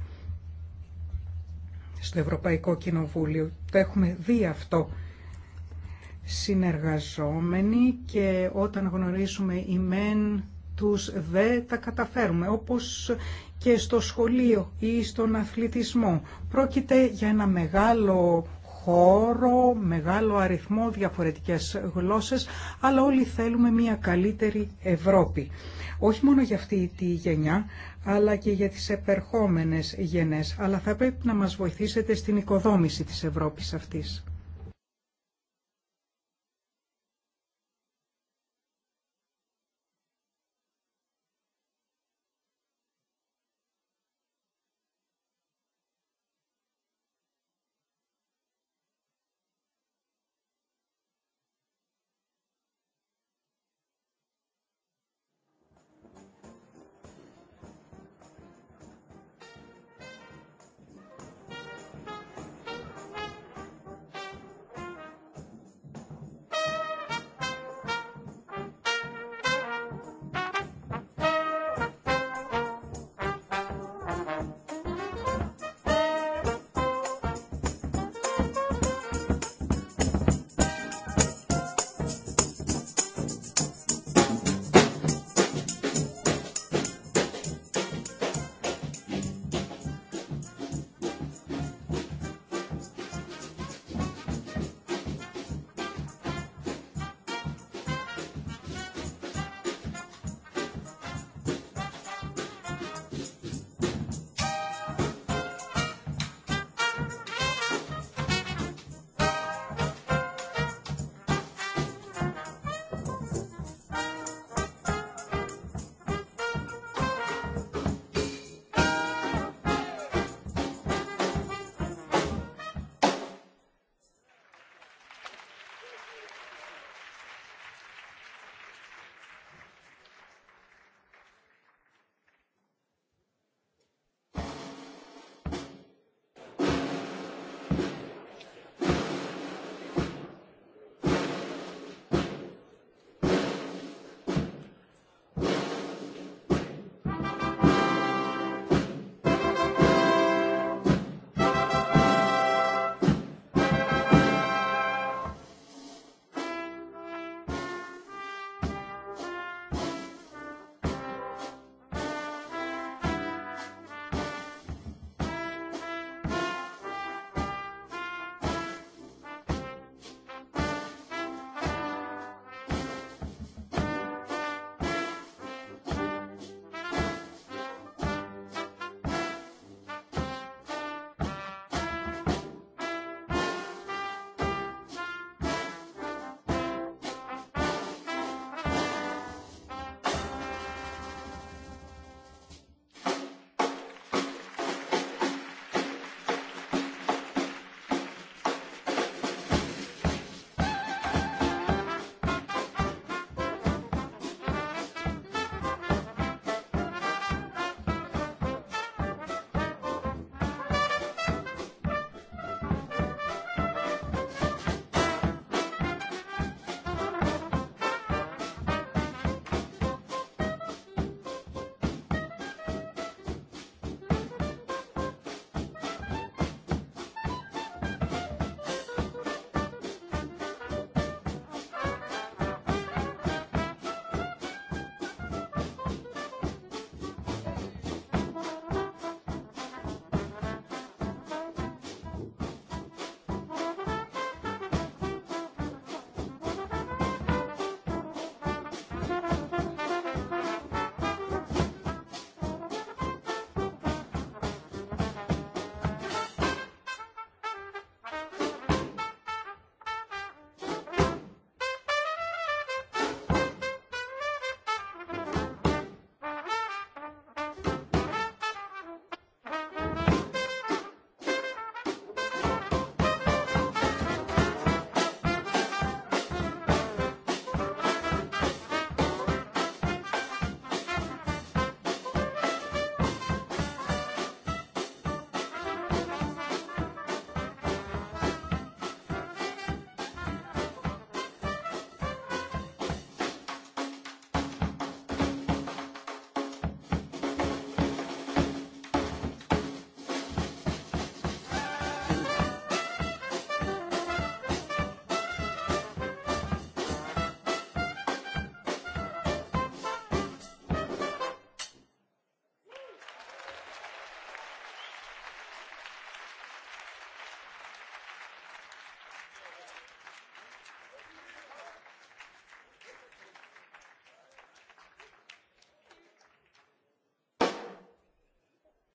στο Ευρωπαϊκό Κοινοβούλιο. Το έχουμε δει αυτό συνεργαζόμενοι και όταν γνωρίζουμε οι μεν τους δε τα καταφέρουμε όπως και στο σχολείο ή στον αθλητισμό. Πρόκειται για ένα μεγάλο χώρο, μεγάλο αριθμό, διαφορετικές γλώσσες, αλλά όλοι θέλουμε μια καλύτερη Ευρώπη. Όχι μόνο για αυτή τη γενιά, αλλά και για τις επερχόμενες γενές. Αλλά θα πρέπει να μας βοηθήσετε στην οικοδόμηση της Ευρώπης αυτής.